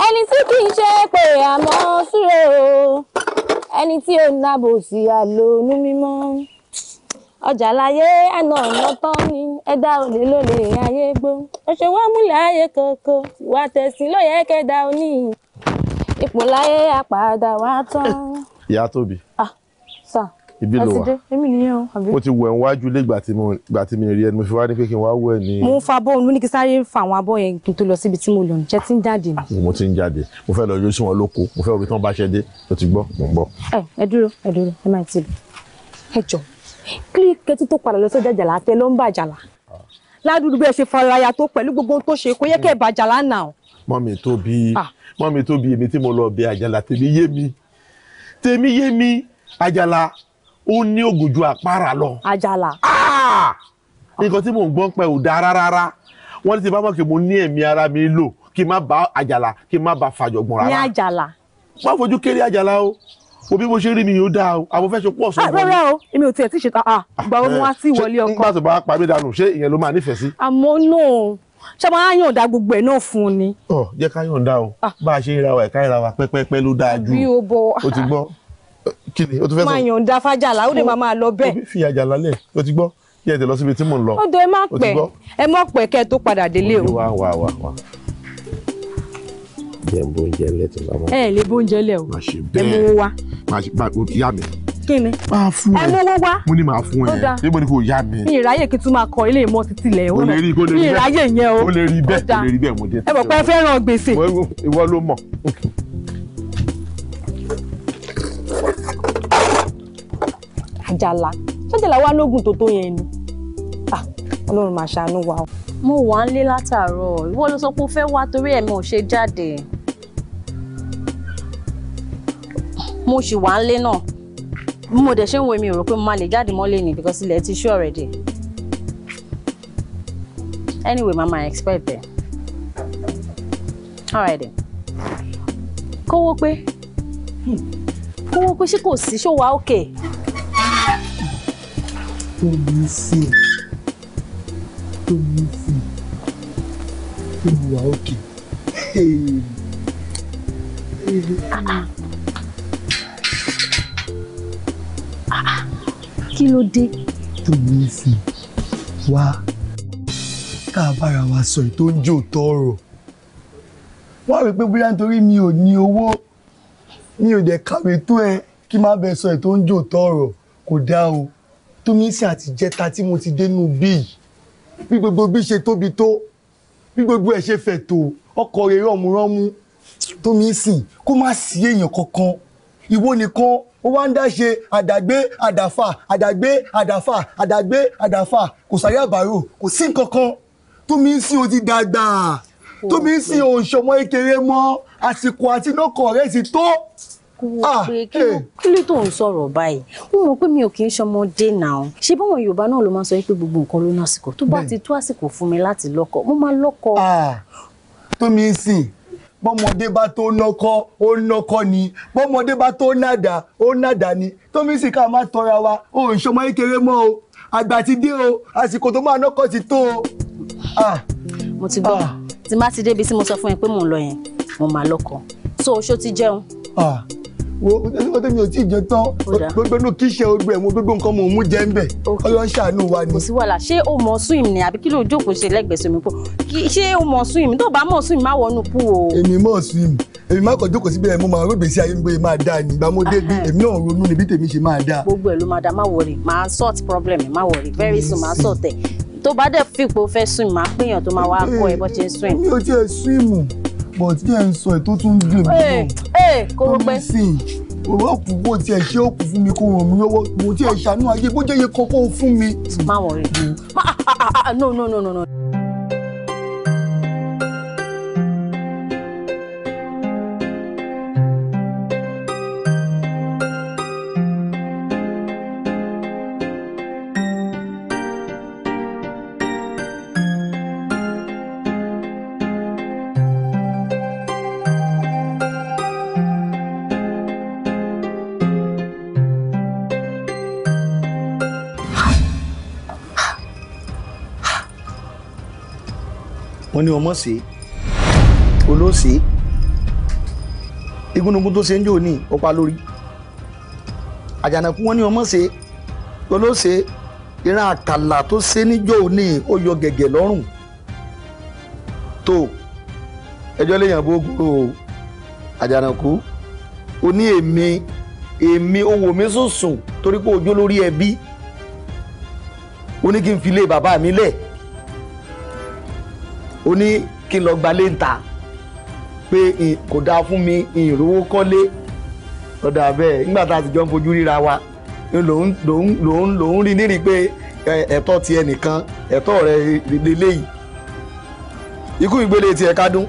ẹni tí kì í ṣe pé àmọ́ súré ẹni tí ò ń dábò sí àlò onú mímọ́ ọjà láyé àná ọ̀nà tán ni ẹ̀dá olè lólè ayé gbó òṣèwọ́ múlẹ̀ ayé kòkó ìwà tẹ̀sí ló kẹ́dá oní ipò láyé àpàdà wá tán. ìyá tóbi. ah sà. ibi ló wà ẹ ti dé èmi nìyẹn o. mo ti wẹ̀ ń wájú ilé ìgbà tí mi rí ẹni mo fi wá ní pé kí n wá wẹ̀ ní. mo ń fa bọ́ọ̀lù mo ní kí sáré fa àwọn abọ́ yẹn kí n tó lọ síbi tí mo lọ jẹ́ tí ń jáde ni. mo ti ń jáde mo fẹ́ lọ yọjú sí wọn lóko mo fẹ́ orí tán bá ṣẹ́ dé mo ti gbọ́ mo ń bọ̀. ẹ ẹ dúró ẹ dúró ẹ má ti lọ ẹ jọ̀ọ́ kí kẹtí tó padà lọ sọ́jà jàlá tẹ ló ń bà jàlá ládùúgbò bẹ́ẹ̀ ṣe faraya tó pẹ̀lú gbogbo tó ṣe kó yẹ kẹ́ ẹ̀ bà jàlá nà o. mọ́mi tó bí ah. mọ́mi tó bí èmi tí mo lọ bẹ àjàlá tèmi yé mi tèmi yé mi àjàlá ó ní ògùn ju àpárá lọ. àjàlá. Ah! nǹkan tí mò ń gbọ́n pẹ́ ò dáa rárá wọ́n ti bá mọ̀ kí mo ní ẹ̀mí ara mi lò kí n má bá àjàlá kí n má bá fàjọ̀gbọ̀n rárá. ní àjàlá. má fojú kéré àjàlá o wo bí mo ṣe rí mi yóò dáa o àwọn fẹ́ ṣe pọ̀ sọ́ọ́ bọ́ọ̀lù. Ah, rárá o èmi ò tiẹ̀ tí ì ṣe ta a ah, gba omi wá sí ìwọlé ọkọ. nígbà tó bá pa mí dànù ṣé ìyẹn ló máa nífẹ̀ẹ́ sí. àmọ́ náà ṣé máa yàn dá gbogbo ẹ̀ náà fún un ni. ọ jẹ́ ká yàn dá o ah. bá a ṣe ń ra wa ẹ̀ka ìra wa pẹ́pẹ́pẹ́ ló dáa ju o ti gbọ́ kí ni o ti fẹ́ sọ. máa yàn dá fájàlá ó lè máa máa lọ bẹ́ẹ̀. òbí fi àjàlá lẹ̀ o ti gbọ́ yẹ jẹ́ ń bóúnjẹ lẹ̀ tó bá wà. ẹ lè bóúnjẹ lẹ̀ o ẹ mú wọn wá. máa ṣe bá o yá mi. kí ni máa fún ẹ mú wọn wá. mo ní máa fún ẹ níbo ni kò yá mi. mi ìráyè kí n tún máa kọ ilé ìmọ̀ títí lẹ̀ o lè rí o lè rí bẹ́ẹ̀ mi ìráyè yẹn o. o lè rí bẹ́ẹ̀ o lè rí bẹ́ẹ̀ mo dé. ẹ bọ̀ pé ẹ fẹ́ràn gbèsè. ìwọ ló mọ̀. àjàlá ṣájàlá wa lóògùn tó tó yẹn ni ah, Ọlọ́run máa ṣàánú wa. mo wà ń lé látàárọ̀ ìwọ ló sọ pé ó fẹ́ wá torí ẹ̀ mi ò ṣe jáde. mo ṣì wà nílé náà mo dẹ̀ ṣe ń wo èmi rò pé mo máa lè jáde mọ́lé ni because ilẹ̀ ti ṣú already anyway mama i expect ẹ alright then kówó pé hmm, kówó pé ṣé kò sí ṣó wà ókè. tó sí tó sí tó mi ókè. kí ló dé. tóbi fi wá ká bára wa sọ èyí tó ń jò tọrọ wọ́n rí i pé bóyá nítorí mi ò ní owó mi ò dẹ̀ kàwé tó ẹ kí má bẹ sọ èyí tó ń jò tọrọ kò dáa o tómi sì àti jẹta tí mo ti dénú bíi bí gbogbo bí ṣe tóbi tó bí gbogbo ẹ ṣe fẹ̀ ọkọ rẹ rọmúrọmú tómi sì kó má sí èèyàn kankan ìwọ nìkan ó wá ń dá ṣe àdàgbé àdàfà àdàgbé àdàfà àdàgbé àdàfà kò sáré àbárò kò sí nǹkan kan tó mi ń sin o ti dàgbà tó mi ń sin o ìṣọmọ kékeré mọ àsìkò àti nọkọ rẹ ti tó. Ah, eh. kí ló tó ń sọ̀rọ̀ báyìí ó mọ̀ pé mi ò kì í ṣọmọdé náà ṣé báwọn yorùbá náà ló máa sọ pé gbogbo nǹkan ló ní àsìkò tó bá ti tó àsìkò fún mi láti lọ́kọ mo máa lọ́kọ. Ah, tó mi ń sìn bọ́mọdé bá tó nọ́kọ́ ó nọ́kọ́ ni bọ́mọdé bá tó nàdà ó nàdà ni tómi sì ká má tọra wa ó ń ṣọmọ kékeré mọ́ o àgbà ti dé o àsìkò tó máa nọ́kọ́ ti tó o. Ah. mo ti gbọ́ ah. tí má ti débi tí mo sọ fún yín pé mò ń lọ yẹn mo máa lọ́kọ so oṣó ti jẹun. Ah wo ó tẹ́ mi ò tí ì jẹ tán gbogbo inú kíṣẹ́ ogbó ẹ̀ mo gbogbo nǹkan mo mú jẹ́ ń bẹ̀ ọlọ́run ṣàánú wa ni. kò sí wàhálà ṣé o mọ swim ni àbí kí ló jókòó ṣe lẹ́gbẹ̀ẹ́ swimming pool ṣé o mọ swim tó bá mọ swim má wọnú pool o. èmi mọ swim èmi má kàn jókòó síbẹ̀ mo máa rògbèsí ayé mi máa dáa ní ìgbà mo dé bí èmi náà ronú ni bí tèmi ṣe máa dáa. gbogbo ẹ̀ ló máa dáa má wọrí máa sort problem má wọrí very soon máa sort ẹ̀ tó bá dẹ̀ fipò fẹ́ swim máa pèèyàn tó máa wá kọ́ ẹ bó ṣe swim. mi ò tiẹ̀ swim but kí ẹ ń sọ ẹ tó tún dùn mí lọ kó o pẹ òwò òkú wo tiẹ̀ ṣe òkú fún mi kó ràn mí lọ́wọ́ wo tiẹ̀ ṣàánú ayé bó jẹ́ iye kan kó fún mi. má wọrí mm. no no no no. no. wọ́n ní ọmọ ṣe olóṣè igúnnugún tó ṣe ń jò ní ọpa lórí àjànàkú wọ́n ní ọmọ ṣe olóṣè ìran àkàlà tó ṣe níjò ní ó yọ gẹ̀gẹ̀ lọ́rùn tó ẹjọ́ lèèyàn bó gbòòrò àjànàkú ó ní èmi èmi owó mi sùn sùn torí pé ojú lórí ẹbí ó ní kí n fi lé bàbá mi lẹ̀ ó ní kí n lọ gbalé ń pé kò dáa fún mi ìrówó kọ́lé ọ̀dà bẹ́ẹ̀ nígbà tá a sì jọ ń fojú ríra wa lòun lòun lòun rí nírí pé ẹ̀tọ́ ti ẹnìkan ẹ̀tọ́ rẹ̀ lélẹ́yìí ikú ìgbélé tiẹ̀ ká dún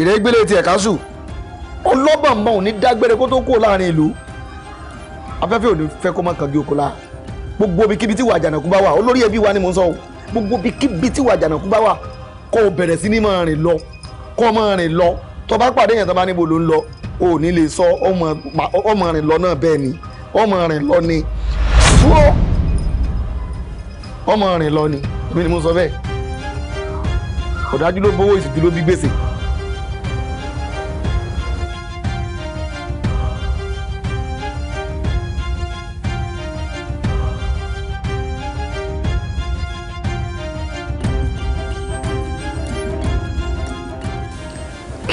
ìrẹ́gbélé tiẹ̀ ká sùn ọlọ́bàmọ́ ò ní dágbére kó tó kúrò láàrin ìlú afẹ́fẹ́ ò ní fẹ́ kó má kàn gí oko la gbogbo ibikíbi tí ìwà àjànàkú bá wà olórí ẹbí wa ni mò ń sọ o gbogbo bíkíbi tí wàá jànàkú bá wà kó o bẹ̀rẹ̀ sí ní máa rìn lọ kó o máa rìn lọ tó bá pàdé yẹn tó bá níbo ló ń lọ o ò ní lè sọ ọmọ rìn lọ náà bẹ́ẹ̀ ni ọmọ rìn lọ ni ṣúọ́ ọmọ rìn lọ ni èmi ni mo sọ bẹ́ẹ̀ ọ̀dájú ló bówó ìsìtú ló bí gbèsè.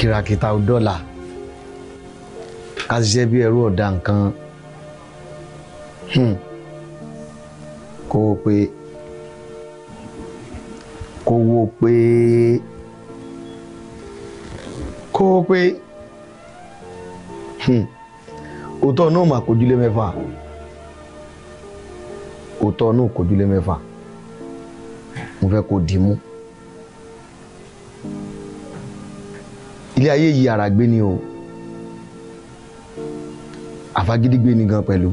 kìràkìtà dọ́là ká bí ẹrú ọ̀dà nǹkan hmm. kó o pé kó wo pé kó o pé hmm. òótọ́ náà mà kójúlé mẹ́fà òótọ́ náà kójúlé mẹ́fà mo fẹ́ kó dì í mú. ilé ayé yìí ara gbé ni o àfagídígbé ni gan pẹ̀lú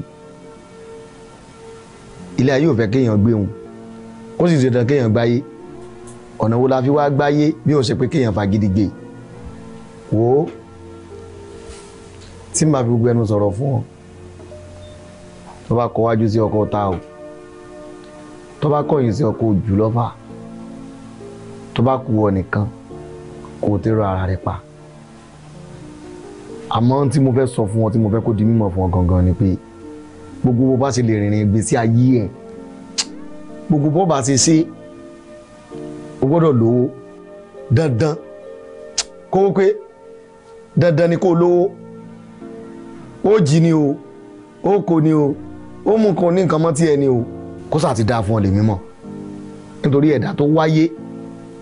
ilé ayé ò fẹ́ kéèyàn gbé òun kó sì ṣe dán kéèyàn gbáyé ọ̀nà wo la fi wá gbáyé bí ó ṣe pé kéèyàn fagídígbé wò tí màá fi gbogbo ẹnu sọ̀rọ̀ fún ọ tó bá kọ wájú sí ọkọ ta o tó bá kọ̀yìn sí ọkọ òjù lọ́fà tó bá kú ọ nìkan kò tẹ́rọ ara rẹ pa àmọ́ tí mo fẹ́ sọ fún wọn tí mo fẹ́ kó di mímọ̀ fún wọn gangan ni pé gbogbo bó bá ṣe lè rìnrìn ìgbésí ayé ẹ̀ gbogbo bó bá ṣe ṣe o gbọ́dọ̀ lówó dandan kó o pé dandan ni kó o lówó ó jí ni o ó kò ni o ó mú kan ní nǹkan mọ́ tí ẹ ni o kó sà ti dáa fún ọ lè mímọ̀ nítorí ẹ̀dá tó wáyé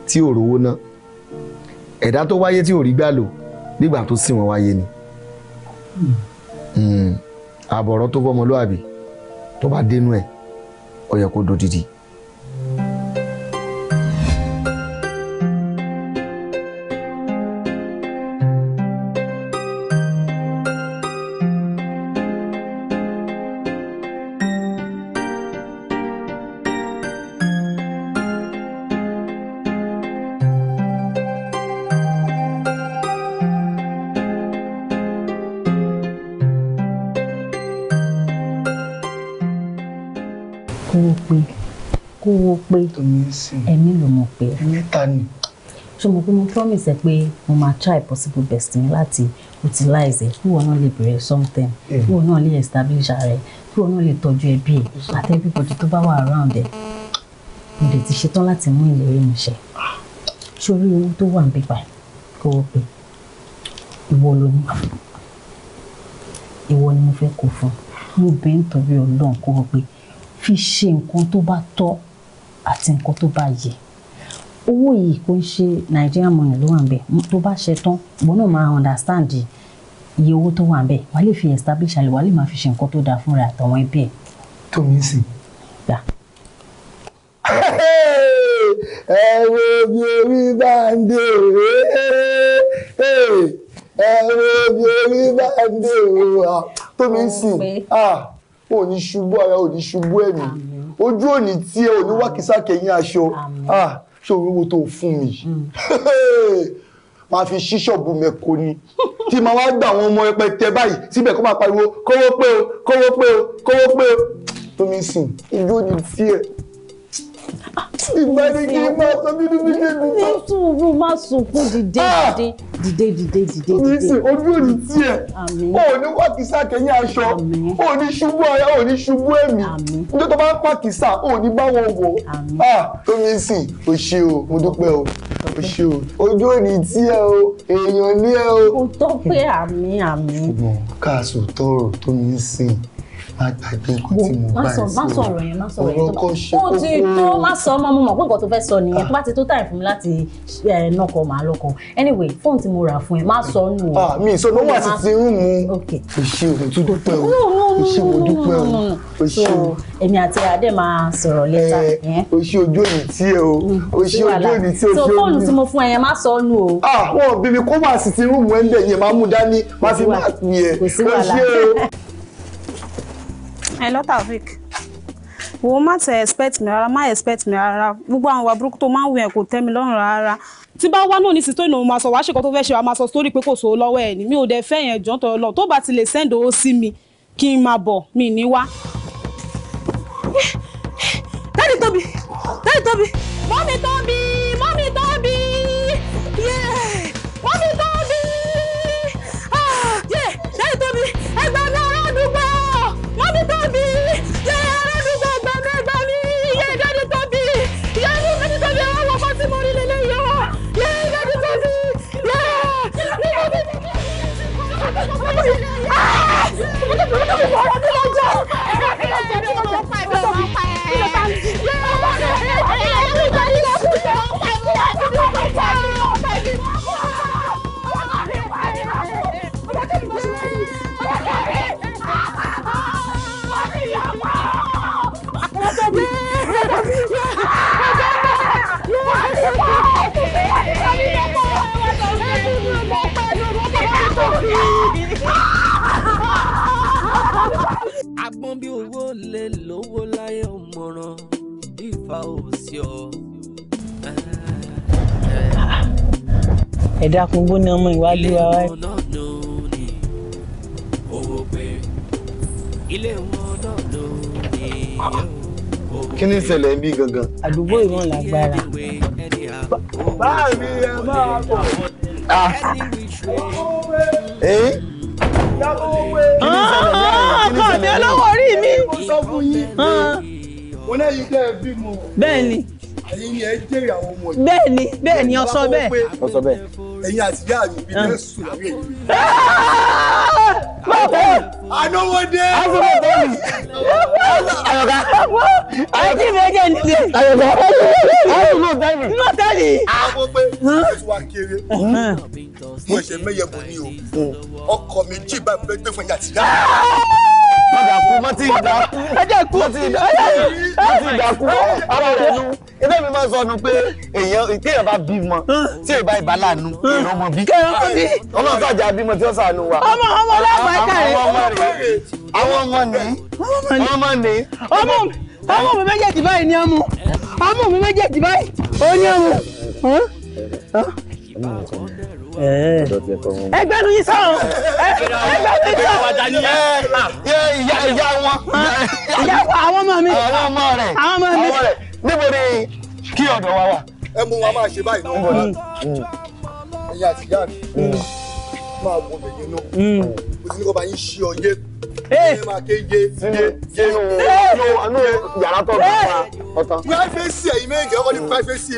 tí ò rówó ná ẹ̀dá tó wáyé tí ò rí gbà lò nígbà tó sìn wọn wáyé ni. Hmm. àbọ̀rọ̀ tó bọ́ ọmọlúwàbí tó bá dénú ẹ̀ ó yẹ kó do títì. promise ẹ pé mo máa try possible best mi láti utilize ẹ kí wọn náà lè bẹ̀rẹ̀ something kí mm. wọn náà lè establish ara ẹ kí wọn náà lè tọ́jú ẹbí ẹ mm. àti everybody tó bá wà around ẹ mo dẹ̀ ti ṣetán láti mú ìlérí mi ṣẹ sórí owó tó wà níbí báyìí kó o pè ìwọ ló ní ìwọ ni mo fẹ́ kó fún mo bẹ̀ ń tọ́jú ọlọ́run kó o pè fi ṣe nǹkan tó bá tọ́ àti nǹkan tó bá yẹ owó yìí kò ń ṣe Nigerian money ló wà nbẹ tó bá ṣe tán ìwọ náà máa understand iye owó tó wà nbẹ wàá lè fi establish àlè wàá lè máa fi ṣe nǹkan tó dáa fúnra àtàwọn ẹbí ẹ. tó mi sìn. ẹ wo bí orí bá ń dé ẹ wo bí orí bá ń dé tó mi sìn ò ní ṣubú ara ò ní ṣubú ẹ̀mí ojú ò tí ò ní wákìsákè aṣọ ṣé owó tó fún mi hmm. máa fi ṣí ṣọ́ọ̀bù mẹ́kọ ni tí máa wá gbà àwọn ọmọ ẹpẹtẹ báyìí síbẹ̀ kó máa pariwo kówó pé o kówó pé o kówó pé o tó sìn ìlú ò ní tiẹ̀ ìgbàlejò máa sọ nínú méjèèjì náà. ní sùúrù má sunkún dìde ah! dìde dìde dìde dìde. oríṣi ojú òní tiẹ̀ o ò ní wàkísà kẹ́yìn aṣọ o ò ní ṣubú ara o ò ní ṣubú ẹ̀mí nítorí tó bá ń pàkísà o ò ní bá wọn wò ó tómi sì o ṣe o mo dúpẹ́ o o ṣe o ojú òní tiẹ̀ o èèyàn ní ẹ o. kò tọ́ pé àmì àmì. ṣùgbọ́n káàsù tọrọ tómi sìn má gbàgbé nǹkan tí mo bá ẹ sọ má sọ̀rọ̀ yẹn má O yẹn tó kó ti tó má sọ ọmọ mo mọ̀ pé nǹkan tó fẹ́ sọ nìyẹn ah. tó bá ti tó tàyè fún mi láti eh, nọkọ màá lọkọ anyway fóònù tí mo rà fún ẹ má sọ nù. Ah, mi ìsọ ló wà sí ti ń mu o ṣe òun tún dúpẹ́ o o ṣe mo dúpẹ́ o o ṣe o. èmi àti adé máa sọ̀rọ̀ lẹ́ta. Eh, eh? o ṣe ojú òní tí ẹ o mm, o ṣe ojú òní tí o ṣe ojú. so fóònù tí mo fún ẹ yẹn má sọ nù o. ah wọn bíbí kó wà sí ti ń mu ẹ ń bẹ̀ yẹn má mú dání má fi má pè é o ṣe o hello Taofik wo má tẹ expect mi rárá má expect mi rárá gbogbo àwọn ìwà burúkú tó máa ń wù yẹn kò tẹ́ mi lọ́rùn rárá tí bá wá náà ní sísọ ìnáwó máa sọ wá ṣèkọ tó fẹ́ ṣe wa máa sọ sórí pé kò sówó lọ́wọ́ ẹ̀ ni mi ò dẹ̀ fẹ́ yẹn jọ́ tọ́ lọ tó bá ti lè send owó sí mi kí n máa bọ̀ mi ní wá. dáàdì tóbi dáàdì tóbi mọ́mí tóbi. dákun gbóná ọmọ ìwálé wa wáyé. kí ni ìṣẹ̀lẹ̀ bí gangan. àdúgbò ìwọ̀n lágbára. báàmì ẹ máa bọ̀. ẹ̀yìn. Ah. kí ni ìṣẹ̀lẹ̀ bí àyè kí ni ìṣẹ̀lẹ̀ bí àyè. ọkọ mi olówó orí mi. mo sọ ah. bẹ́ẹ̀ ẹ̀yin àti ìyá mi ibi tẹ́ sùn lábẹ́ yìí. Anowode. Asọ́nà bọ́ọ̀lù. Ayọ̀ká. Ayọ̀ká mi ẹ̀jẹ̀ nílé. Ayọ̀ká. Asọ́nà bọ́ọ̀lù. Nínú tẹ́lẹ̀. Àwọn pé ètò wa kéré. Mo ṣe mẹ́yẹ bò ní o. Hmm. Ọkọ mi jí bá mi gbé fún ẹ̀yin àti ìyá mi mọ̀tì ìdákú mọ̀tì ìdákú mọ̀tì ìdákú mọ̀tì ìdákú ara rẹ̀ nu tẹ́mi máa sọ nu pé èèyàn téèyàn bá bímọ tí èèyàn bá ìbá lànú èèyàn ọmọ bí ọlọ́run sàjà bímọ tí ó sànù wa. ọmọ ọmọ ọlọ́pàá ẹ̀ka rẹ̀ àwọn ọmọ ni àwọn ọmọ ni. ọmọ ọmọ mi méjèèjì báyìí ni ọmọ ọmọ mi méjèèjì báyìí ó ní ọmọ. Ẹgbẹ́ nu yín sọ̀rọ̀. Ẹgbẹ́ nu yín sọ̀rọ̀. Ìyá wọn. Ìyá wọn àwọn ọmọ mi. Àwọn ọmọ rẹ̀. Àwọn ọmọ mi. Níbo ni kí ọ̀dọ̀ wa wà. ẹ mú wa máa ṣe báyìí lọ́wọ́ ẹ̀yin àtìyá mi máa wo bẹ̀yẹn náà ó ti ní kó bá yín ṣí ọyẹ́ Privacy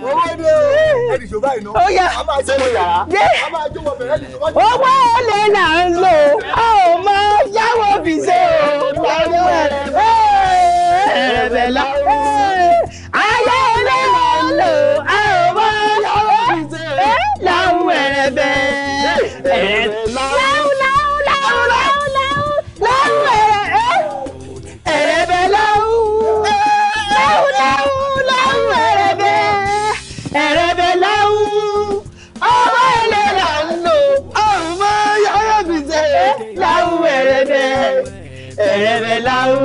Owó ni o, ń lò, a máa yáwó fi ṣe o ẹ̀rẹ̀bẹ̀ la. ayé ilé lò àwọn yàrá ìṣe láwù ẹ̀rẹ̀bẹ̀. láwù láwù láwù láwù láwù láwù ẹ̀rẹ̀bẹ̀ láwù láwù láwù láwù ẹ̀rẹ̀bẹ̀ ẹ̀rẹ̀bẹ̀ láwù ọmọ ilé là ń lò àwọn yàrá ìṣe láwù ẹ̀rẹ̀bẹ̀ ẹ̀rẹ̀bẹ̀ láwù.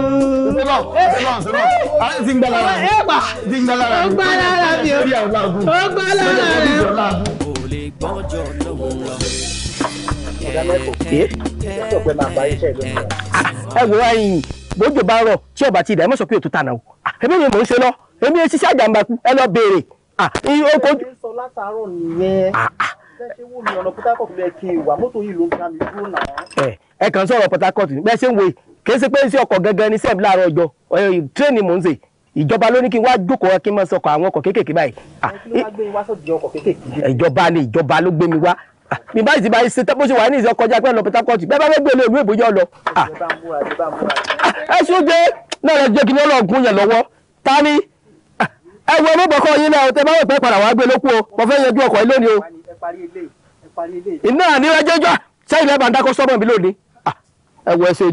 sẹ́bọ̀ sẹ́bọ̀ sẹ́bọ̀ àti ti ń gbà lára rẹ̀ ti ń gbà lára rẹ̀ ó gbà lára mi ó gbà lára rẹ̀ ó. ẹ wò wá yìnyín bójú bá rọ tí ọba ti dà ẹ mọ̀ sọ pé òtútà náà èmi ni mò ń ṣe lọ èmi ẹ ṣiṣẹ́ àjàmbákú ẹ lọ béèrè iye oko. ẹ sọ látàárọ̀ nìyẹn ẹ kàn sọ̀rọ̀ Port Harcourt bẹ́ẹ̀ ṣe ń wo kìí ṣe pé iṣẹ́ ọkọ̀ gangan ní sẹ́ẹ̀bù láàárọ̀ ọjọ́ tírẹ́ẹ̀nì mò ń ṣe ìjọba ló ní kí n wá jókòó kí n máa sọkọ̀ àwọn ọkọ̀ kéékèèké báyìí. Ah, ìjọba ni ìjọba ló gbé mi wá mi báyìí ti báyìí bó ṣe wà ní ìṣe ọkọ̀ jápẹ́ bẹ́ẹ̀ bá fẹ́ gbé lọ. Ah, ẹ ah, lọ kí lọ yẹn lọ́wọ́ ta ni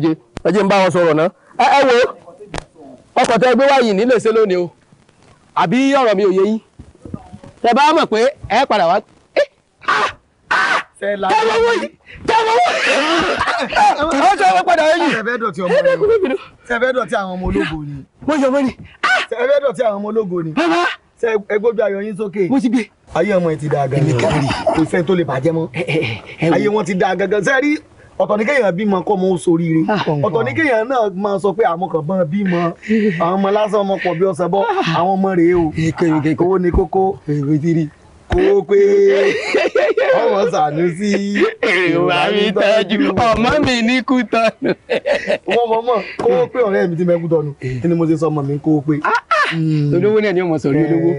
ẹ ẹ ń bá wọn sọ̀rọ̀ ná ẹ wo ọkọ̀ tẹ gbé wáyìí nílé ṣe lónìí o àbí ọ̀rọ̀ mi ò yé yín tẹ bá mọ̀ pé ẹ padà wá tẹ́lẹ̀ wọ́n yìí tẹ́lẹ̀ wọ́n yìí padà yìí. tẹ̀fẹ́ dọ̀tí àwọn ọmọ ológo ni. mo yọ̀ mọ́ tẹ̀fẹ́ dọ̀tí àwọn ọmọ ológo ni. bàbá ẹgbójú ayọ̀ yín sókè. mo ti gbé. ayé ọmọ ẹ ti dáa gan-an. kò sẹ́ni tó lè bàjẹ́ mọ́. ayé wọn ti dáa gan-an sẹ́rí ọ̀tọ̀ ní kéèyàn bímọ kó mọ oṣoríire ah, ọ̀tọ̀ ní kéèyàn náà máa sọ pé àwọn kan bọ́n bímọ àwọn ọmọ lásán ọmọ pọ̀ bí ọ̀sẹ̀ bọ́ ah. àwọn ọmọ rèé o kówó ni kókó kówó pé ọmọ sànú sí ìwà mi tọ́jú ọmọ mi ní kútọ́nù. wọ́n mọ̀ mọ̀ kówó pé ọ̀rẹ́ mi ti mẹ́kú tọ́nu kí ni mo ṣe sọ ọmọ mi kówó pé. Ah, olówó náà ni ọmọ sọ̀rọ̀ olówó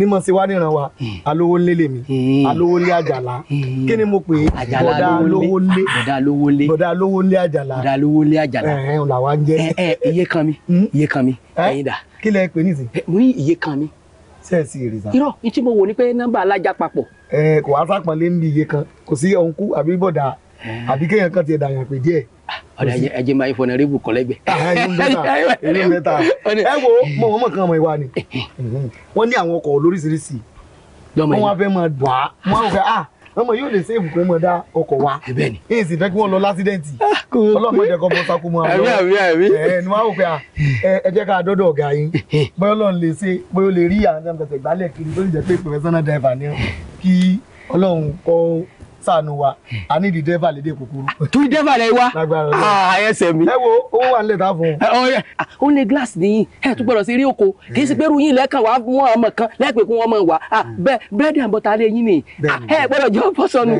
mímọ sí wá níran wa hmm. alówó lé lèmi hmm. alówó lé àjàlá hmm. kí ni mo pè é bọ̀dá alówó lé bọ̀dá alówó lé bọ̀dá alówó lé àjàlá bọ̀dá alówó lé àjàlá ẹ̀ ẹ̀ làwa ń jẹ́. ẹ ẹ iye kan mi iye kan mi ẹyin dà. kí lẹ pè nísìn. mo ní iye kan mi. sẹ́ẹ̀sì ìrìsà. irọ́ ní tí mo wò ni pé nọ́mbà alájà papọ̀. ẹ kò wá sápọ̀nlé ń bi iye kan kò sí ọ̀nkú àbí bọ̀dà àbí kéèyàn kan ti ẹ̀ dàyàn pè díẹ̀ ọ̀dà ẹ̀jẹ̀ máa fọ̀nà rí bùkọ́ lẹ́gbẹ̀. ẹ̀rọ mẹ́ta ẹ wo mọ wọn mọ kan ọmọ ìwà ni wọn ní àwọn ọkọ̀ lóríṣiríṣi wọn wá fẹ́ máa dùn á wọn fẹ́ ah ọmọ yóò lè sèèbù kó mọ dá ọkọ̀ wa èyí sì fẹ́ kí wọ́n lọ lásídẹ̀ǹtì ọlọ́mọ jẹ́ kọ́ bọ́ sákó mọ́ àwọn ẹ̀ ni wọ́n á wò pé ẹ jẹ́ ká dọ́dọ̀ ọ̀gá yín bóyá ọlọ́run lè se, bóyá o lè rí àwọn ẹ̀fẹ̀sẹ̀ gbálẹ̀ kiri tó sì jẹ́ pé professional driver ni kí ọlọ́run kọ́ sànù wa a ní di dẹ́fà lédè kúkúrú. tún dẹ́fà lẹ wa ẹsẹ̀ mi. ẹ wo owó wà nílẹ̀ tá a fún. Eh, ah, ó ní gíláàsì nìyí ẹ tún gbọdọ̀ sí rí oko kì í sì pé irú yín lẹ́ẹ̀kan wá wọn ọmọ kan lẹ́ẹ̀pẹ̀ kún wọn mọ̀ wá bẹ́ẹ̀ bírẹ́dì àbọ̀tà lé yín ni ah, ẹ gbọdọ̀ jọ bọ́ sọnù.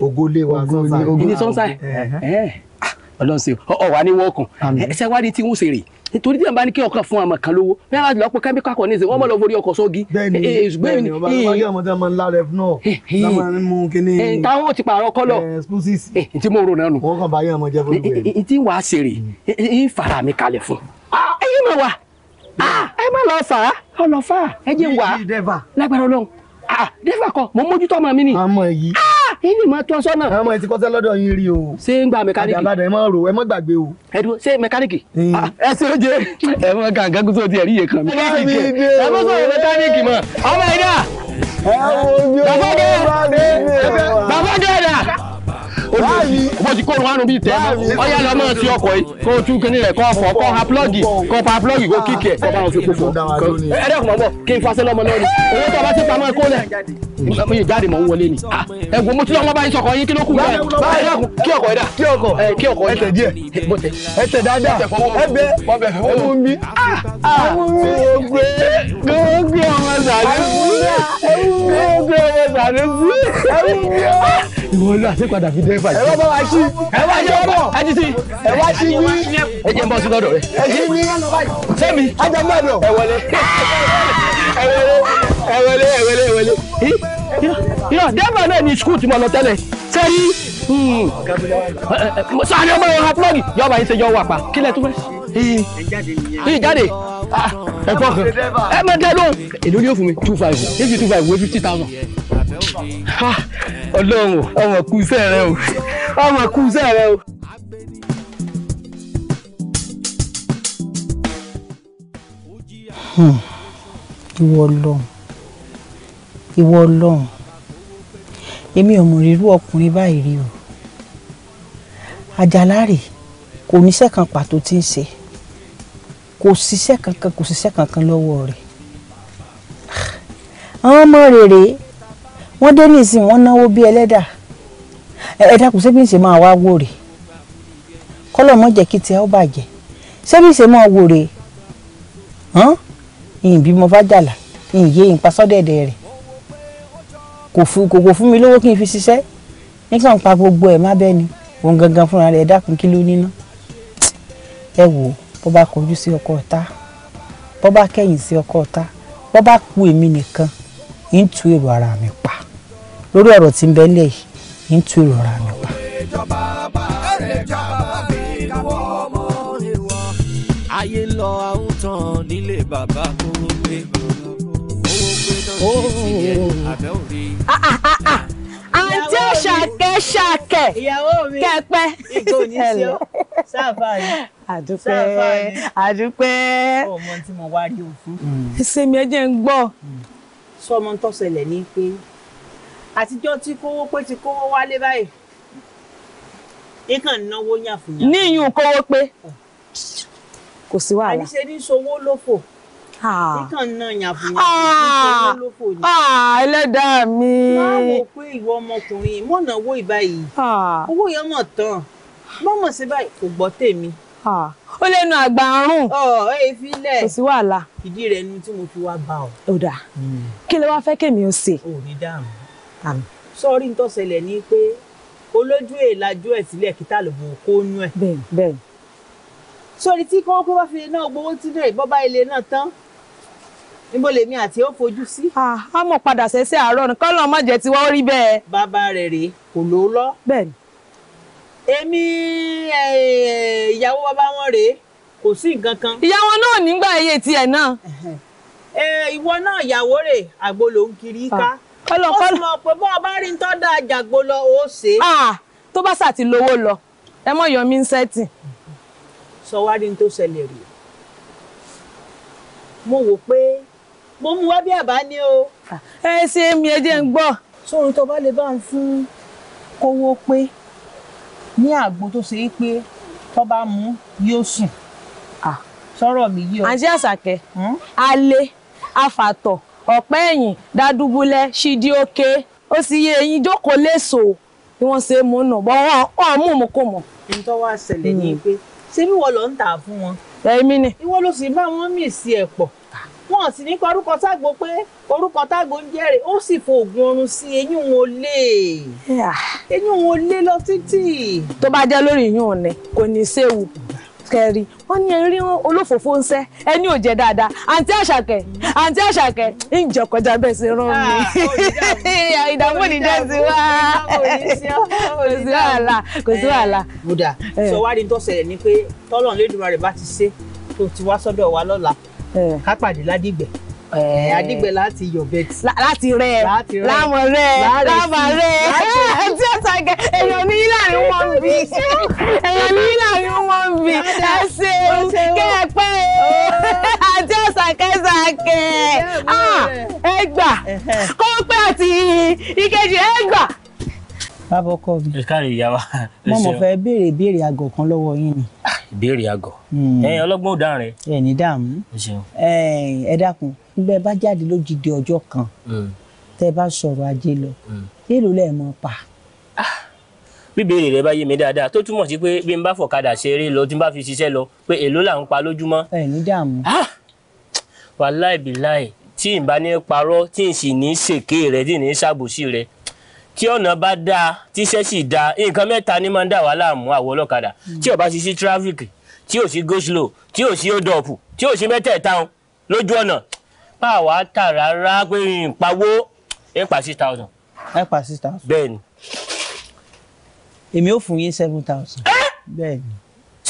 ogole eh. eh. wa sunshine. ogole wa sunshine. Ah, ọlọ́run ṣe ọ wà ní wọ́ọ̀kùn ẹ ṣe wá ní tí wọ́n ṣe rè é nítorí tí wọn bá ní kí ọkàn fún àmọ kan lówó bí wọn bá lọ pé kẹ́míkà kan ní ìsìn wọn bọ lọ forí ọkọ sọgi. bẹ́ẹ̀ni eh, eh, bẹ́ẹ̀ni ọba ọmọdé eh, ọmọdé máa ń la rẹ náà láwọn ẹni mú kíní. táwọn ò ti pààrọ̀ kọlọ ọmọ fara mi kalẹ̀ fún. Ah, ẹyin máa wà ah, ẹ má lọ fà á ọlọ fà á ẹ jẹun wà á lágbára Ọlọ́run ah, dẹ́fà kọ mo mójútó ọmọ mi ni. àmọ́ yìí ìní mọ tó sọ́nà. àwọn ọmọ ẹ ti kọ́ṣẹ́ lọ́dọ̀ yín rí o. ṣé ń gba mẹkáníìkì. àdàbàdà ẹ mọ rò ẹ mọ gbàgbé o. ẹ dúró ṣé mẹkáníìkì. ẹ ah, ṣe oúnjẹ ẹ mọ gàǹgà kó tó ti ẹrí yẹkan mi. ẹ mọ sọ̀rọ̀ mẹkáníìkì mọ. ọmọ ẹ dà. ẹ wo bí o bá mi bí o. bàbá gẹ̀ bó ti kóòrùn wánu bíi tẹ́ẹ̀mọ́ ọ̀yá lọ máa ti ọkọ̀ yìí kó o tú kíní rẹ̀ kọ́ ọ̀fọ̀ kọ́ ha plọ́gì kọ́ pa plọ́gì kó kíkì ẹ̀ kọ́ bá wọn fi kókó ẹ̀ẹ́dẹ́kùn mọ́ kí n fasẹ́ lọ́mọ lọ́ni owó tó a bá ti pamọ́ ẹ̀ kó lẹ̀ mo yè jáde mọ̀ ń wọlé ni ẹ̀gbọ́n mo ti lọ́mọ báyìí sọkọ yín kí ló kù rẹ̀ kí ọkọ̀ ẹ̀dá kí ọkọ̀ kí ọkọ̀ ẹ̀tẹ̀ díẹ̀ ẹ̀tẹ̀ dáadáa ẹ̀bẹ̀ ọmọ mi gbogbo gbogbo ọmọ sàlẹ̀ fún gbogbo ọmọ sàlẹ̀ fún ìwọ ló àṣepadà fi dẹ́ lórí bàjẹ́. ẹ wá bá wa sí ẹ wá sí ọ̀rọ̀ ẹ ti sí ẹ wá sí ní. ẹ jẹ́ n bọ́ sí lọ́dọ̀ ẹ ti ní sẹ́mi. ẹ jẹ́ mọ́ ẹ̀dọ̀. ẹ wọlé ẹ wọlé ẹ wọlé ẹ wọlé ẹ wọlé. yọ dẹ́gbà náà ni skul tí mo lọ tẹ́lẹ̀ sẹ́yìn. Hmm. sani ọmọ yẹn ha plọ́ọ̀gì yọba yín ṣe yọ wà pa kílẹ̀ tó fẹ́ yìí eh. eh, jáde ah, ẹ kọ́ kan ẹ má dẹ́ lóhùn èlò ni fún mi two five if you two five wo fifty thousand ah, ọlọ́run ọmọ kú iṣẹ́ rẹ o ọmọ kú iṣẹ́ rẹ o. Hmm. ìwọ ọlọ́run ìwọ ọlọ́run èmi ò mọ̀ rírú ọkùnrin báyìí rí o àjàlá rè kò níṣẹ́ kan pàtó tí ń ṣe kò ṣiṣẹ́ kankan kò ṣiṣẹ́ kankan lọ́wọ́ rẹ̀ àwọn ọmọ rèrè wọ́n dé nísìnyí wọ́n náwó bí ẹlẹ́dà ẹ̀ẹ́dà kò sẹ́bí ìṣe máa wá wò rè kọ́lọ̀ mọ́ jẹ́ kí tiẹ̀ ó bàjẹ́ sẹ́bí ìṣe máa wò rè ìyìn bí mo bá jàlá ìyìn yé ìpa sọ́dẹ̀dẹ̀ rẹ̀ kò kò fún mi lówó kí n fi ṣiṣẹ́ nígbà ń pa gbogbo ẹ̀ má bẹ́ẹ̀ ni òun gangan fúnra rẹ̀ dákun kí ló níná ẹ wò ó bó bá kọjú sí ọkọ ọ̀tá bó bá kẹ́yìn sí ọkọ ọ̀tá bó bá ku èmi nìkan ń tu èrò ara mi pa lórí ọ̀rọ̀ tí ń bẹ lẹ̀ yìí ń tu èrò ara mi pa. ayé lọ àwùtàn nílé bàbá kúrú pé owó pé náà ti tiẹ̀ àbẹ́ òde àǹtí òṣàkẹ́ ṣàkẹ́ kẹpẹ́ ẹ̀lẹ́ àdúpẹ́ àdúpẹ́. ọmọ tí mo wá rí òfin. Mm. ìsinmi ẹjẹ ń gbọ́. Mm. sọmọ tó ṣẹlẹ̀ ní pé àtijọ́ tí kówó pé ti kówó wálé báyìí ikàn náwó yàfùyà. níyùn kówó pé oh. kò sí wàhálà. àníṣe ní sowó lófò nítorí náà yàfùyàfù nítorí olófò ni. ẹlẹ́dàá mi. máa wò pé ìwọ ọmọkùnrin mọ̀nà owó ìbáyìí owó yẹn mọ̀ tán mọ̀mọ̀ sí báyìí kò gbọ́ tèmi. ó lẹ́nu àgbà ọ̀run. ọ ẹ fi lẹ̀. kò sí wàhálà. ìdí rẹ̀ ni tí mo fi wá bá ọ. ó dà hmm. kí ló wáá fẹ́ kèmi ó ṣe. ò ní dààmú. sọ́ọ́rí ń tó ṣẹlẹ̀ ni pé olójú èèlájú ẹ̀ sílẹ̀ kí tá ló bò kó nú ẹ̀. bẹ́ẹ̀ bẹ́ẹ̀ sórí tí kí wọ́n pé wá fi náà gbowó tí náà ìbọn bá ilé náà níbo lèmi àti ó fojú sí. a mọ̀ padà sẹ́sẹ́ àárọ̀ ni kọ́lọ́ má jẹ́ tí wọ́n rí bẹ́ẹ̀. bàbá rẹ̀ rèé kò ló lọ. bẹ́ẹ̀ni. èmi ìyàwó bàbá wọn rèé kò sí nǹkan kan. ìyàwó náà nígbà iye tiẹ̀ náà. ìwọ náà ìyàwó rè àgbo ló ń kiri ká. kọ́lọ́ kọ́lọ́ ó sì mọ̀ pé bọ́ ọba rí tọ́ da àjàgbo lọ ó ṣe. tó bá sà ti lówó lọ ẹ mọ̀ yọ mí ń sẹ́tì. sọ wá mo wò pé mo mú wá bí àbá ni o. ẹ ṣe mi ẹ jẹ́ ń gbọ́. sóòrùn tó bá lè bá ń fún kówó pé ní àgbo tó ṣe é pé tó bá mú yóò sùn sọ̀rọ̀ mi yìí o. àǹtí àṣàkẹ́ hmm? alẹ́ afàtọ̀ ọ̀pẹ́ ẹ̀yìn dádúbúlẹ̀ ṣídìí òkè ó sì yé eyín jókòó léṣo bí wọ́n ṣe mú nù bọ́ wọn ọ̀ mú mu kò mọ̀. n tó wá ṣẹlẹ̀ ní hmm. pé ṣé bí wọ́n lọ ń tà fún wọn. èmi ni. ìwọ ló sì bá wọn mì sí ẹ̀ wọn sì ní kọ tágbo pé orúkọ tágbo ń jẹrè ó sì fo oògùn oorun sí eyín wọn lé eyín wọn lé lọ títì. tó bá jẹ́ lórí yín ò kò ní séwu kẹrin wọn ní erin olófòfó ń sẹ ẹni ò jẹ dáadáa àǹtí àṣàkẹ́ àǹtí àṣàkẹ́ ń jẹ kọjá bẹ́ẹ̀ ṣe rán mi ah, ìdààmú nìjẹ sí wa kò sí wàhálà kò sí wàhálà. Eh, buda eh. sọ wá ní tó ṣẹlẹ̀ ni pé tọ́lọ̀ lẹ́dùnmọ́ rẹ̀ bá ti ṣe tó ti wá sọ́dọ̀ wa lọ́la ká pàdé ládìgbẹ́ àdìgbẹ́ láti yọ̀bẹ tí. láti rẹ láwọn rẹ láwọn rẹ tí ó ta gẹ èèyàn ní láàrin wọn bí èèyàn ní láàrin wọn bí ẹ ṣeun kẹ ẹ pẹ́ àti ọ̀sàkẹ́sàkẹ́ ah, ẹ gbà kó pẹ́ àti ìkejì ẹ gbà bàbá ọkọ mi. ẹ káàrí ìyá wa. mo mọ̀ fẹ́ béèrè ìbéèrè àgọ̀ kan lọ́wọ́ yín ni. Ah, ìbéèrè àgọ̀. Hmm. ẹ ọlọ́gbọ́n ò dáhùn rẹ. ẹ ní dààmú. ẹ dákun nígbà bá jáde lójijì ọjọ́ kan hmm. tẹ́ bá sọ̀rọ̀ ajé lọ èèlò hmm. lẹ mọ̀ pa. Ah, bíbéèrè rẹ bá yé mi dáadáa tó túmọ̀ sí pé bí n bá fọ̀kadà ṣeré lọ tí n bá fi ṣiṣẹ́ lọ pé èèlò là ń pa lójúmọ́. ẹ ní dààmú. Ah! wàláì bíláì tí n bá tí n tí ọ̀nà bá dáa tíṣẹ́ sì dáa nǹkan mẹ́ta ni máa ń dà wá láàmú àwọn ọlọ́kadà hmm. tí ò bá sì sí tírafíkì tí ò sí goslow tí ò sí odòpù tí ò sí mẹ́tẹ̀ẹ̀ta lójú ọ̀nà bá wa tà rárá pé ìpawó ẹ pa six thousand. ẹ pa six thousand. bẹ́ẹ̀ni. èmi ò fún yín seven thousand. bẹ́ẹ̀ni.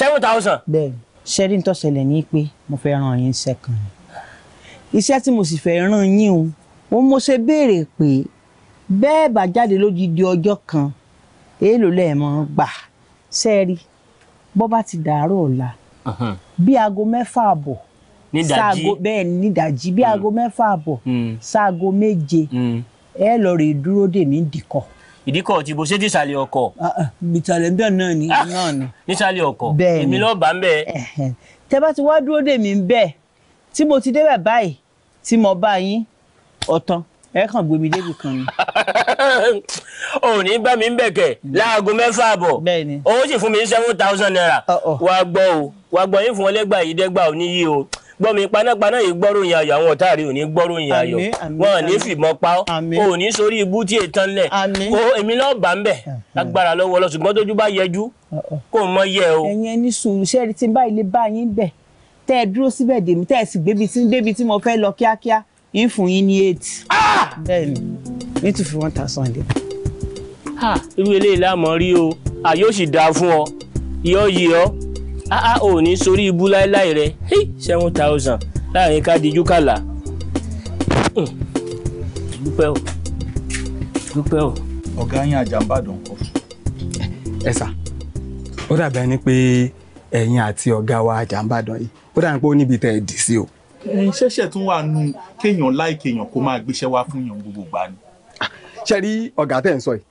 seven thousand. bẹ́ẹ̀ni ṣẹ́rí ń tọ́sẹ̀lẹ̀ ní pé mo fẹ́ ràn yín sẹ́kàn iṣẹ́ tí mo sì fẹ́ ràn yín o mo ṣe béèrè pé bẹ́ẹ̀ bá jáde lójijì ọjọ́ kan èèlò lẹ́ẹ̀mọ́ gbà sẹ́ẹ̀rí bọ́ bá ti dàárọ̀ ọ̀la bí aago mẹ́fà àbọ̀ ṣaago bẹ́ẹ̀ nídàjí bí hmm. aago mẹ́fà àbọ̀ hmm. ṣaago méje hmm. ẹ lọ rè dúró dè mí dìkọ̀. ìdíkọ̀ tí bó ṣe ti ṣàlẹ̀ ọkọ̀. ìtàlẹ̀ bẹ́ẹ̀ náà ni ah! náà ni. níṣàlẹ̀ ọkọ̀ bẹ́ẹ̀ ni èmi lọ́ọ́ bá ń bẹ́ẹ̀. tẹ bá ti wá dúró dè mí bẹ́ẹ̀ tí mo ti débẹ̀ báyìí tí mo bá yín ọ̀tán ẹ kàn gbé mi débi kan ni. òní bá mi ń bẹ̀kẹ̀ láago mẹ́fà àbọ̀ owó sì fún mi seven thousand naira wà á gbọ́ o wà á gbọ́ yín fún wọn lẹ́gbàá yìí dẹ́gbàá ò ní o gbọ́ mi panápaná yìí gbọ́ròyìn ayọ̀ àwọn ọ̀tá rí òní gbọ́ròyìn ayọ̀ wọn ò ní fìmọ̀ pa ọ́ ò ní sórí ibú tí ètàn lẹ̀ kó èmi náà bá ń bẹ̀ uh-huh. lágbára lọ́wọ́ lọ tójú bá yẹjú kó mọ yẹ o. ẹ̀yin ẹni sùúrù ṣẹ́ẹ̀rì tí báyìí lè bá yín bẹ̀ tẹ́ ẹ dúró síbẹ̀ dèmí tẹ́ ẹ sì gbébi tí mo fẹ́ lọ kíákíá ń fún yín ní eight. Ah! bẹ́ẹ̀ ni ní two for one thousand naira. irú eléyìí láàmú rí o àyè ó sì dáa fún ọ yọ yí ọ áá ah, ah, ò ní sórí ibú láéláé rẹ seven thousand láàrin ká di júkàlà hmm. dúpẹ́ o dúpẹ́ o. ọ̀gá yín Àjàmbàdàn kọ́. ẹ sà ó dàbí ẹni pé ẹ̀yin àti ọ̀gá wa Àjàmbàdàn yìí ó dàbí pé ó níbi tẹ̀ ẹ̀ dì sí o ṣẹ̀ṣẹ̀ tún wà nù kéèyàn láì kéèyàn kó máa gbéṣẹ́ wá fún yàn gbogbo gbà ni. ṣe rí ọ̀gá tẹ̀ ń sọ yìí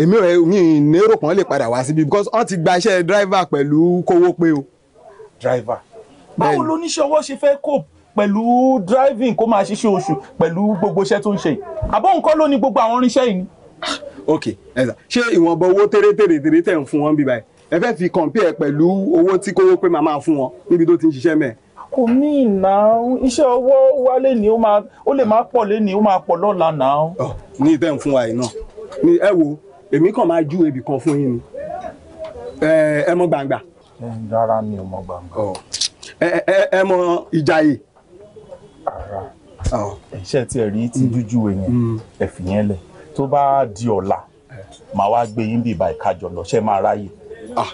èmi rẹ̀ mi nérò pọ́n lè padà wá síbi because wọ́n ti gba iṣẹ́ driver pẹ̀lú kówó pé o. driver báwo lóníṣẹ́ ọwọ́ ṣe fẹ́ cope pẹ̀lú driving kó máa ṣiṣẹ́ oṣù pẹ̀lú gbogbo iṣẹ́ tó ń ṣe yìí àbọ̀ nǹkan ló ní gbogbo àwọn irinṣẹ́ yìí ni. ok ṣé ìwọ̀nba owó tẹ́rẹ́tẹ́rẹ́ tẹ̀ ń fún wọn bíbáyìí ẹ fẹ́ fi compare pẹ̀lú owó tí kówó pé màá máa fún wọn níbi tó ti ń ṣiṣẹ́ mẹ́ẹ̀ kò mí ìná iṣẹ́ ọwọ́ wa ni ní ó lè máa pọ̀ lé ní ó máa pọ̀ lọ́la náà. ní ibẹ̀ ń fún wa yìí náà ni ẹ wo èmi kàn máa ju ebì kan fún yín ni ẹ mọ gbangba. rárá mi ò mọ gbangba. ẹ mọ ìjàyè. iṣẹ́ tí ẹ rí ti jújú mm. yẹn mm. ẹ fìyẹn lẹ̀ tó bá di ọ̀la màá wá gbé yín bíbá ìkájọ lọ ṣe máa ráyè. Ah,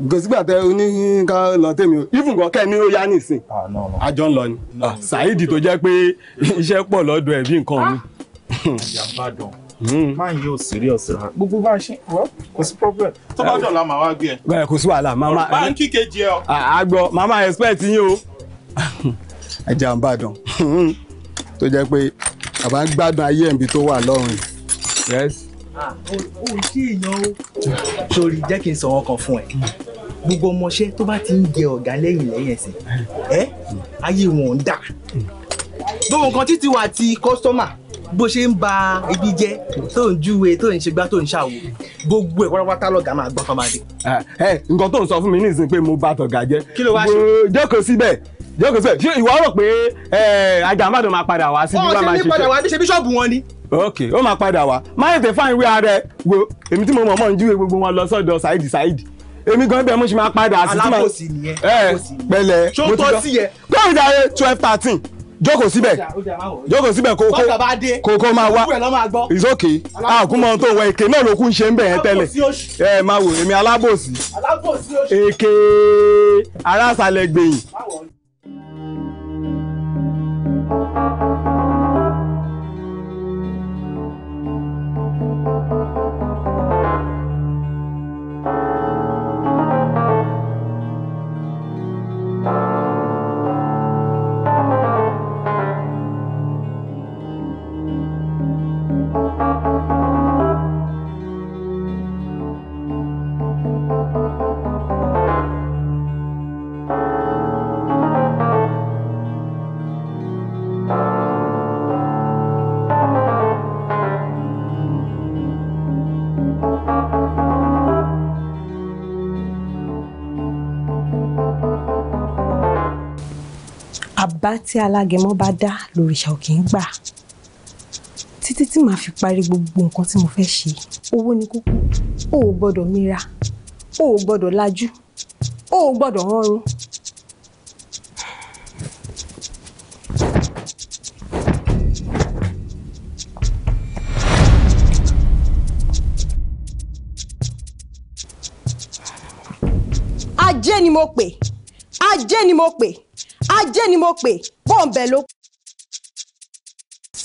gòsígbà tẹ oníkà lọ o even kan kẹ́ni ó yá nìsín àjọ ah, ń ni ah, Saheed tó jẹ́ pé iṣẹ́ pọ̀ lọ́dọ̀ ẹ̀ bí nǹkan mi. Hmm. máa yí serious rárá gbogbo bá a ṣe kò sí problem tó bá dọ̀la màá wá gbé ẹ. kò sí wàhálà màmá bá ń kíkẹ́ jẹ àgbọ̀ ah, màmá expect yín o ẹja ń bàdàn hmm. tó jẹ́ pé àbá ń gbádùn ayé ẹ̀ǹbí tó wà lọ́rùn yìí ó ṣe èèyàn o sórí jẹ́ kí n sọ wọn kan fún ẹ gbogbo ọmọọṣẹ́ tó bá ti ń jẹ ọ̀gá lẹ́yìn lẹ́yìn ẹsẹ̀ ẹ ayé wọn ń dà gbogbo nǹkan títí wà ti kọ́sítọ́mà bó ṣe ń ba ibi jẹ́ tó ń júwe tó ń ṣègbà tó ń ṣàwò gbogbo ẹ̀ pátápátá lọ́gàá máa gbọ́n fọmọdé. Ah, ẹ nǹkan tó ń sọ fún mi nísìnyí pé mo bá tọ̀gà jẹ́ kí ló wá ṣe jókòó síbẹ̀ jókòó síbẹ̀ ṣé ìwọ rò pé ajá àmàdàn máa padà wá síbi wá wọ́n ṣe ṣe ok ó máa padà wá má tètè fáwọn ìwé ààrẹ wo èmi tí mo mọ̀ mọ́ ń júwe gbogbo wọn lọ sọ́dọ̀ ṣáìdì ṣáìdì èmi gan bẹ́ẹ̀ mo ṣe máa padà sí tí màá alábòsí nìyẹn eh, pẹ̀lẹ́ mo ti gbọ́ kóòtù ayé twelve thirteen jókòó síbẹ̀ jókòó síbẹ̀ kó kó kó máa wá it's okay a kú mọ tó wọ èké náà ló kú ń ṣe ń bẹ̀ yẹn tẹ́lẹ̀ ẹ máa wò èmi alábòsí èké aráàsálẹ̀ gbẹ̀yìn. Thank you. àbá tí alágẹmọ bá dá lòrìṣà ò kì í gbà títí tí màá fi parí gbogbo nǹkan tí mo fẹ́ ṣe owó ni kúkú o ò gbọ́dọ̀ mira o ò gbọ́dọ̀ lajú o ò gbọ́dọ̀ rọrùn. ajé ni mo pè ajé ni mo pè ajé ni mo pè bọ́ọ̀nbẹ ló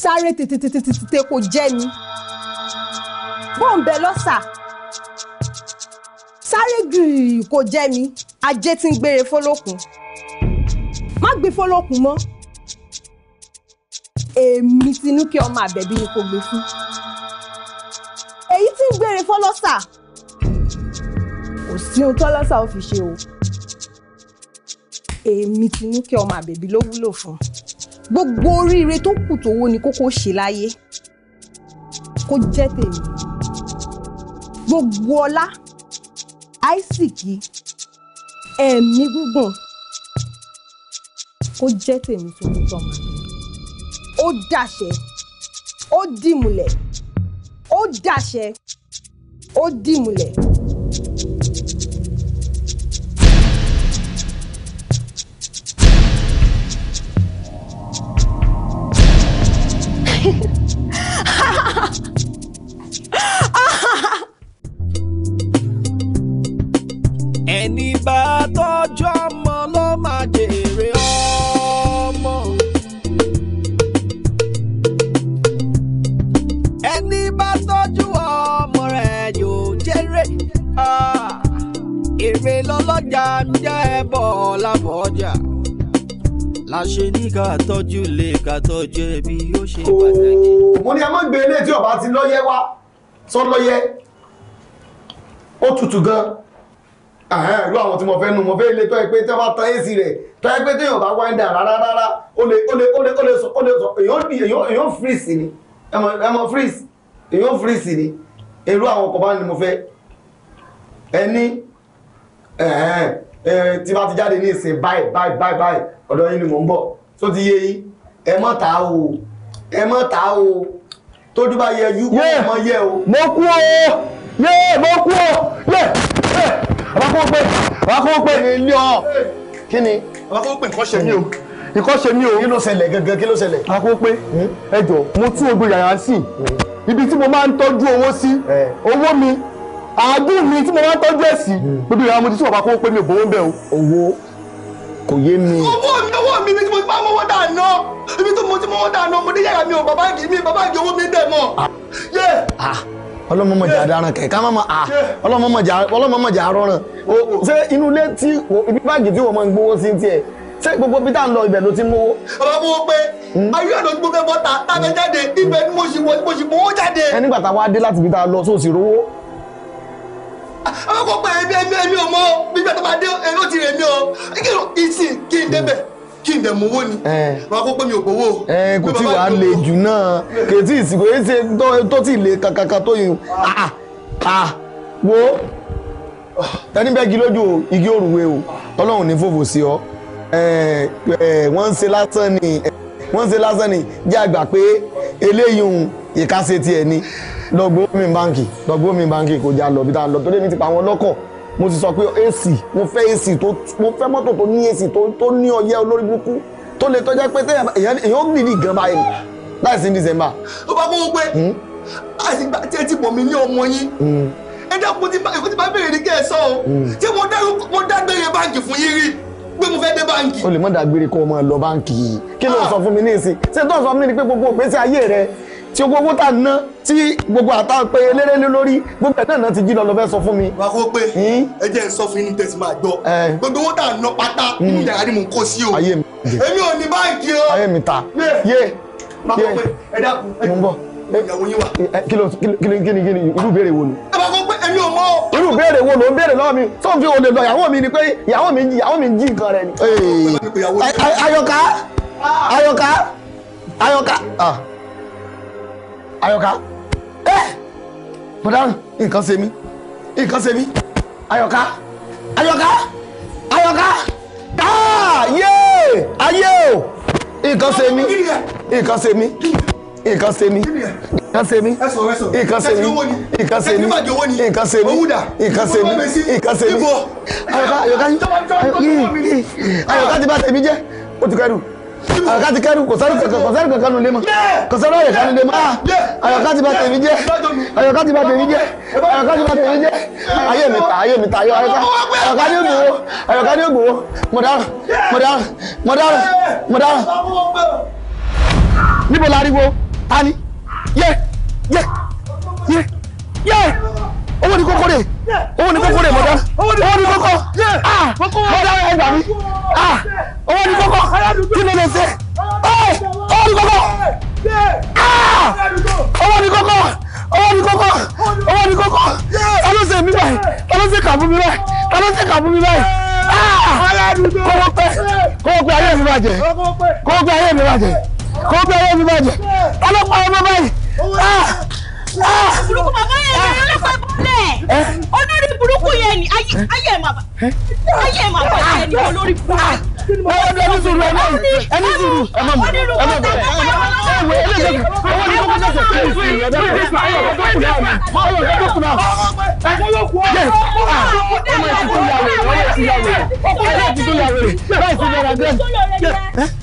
sáré tètè kò jẹ́ mi bọ́ọ̀nbẹ lọ́sà sáré gìrì kò jẹ́ mi ajé tí ń gbére fọlọ́kùn má gbé fọlọ́kùn mọ́ èmi Tinúkẹ́ ọmọ àbẹ̀bí ni kò gbé fún èyí tí ń gbére fọlọ́sà kò sí ohun tọ́lọ́sà ò fi ṣe o èmi ti ní kí ọmọ àbẹ̀bí ló wúlò fún gbogbo oríire tó kù tó wó ni kókó ṣe láyé kó jẹ́ tèmi gbogbo ọlá àìsìkì ẹ̀mí gígùn kó jẹ́ tèmi tó ń tọ́ ó dàṣẹ ó dìmùlẹ̀ ó dàṣẹ ó dìmùlẹ̀. bọ̀ lábọ́jà la ṣe ní ká tọ́jú lè ká tọ́jú ẹbí ó ṣe pàtàkì. mo ní ẹ mọ́ gbé ilé tí ọba ti lọ́yẹ́ wá sọ lọ́yẹ́ ó tutù gan-an ìlú àwọn tí mo fẹ́ nu mo fẹ́ ilé tọ́ ẹ pé tí wọ́n bá tan èsì rẹ̀ tọ́ ẹ pé tí èèyàn bá wáńdà rárá rárá ó lè ó lè ó lè ó lè sọ ó lè sọ èèyàn fírìsì ni ẹ mọ fírìsì èèyàn fírìsì ni èrú àwọn ọkọ̀ bá ní mo fẹ́ ẹni ẹ̀hẹ́n tí bá ti jáde ní ìsìn báyìí báyìí báyìí báyìí ọ̀dọ̀ yín ni mò ń bọ̀ tó ti yé yín ẹ mọ̀ tà o ẹ mọ̀ tà o tójú bá yẹ yú kó mọ̀ yẹ o. mo kú o yé mo kú o yé àbákọ́ pé àbákọ́ pé ní ilé ọ kí ni àbákọ́ pé nǹkan ṣe mí o nǹkan ṣe mí o kí ló ṣẹlẹ̀ gangan kí ló ṣẹlẹ̀. àbákọ́ pé hmm? ẹ jọ mo tún ogun yàrá sí hmm. ibi tí mo máa ń tọ́jú owó sí owó mi àágù mi tí mo máa ń tọ́jú ẹ̀ sí hmm. gbogbo ìyá mo ti sọ̀rọ̀ kó pé mi ò bọ́wọ́ ń bẹ̀ o. owó kò yé mi. owó mi owó mi ibi tí mo ti máa ń mọ́wọ́ dànù ibi tí mo ti mọ́wọ́ dànù ọmọdé yàrá mi ò bàbá ìdí mi bàbá ìdí owó mi dẹ̀ mọ́ ah. ah. ọlọmọmọjà adarán kẹ ká mọmọ ah. à ọlọmọmọjà arọràn ṣé inú ilé tí ibi báàgì tí wọn máa ń gbowó sí tiẹ̀ ṣé gbogbo bí tá à ń lọ ibẹ̀ ló ti ń mówó. bàbá mo pé hmm. ayé ọ̀nà tí mo fẹ́ bọ́ta tá a fẹ́ jáde ibẹ̀ ni mo sì mọ́ jáde. ẹ nígbà tá a wá dé láti fi tá a lọ sóòsì rówó àwọn kò pé ẹbí ẹmí ẹmí ọmọ bíbí ẹtọ́ bá dé ẹmí ó ti rẹ̀ mí o kí ló ìsìn kí n débẹ̀ kí n dẹ̀mú owó ni wọn kó pé mi ò gbowó. kò tí wàá le jù náà kò tí ìsìnkú èyí ṣe tó tí ì le kàkàkà tó a ah, ah, ah, wo tẹni bẹ́ẹ̀ gi lójú igi òrùwé o ọlọ́run ní fòfò sí ọ wọ́n ń ṣe lásán ni wọ́n ń ṣe lásán ni jẹ́ àgbà pé eléyìí ìkàsẹ̀ tiẹ̀ ni lọ gbowó mi báǹkì lọ gbowó mi báǹkì kò já lọ bí tá a lọ torí mi ti pa àwọn lọ́kọ̀ mo ti sọ pé AC mo fẹ́ AC tó mo fẹ́ mọ́tò tó ní AC tó ní ọyẹ́ olórí burúkú tó le tọ́jà pé èèyàn ń nìdí gan báyìí láì sí December. ó bá gbọ́ pé hmm? àtìgbà tí ẹ ti pọ̀ mí ní ọmọ yín hmm. ẹ dákun tí bá bèrè ní kẹ́ ẹ sọ o tí hmm. mo dágbére báǹkì fún yín rí pé mo fẹ́ dé báǹkì. o lè má dàgbére kó o máa lọ báǹkì yìí kí ló ń ah. sọ fún mi ní ìsìn ṣé tó ń sọ fún mi ni pé gbogbo òpèsè ayé rẹ tí ó gbogbo tá ná tí gbogbo àtà pé eléré lórí gbogbo ẹ̀ náà náà ti jí lọ lọ fẹ́ sọ fún mi. wàá kó pé hmm? ẹ jẹ́ sọ fún yín tẹ̀sí máa gbọ́ gbogbo owó tá ná pátá nínú hmm. yàrá ni mò ń kó sí o èmi ò ní báńkì o. ayé mi ta yé yé ẹ dákun ẹ mú bọ ìyàwó yín wà. kí ló kí ni kí ni kí ni irú béèrè wo ni. ẹ bá kó pé èmi ò mọ o. irú béèrè wo ló ń béèrè lọ́wọ́ mi tó ń fi olè lọ ìyàwó mi ni pé ìyàwó mi ìyàwó mi ń jí nǹkan rẹ ni. ayọ̀ká ayọ̀ká ayọ̀ká. Ah. Ayọ̀ká ẹ bọ̀dá nǹkan ṣe mí nǹkan ṣe mí Ayọ̀ká Ayọ̀ká Ayọ̀ká káàyè ayé o nǹkan ṣe mí nǹkan ṣe mí nǹkan ṣe mí nǹkan ṣe mí nǹkan ṣe mí nǹkan ṣe mí nǹkan ṣe mí nǹkan ṣe mí nǹkan ṣe mí Ayọ̀ká Ayọ̀ká Ayọ̀ká ti bà tèmi jẹ́ ó ti kẹ́rù àyọ̀ká ti kẹ́rù kò sẹ́rù kankan nulẹ̀ mọ́ kò sẹ́rù àyọ̀ká nulẹ̀ mọ́ ah, àyọ̀ká ti bà tèmi jẹ́ àyọ̀ká ti bà tèmi jẹ́ àyọ̀ká ti bà tèmi jẹ́ ayé mi ta ayé mi ta ayé àyọ̀ká àyọ̀ká ni ó gbòó àyọ̀ká ni ó gbòó mọ̀dára mọ̀dára mọ̀dára mọ̀dára. níbo la ariwo ta ni yẹ yẹ yẹ yẹ owó ni kókó rè owó ni kókó rè mọ̀dá owó ni kókó mọ̀dá ẹ gbà mí owó ni kókó kí ló lè ṣe owó ni kókó owó ni kókó owó ni kókó owó ni kókó ta ló ṣe mí báyìí ta ló ṣe kàbú mi báyìí ta ló ṣe kàbú mi báyìí kówó pẹ́ kówó pẹ́ ayé mi bàjẹ́ kówó pẹ́ ayé mi bàjẹ́ kówó pẹ́ ayé mi bàjẹ́ ta ló pa ọmọ báyìí burúkú bàbá yẹn ni ọlọ́pàá bọ́lẹ̀ olórí burúkú yẹn ni ayé ẹ̀ máa bá ayé ẹ̀ máa bá yẹn ni olórí burúkú ẹni sùúrù ẹ máa ẹni sùúrù ẹ máa mú ẹ máa bẹ ẹ wẹ ẹ lè sọkè owó ni kókó sọsọ ẹ sùúrù ẹ bẹ ẹ sùúrù ayọ̀ ọgbẹ kùnà mi ayọ̀ ọgbẹ kùnà ẹ ọgbẹ kùnà yẹ ọmọ ẹ ti tó yàwé ọmọ ẹ ti yàwé ọmọ ẹ ti tó yàwé báyìí sí náírà gẹ.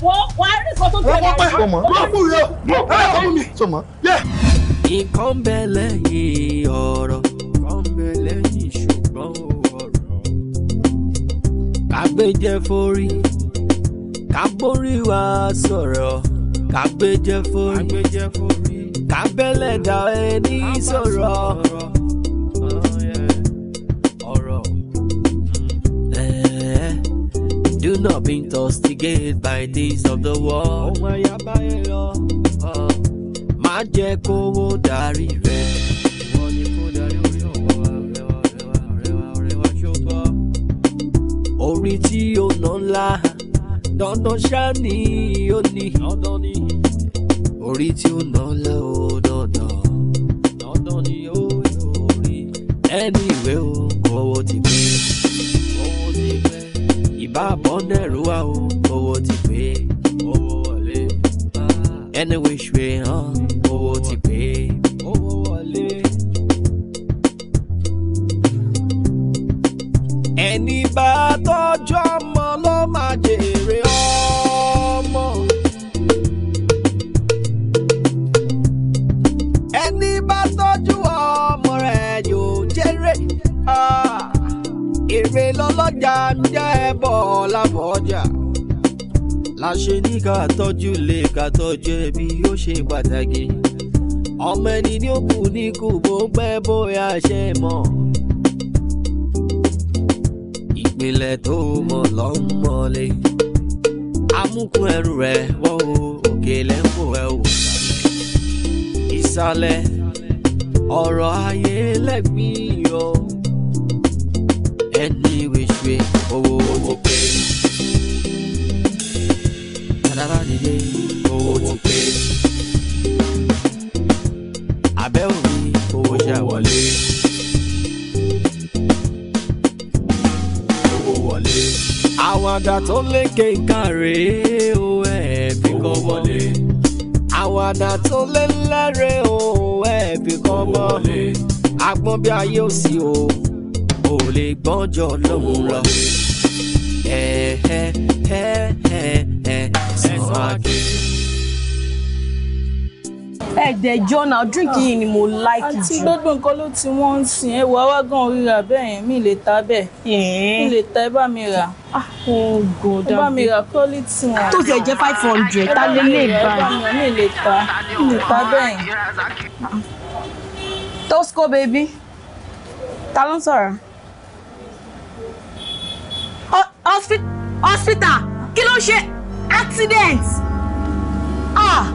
wọ́n wá rí sọ́tún tó yàrá wọ́n kú yọ wọ́n kú mi nǹkan ń bẹ lẹ́yìn ọ̀rọ̀ nǹkan ń bẹ lẹ́yìn ṣùgbọ́n ọ̀rọ̀. kàgbéjẹ́ forí kàbórí wa sọ̀rọ̀ kàgbéjẹ́ forí kàbẹ́lẹ̀dá ẹni sọ̀rọ̀. Do not be intoxicated by things of the world má jẹ́ kówó darí rẹ. wọ́n ní kó darí orí ọ̀wọ́ ọ̀rẹ́ wa ọ̀rẹ́ wa ọ̀rẹ́ wa ọ̀rẹ́ wa ṣó tọ́. orí tí ó ná ńlá dandan ṣá ni ó ní. dandan ni. orí tí ó ná ńlá ó dandan. dandan ni ó yóò rí. ẹni ìwé o owó ti pé. owó ti pé. ìbá bọ́ nẹ́rù wa o owó ti pé. owó wọlé ẹni wíṣọ hàn owó ti pé. owó wọlé. ẹni bá tọ́jú ọmọ ló máa jèrè ọmọ. ẹni bá tọ́jú ọmọ rẹ̀ yóò jèrè ah, èrè lọ́lọ́jà ń jẹ́ bọ́ọ̀lá bọ́ọ̀jà la ṣe ní ká tọ́jú lè ká tọ́jú ẹbí ó ṣe pàtàkì ọmọ ẹni ní òkú ní kò bó pẹ́ bóyá ṣe mọ̀ ìpìlẹ̀ tó mọ̀ lọ́ ń mọ̀lẹ́ amúkún ẹrù rẹ̀ wọ́n o òkè lẹ́kọ̀ọ́ ẹ̀ wò ìsàlẹ̀ ọ̀rọ̀ ayé lẹ́gbìn yọ. àwàdà tó lékè ìka rèé o ẹ̀ẹ́bí kọ́ bọ́ àwàdà tó lé lẹ́rẹ̀ o ẹ̀ẹ́bí kọ́ bọ́ agbọ́n bí ayé ò sí o ò lè gbọ́njọ lọ́wọ́ lọ. ẹ̀ẹ́ ẹ̀ẹ́ ẹ̀ẹ́ ẹ̀ẹ́ sọ àgbẹ̀ ẹ̀ẹ́dẹ̀jọ́ náà dírìnkì yìí ni mo like jù. àti gbogbo nǹkan ló ti wọ́n ń sìn ẹ wà wá gan ríra bẹ́ẹ̀ yẹn mi lè ta bẹ́ẹ̀ eh. mi lè ta ẹ bá mi rà ẹ bá mi rà quality wọn. tó ṣe jẹ́ five hundred ta lè lè bá a. mi lè ta mi lè ta bẹ́ẹ̀ yẹn. Tosco baby ta ló ń sọ̀rọ̀ hospital kí ló ṣe accident. Ah.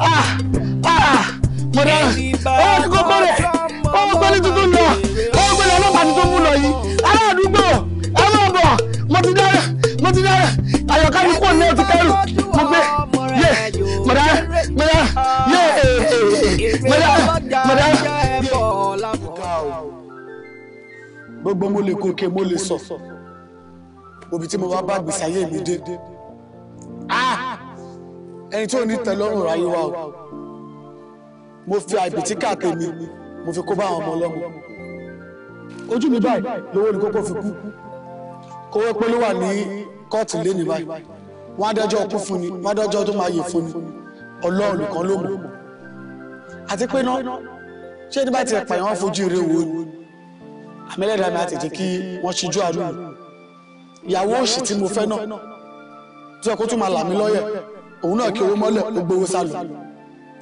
mo dára ó ti kókó rẹ̀ ó gbélé tuntun lọ ó gbélé ọlọ́pàá tuntun mú lọ yìí ará àdúgbò ẹ máa bọ̀ mo ti dára mo ti dára àyọ̀ká mi kò ní ọtí kẹrù mo gbé yé mo dára mo dára yé mo dára mo dára yé. gbogbo mo lè kókè mo lè sọ òbí tí mo wá bá gbèsè ayé mi dé. Ah! ẹni tí ò ní tẹ́lọ́rùn ráyé wa o mo fi àìbìtíkà tèmi mo fi kó bá àwọn ọmọ ọlọ́mọ ojú mi báyìí lówó ni kókó fi kú kówó pé ló wà ní kóòtù lẹ́nu báyìí wọ́n adájọ́ ọkú fún ni wọ́n adájọ́ tó máa yè fún ni ọlọ́run nìkan ló mọ̀ àti pé ná ṣé ní bá ti ẹ̀pà yẹn wọ́n fojú ire wo ni àmẹ́lẹ́dà mi àtètè kí wọ́n ṣíjú àánú ìyàwó òṣì tí mo fẹ́ náà tí ọkọ̀ tún máa là mí lọ́yẹ̀ òun náà kí owó mọ́lẹ̀ ó gbowó sálọ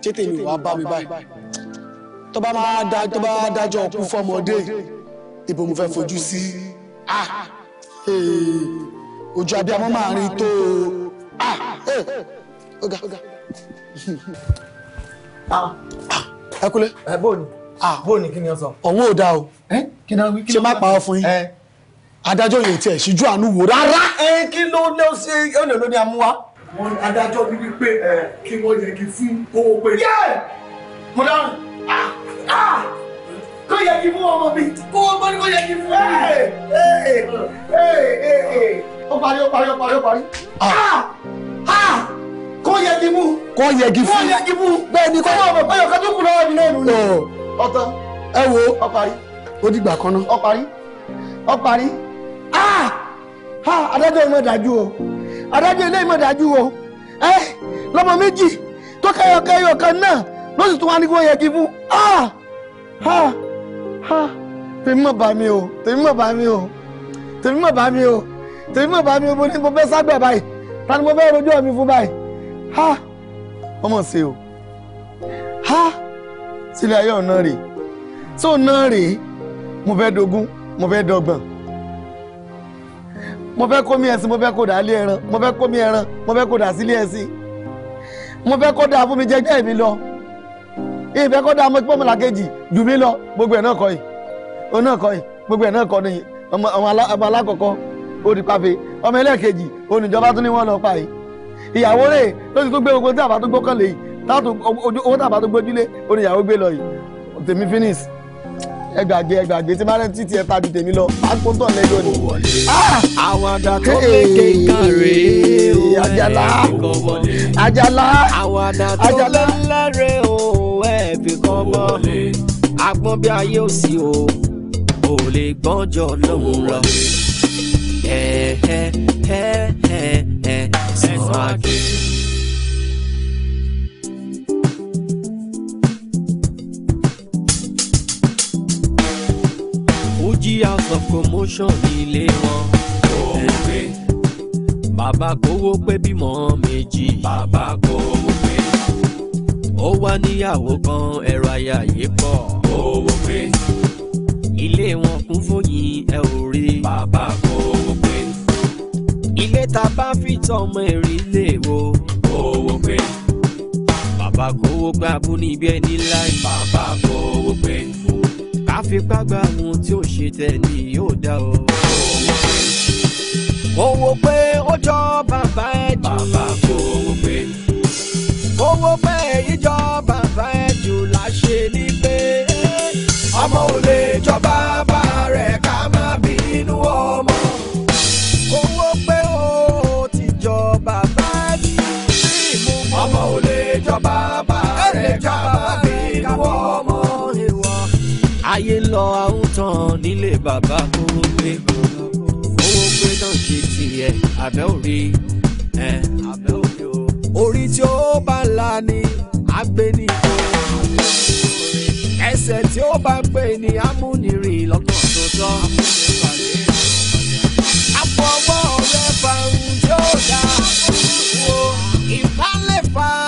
tètè mi wàá bá mi báyìí tó bá máa dájọ́ ọkú fọmọdé ibo mo fẹ́ fojú sí ah ojú abiyamọ máa rí tó ah ọ̀gá ọ̀gá. Ah! ẹ kúlẹ̀. ẹ bó ni kí ni o sọ. ọ̀hún ò dáa o eh? ṣe má pa ọ fún yín eh? adájọ́ yìí tiẹ̀ ṣíjú àánú wò rárá. ẹ eh, kí ló ló ṣe ó lè lóní amúwá wọn adájọ́ ní wípé kí wọ́n yẹgi fún owó pé. mo dáhùn ah! ah! kó yẹgi fún ọmọ mi kó wọ́n gbọ́dọ̀ kó yẹgi fún mi. ó parí ó parí ó parí ó parí. Ah! kó yẹgi fún. kó yẹgi fún. kó yẹgi fún. bẹ́ẹ̀ ni kó. ọmọ ọmọ kan tó kù lọ́wọ́ mi náà oh. nù ni. ẹ wo ó parí. kan náà. ó parí ó ìmọ̀ dájú o adájọ́ ilé ìmọ̀ dájú o ẹ lọ́mọ méjì tó kẹyọkẹyọ kan náà ló sì tún wá ní kí wọ́n yẹ fún ha ha ha tèmi mọ̀ bá mi o tèmi mọ̀ bá mi o tèmi mọ̀ bá mi o tèmi mọ̀ bá mi o mo ní mo fẹ́ sábẹ̀ báyìí ta mo fẹ́ rojọ́ mi fún báyìí ha ọmọ ṣe o ha sílẹ̀ ayé ọ̀nà rèé tó náà rèé mo fẹ́ dogun mo fẹ́ dọ́gbọ̀n mo fẹ́ kó mi ẹ̀sìn mo fẹ́ kó dà á lé ẹran mo fẹ́ kó mi ẹran mo fẹ́ kó dà á sílé ẹ̀sìn mo fẹ́ kó dà á fún mi jẹjẹ́ mi lọ ìfẹ́ kó dà á mo pọ́ mi làkejì jù mí lọ gbogbo ẹ̀ náà kọ́ yìí òun náà kọ́ yìí gbogbo ẹ̀ náà kọ́ ni ọmọ alákọ̀ọ́kọ́ olùpàfẹ́ ọmọ ẹlẹ́ẹ̀kejì olùjọba tún ní wọ́n lọ pa yìí ìyàwó rẹ̀ ló ti tún gbé gbogbo tí àbá tó gbọ́kànlé yìí owó tàbá tó gbójúlé oníyàwó gbé lọ yìí tèmi finish ẹ gbàgbé ẹ gbàgbé tí máa títí ẹ fàbí tèmi lọ pákótọ̀ lẹ́yọ ni. àwọn àgbà tó kan rèé o Àjàlá Àjàlá Àjàlá lẹ́rẹ̀ o ẹ̀ fi kan bọ́ agbọ́n bí ayé ò sí o ò lè gbọ́njọ́ lòun lọ. ẹ ẹ ẹ ẹ ẹ sọ àgbẹ̀. san promotion ilé wọn. òwe bàbá kówó pé bímọ méjì. bàbá kówó pé. ó wá níyàwó kan ẹ̀rọ aya yìí pọ̀. kówó pé. ilé wọn kún fóyín ẹ ò rí. bàbá kówó pé. ilé ta bá fi tọmọ èrè lè wo. kówó pé. bàbá kówó pé abúni bí ẹni láì. bàbá kówó pé káfipá gbà mú tí ó ṣe tẹ̀ ni yóò dá o. mo wo pé ó jọ bàbá ẹ jù. bàbá kò wò pé. mo wo pé èyí jọ bàbá ẹ jù láṣẹ ní pé. ọmọ ò lè jọba. táyé lọ àwùtàn nílé bàbá kówó pé owó pé náà ṣe tiẹ̀ àbẹ́ òrí orí tí ó bá la ni agbéni ẹsẹ̀ tí ó bá pè ní amúnirìn lọ́kàn tó tọ́ àfọwọ́ rẹ̀ bá ń jó dáa ìbálẹ̀ fà á.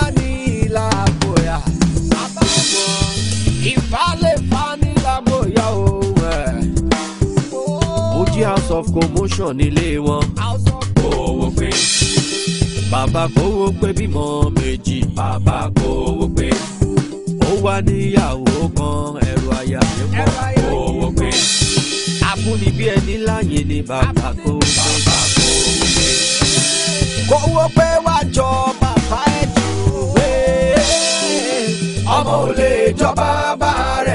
house of commotion nílé wọn. owó pé. bàbá kówó pé bímọ méjì. bàbá kówó pé. ó wá níyàwó kan ẹrù aya mi pọ̀. owó pé. afúnibí ẹni láàyè ni bàbá kówó pé. bàbá kówó pé. kówó pé wá jọ bàbá ẹ̀ jù. ọmọ ò lè jọba bá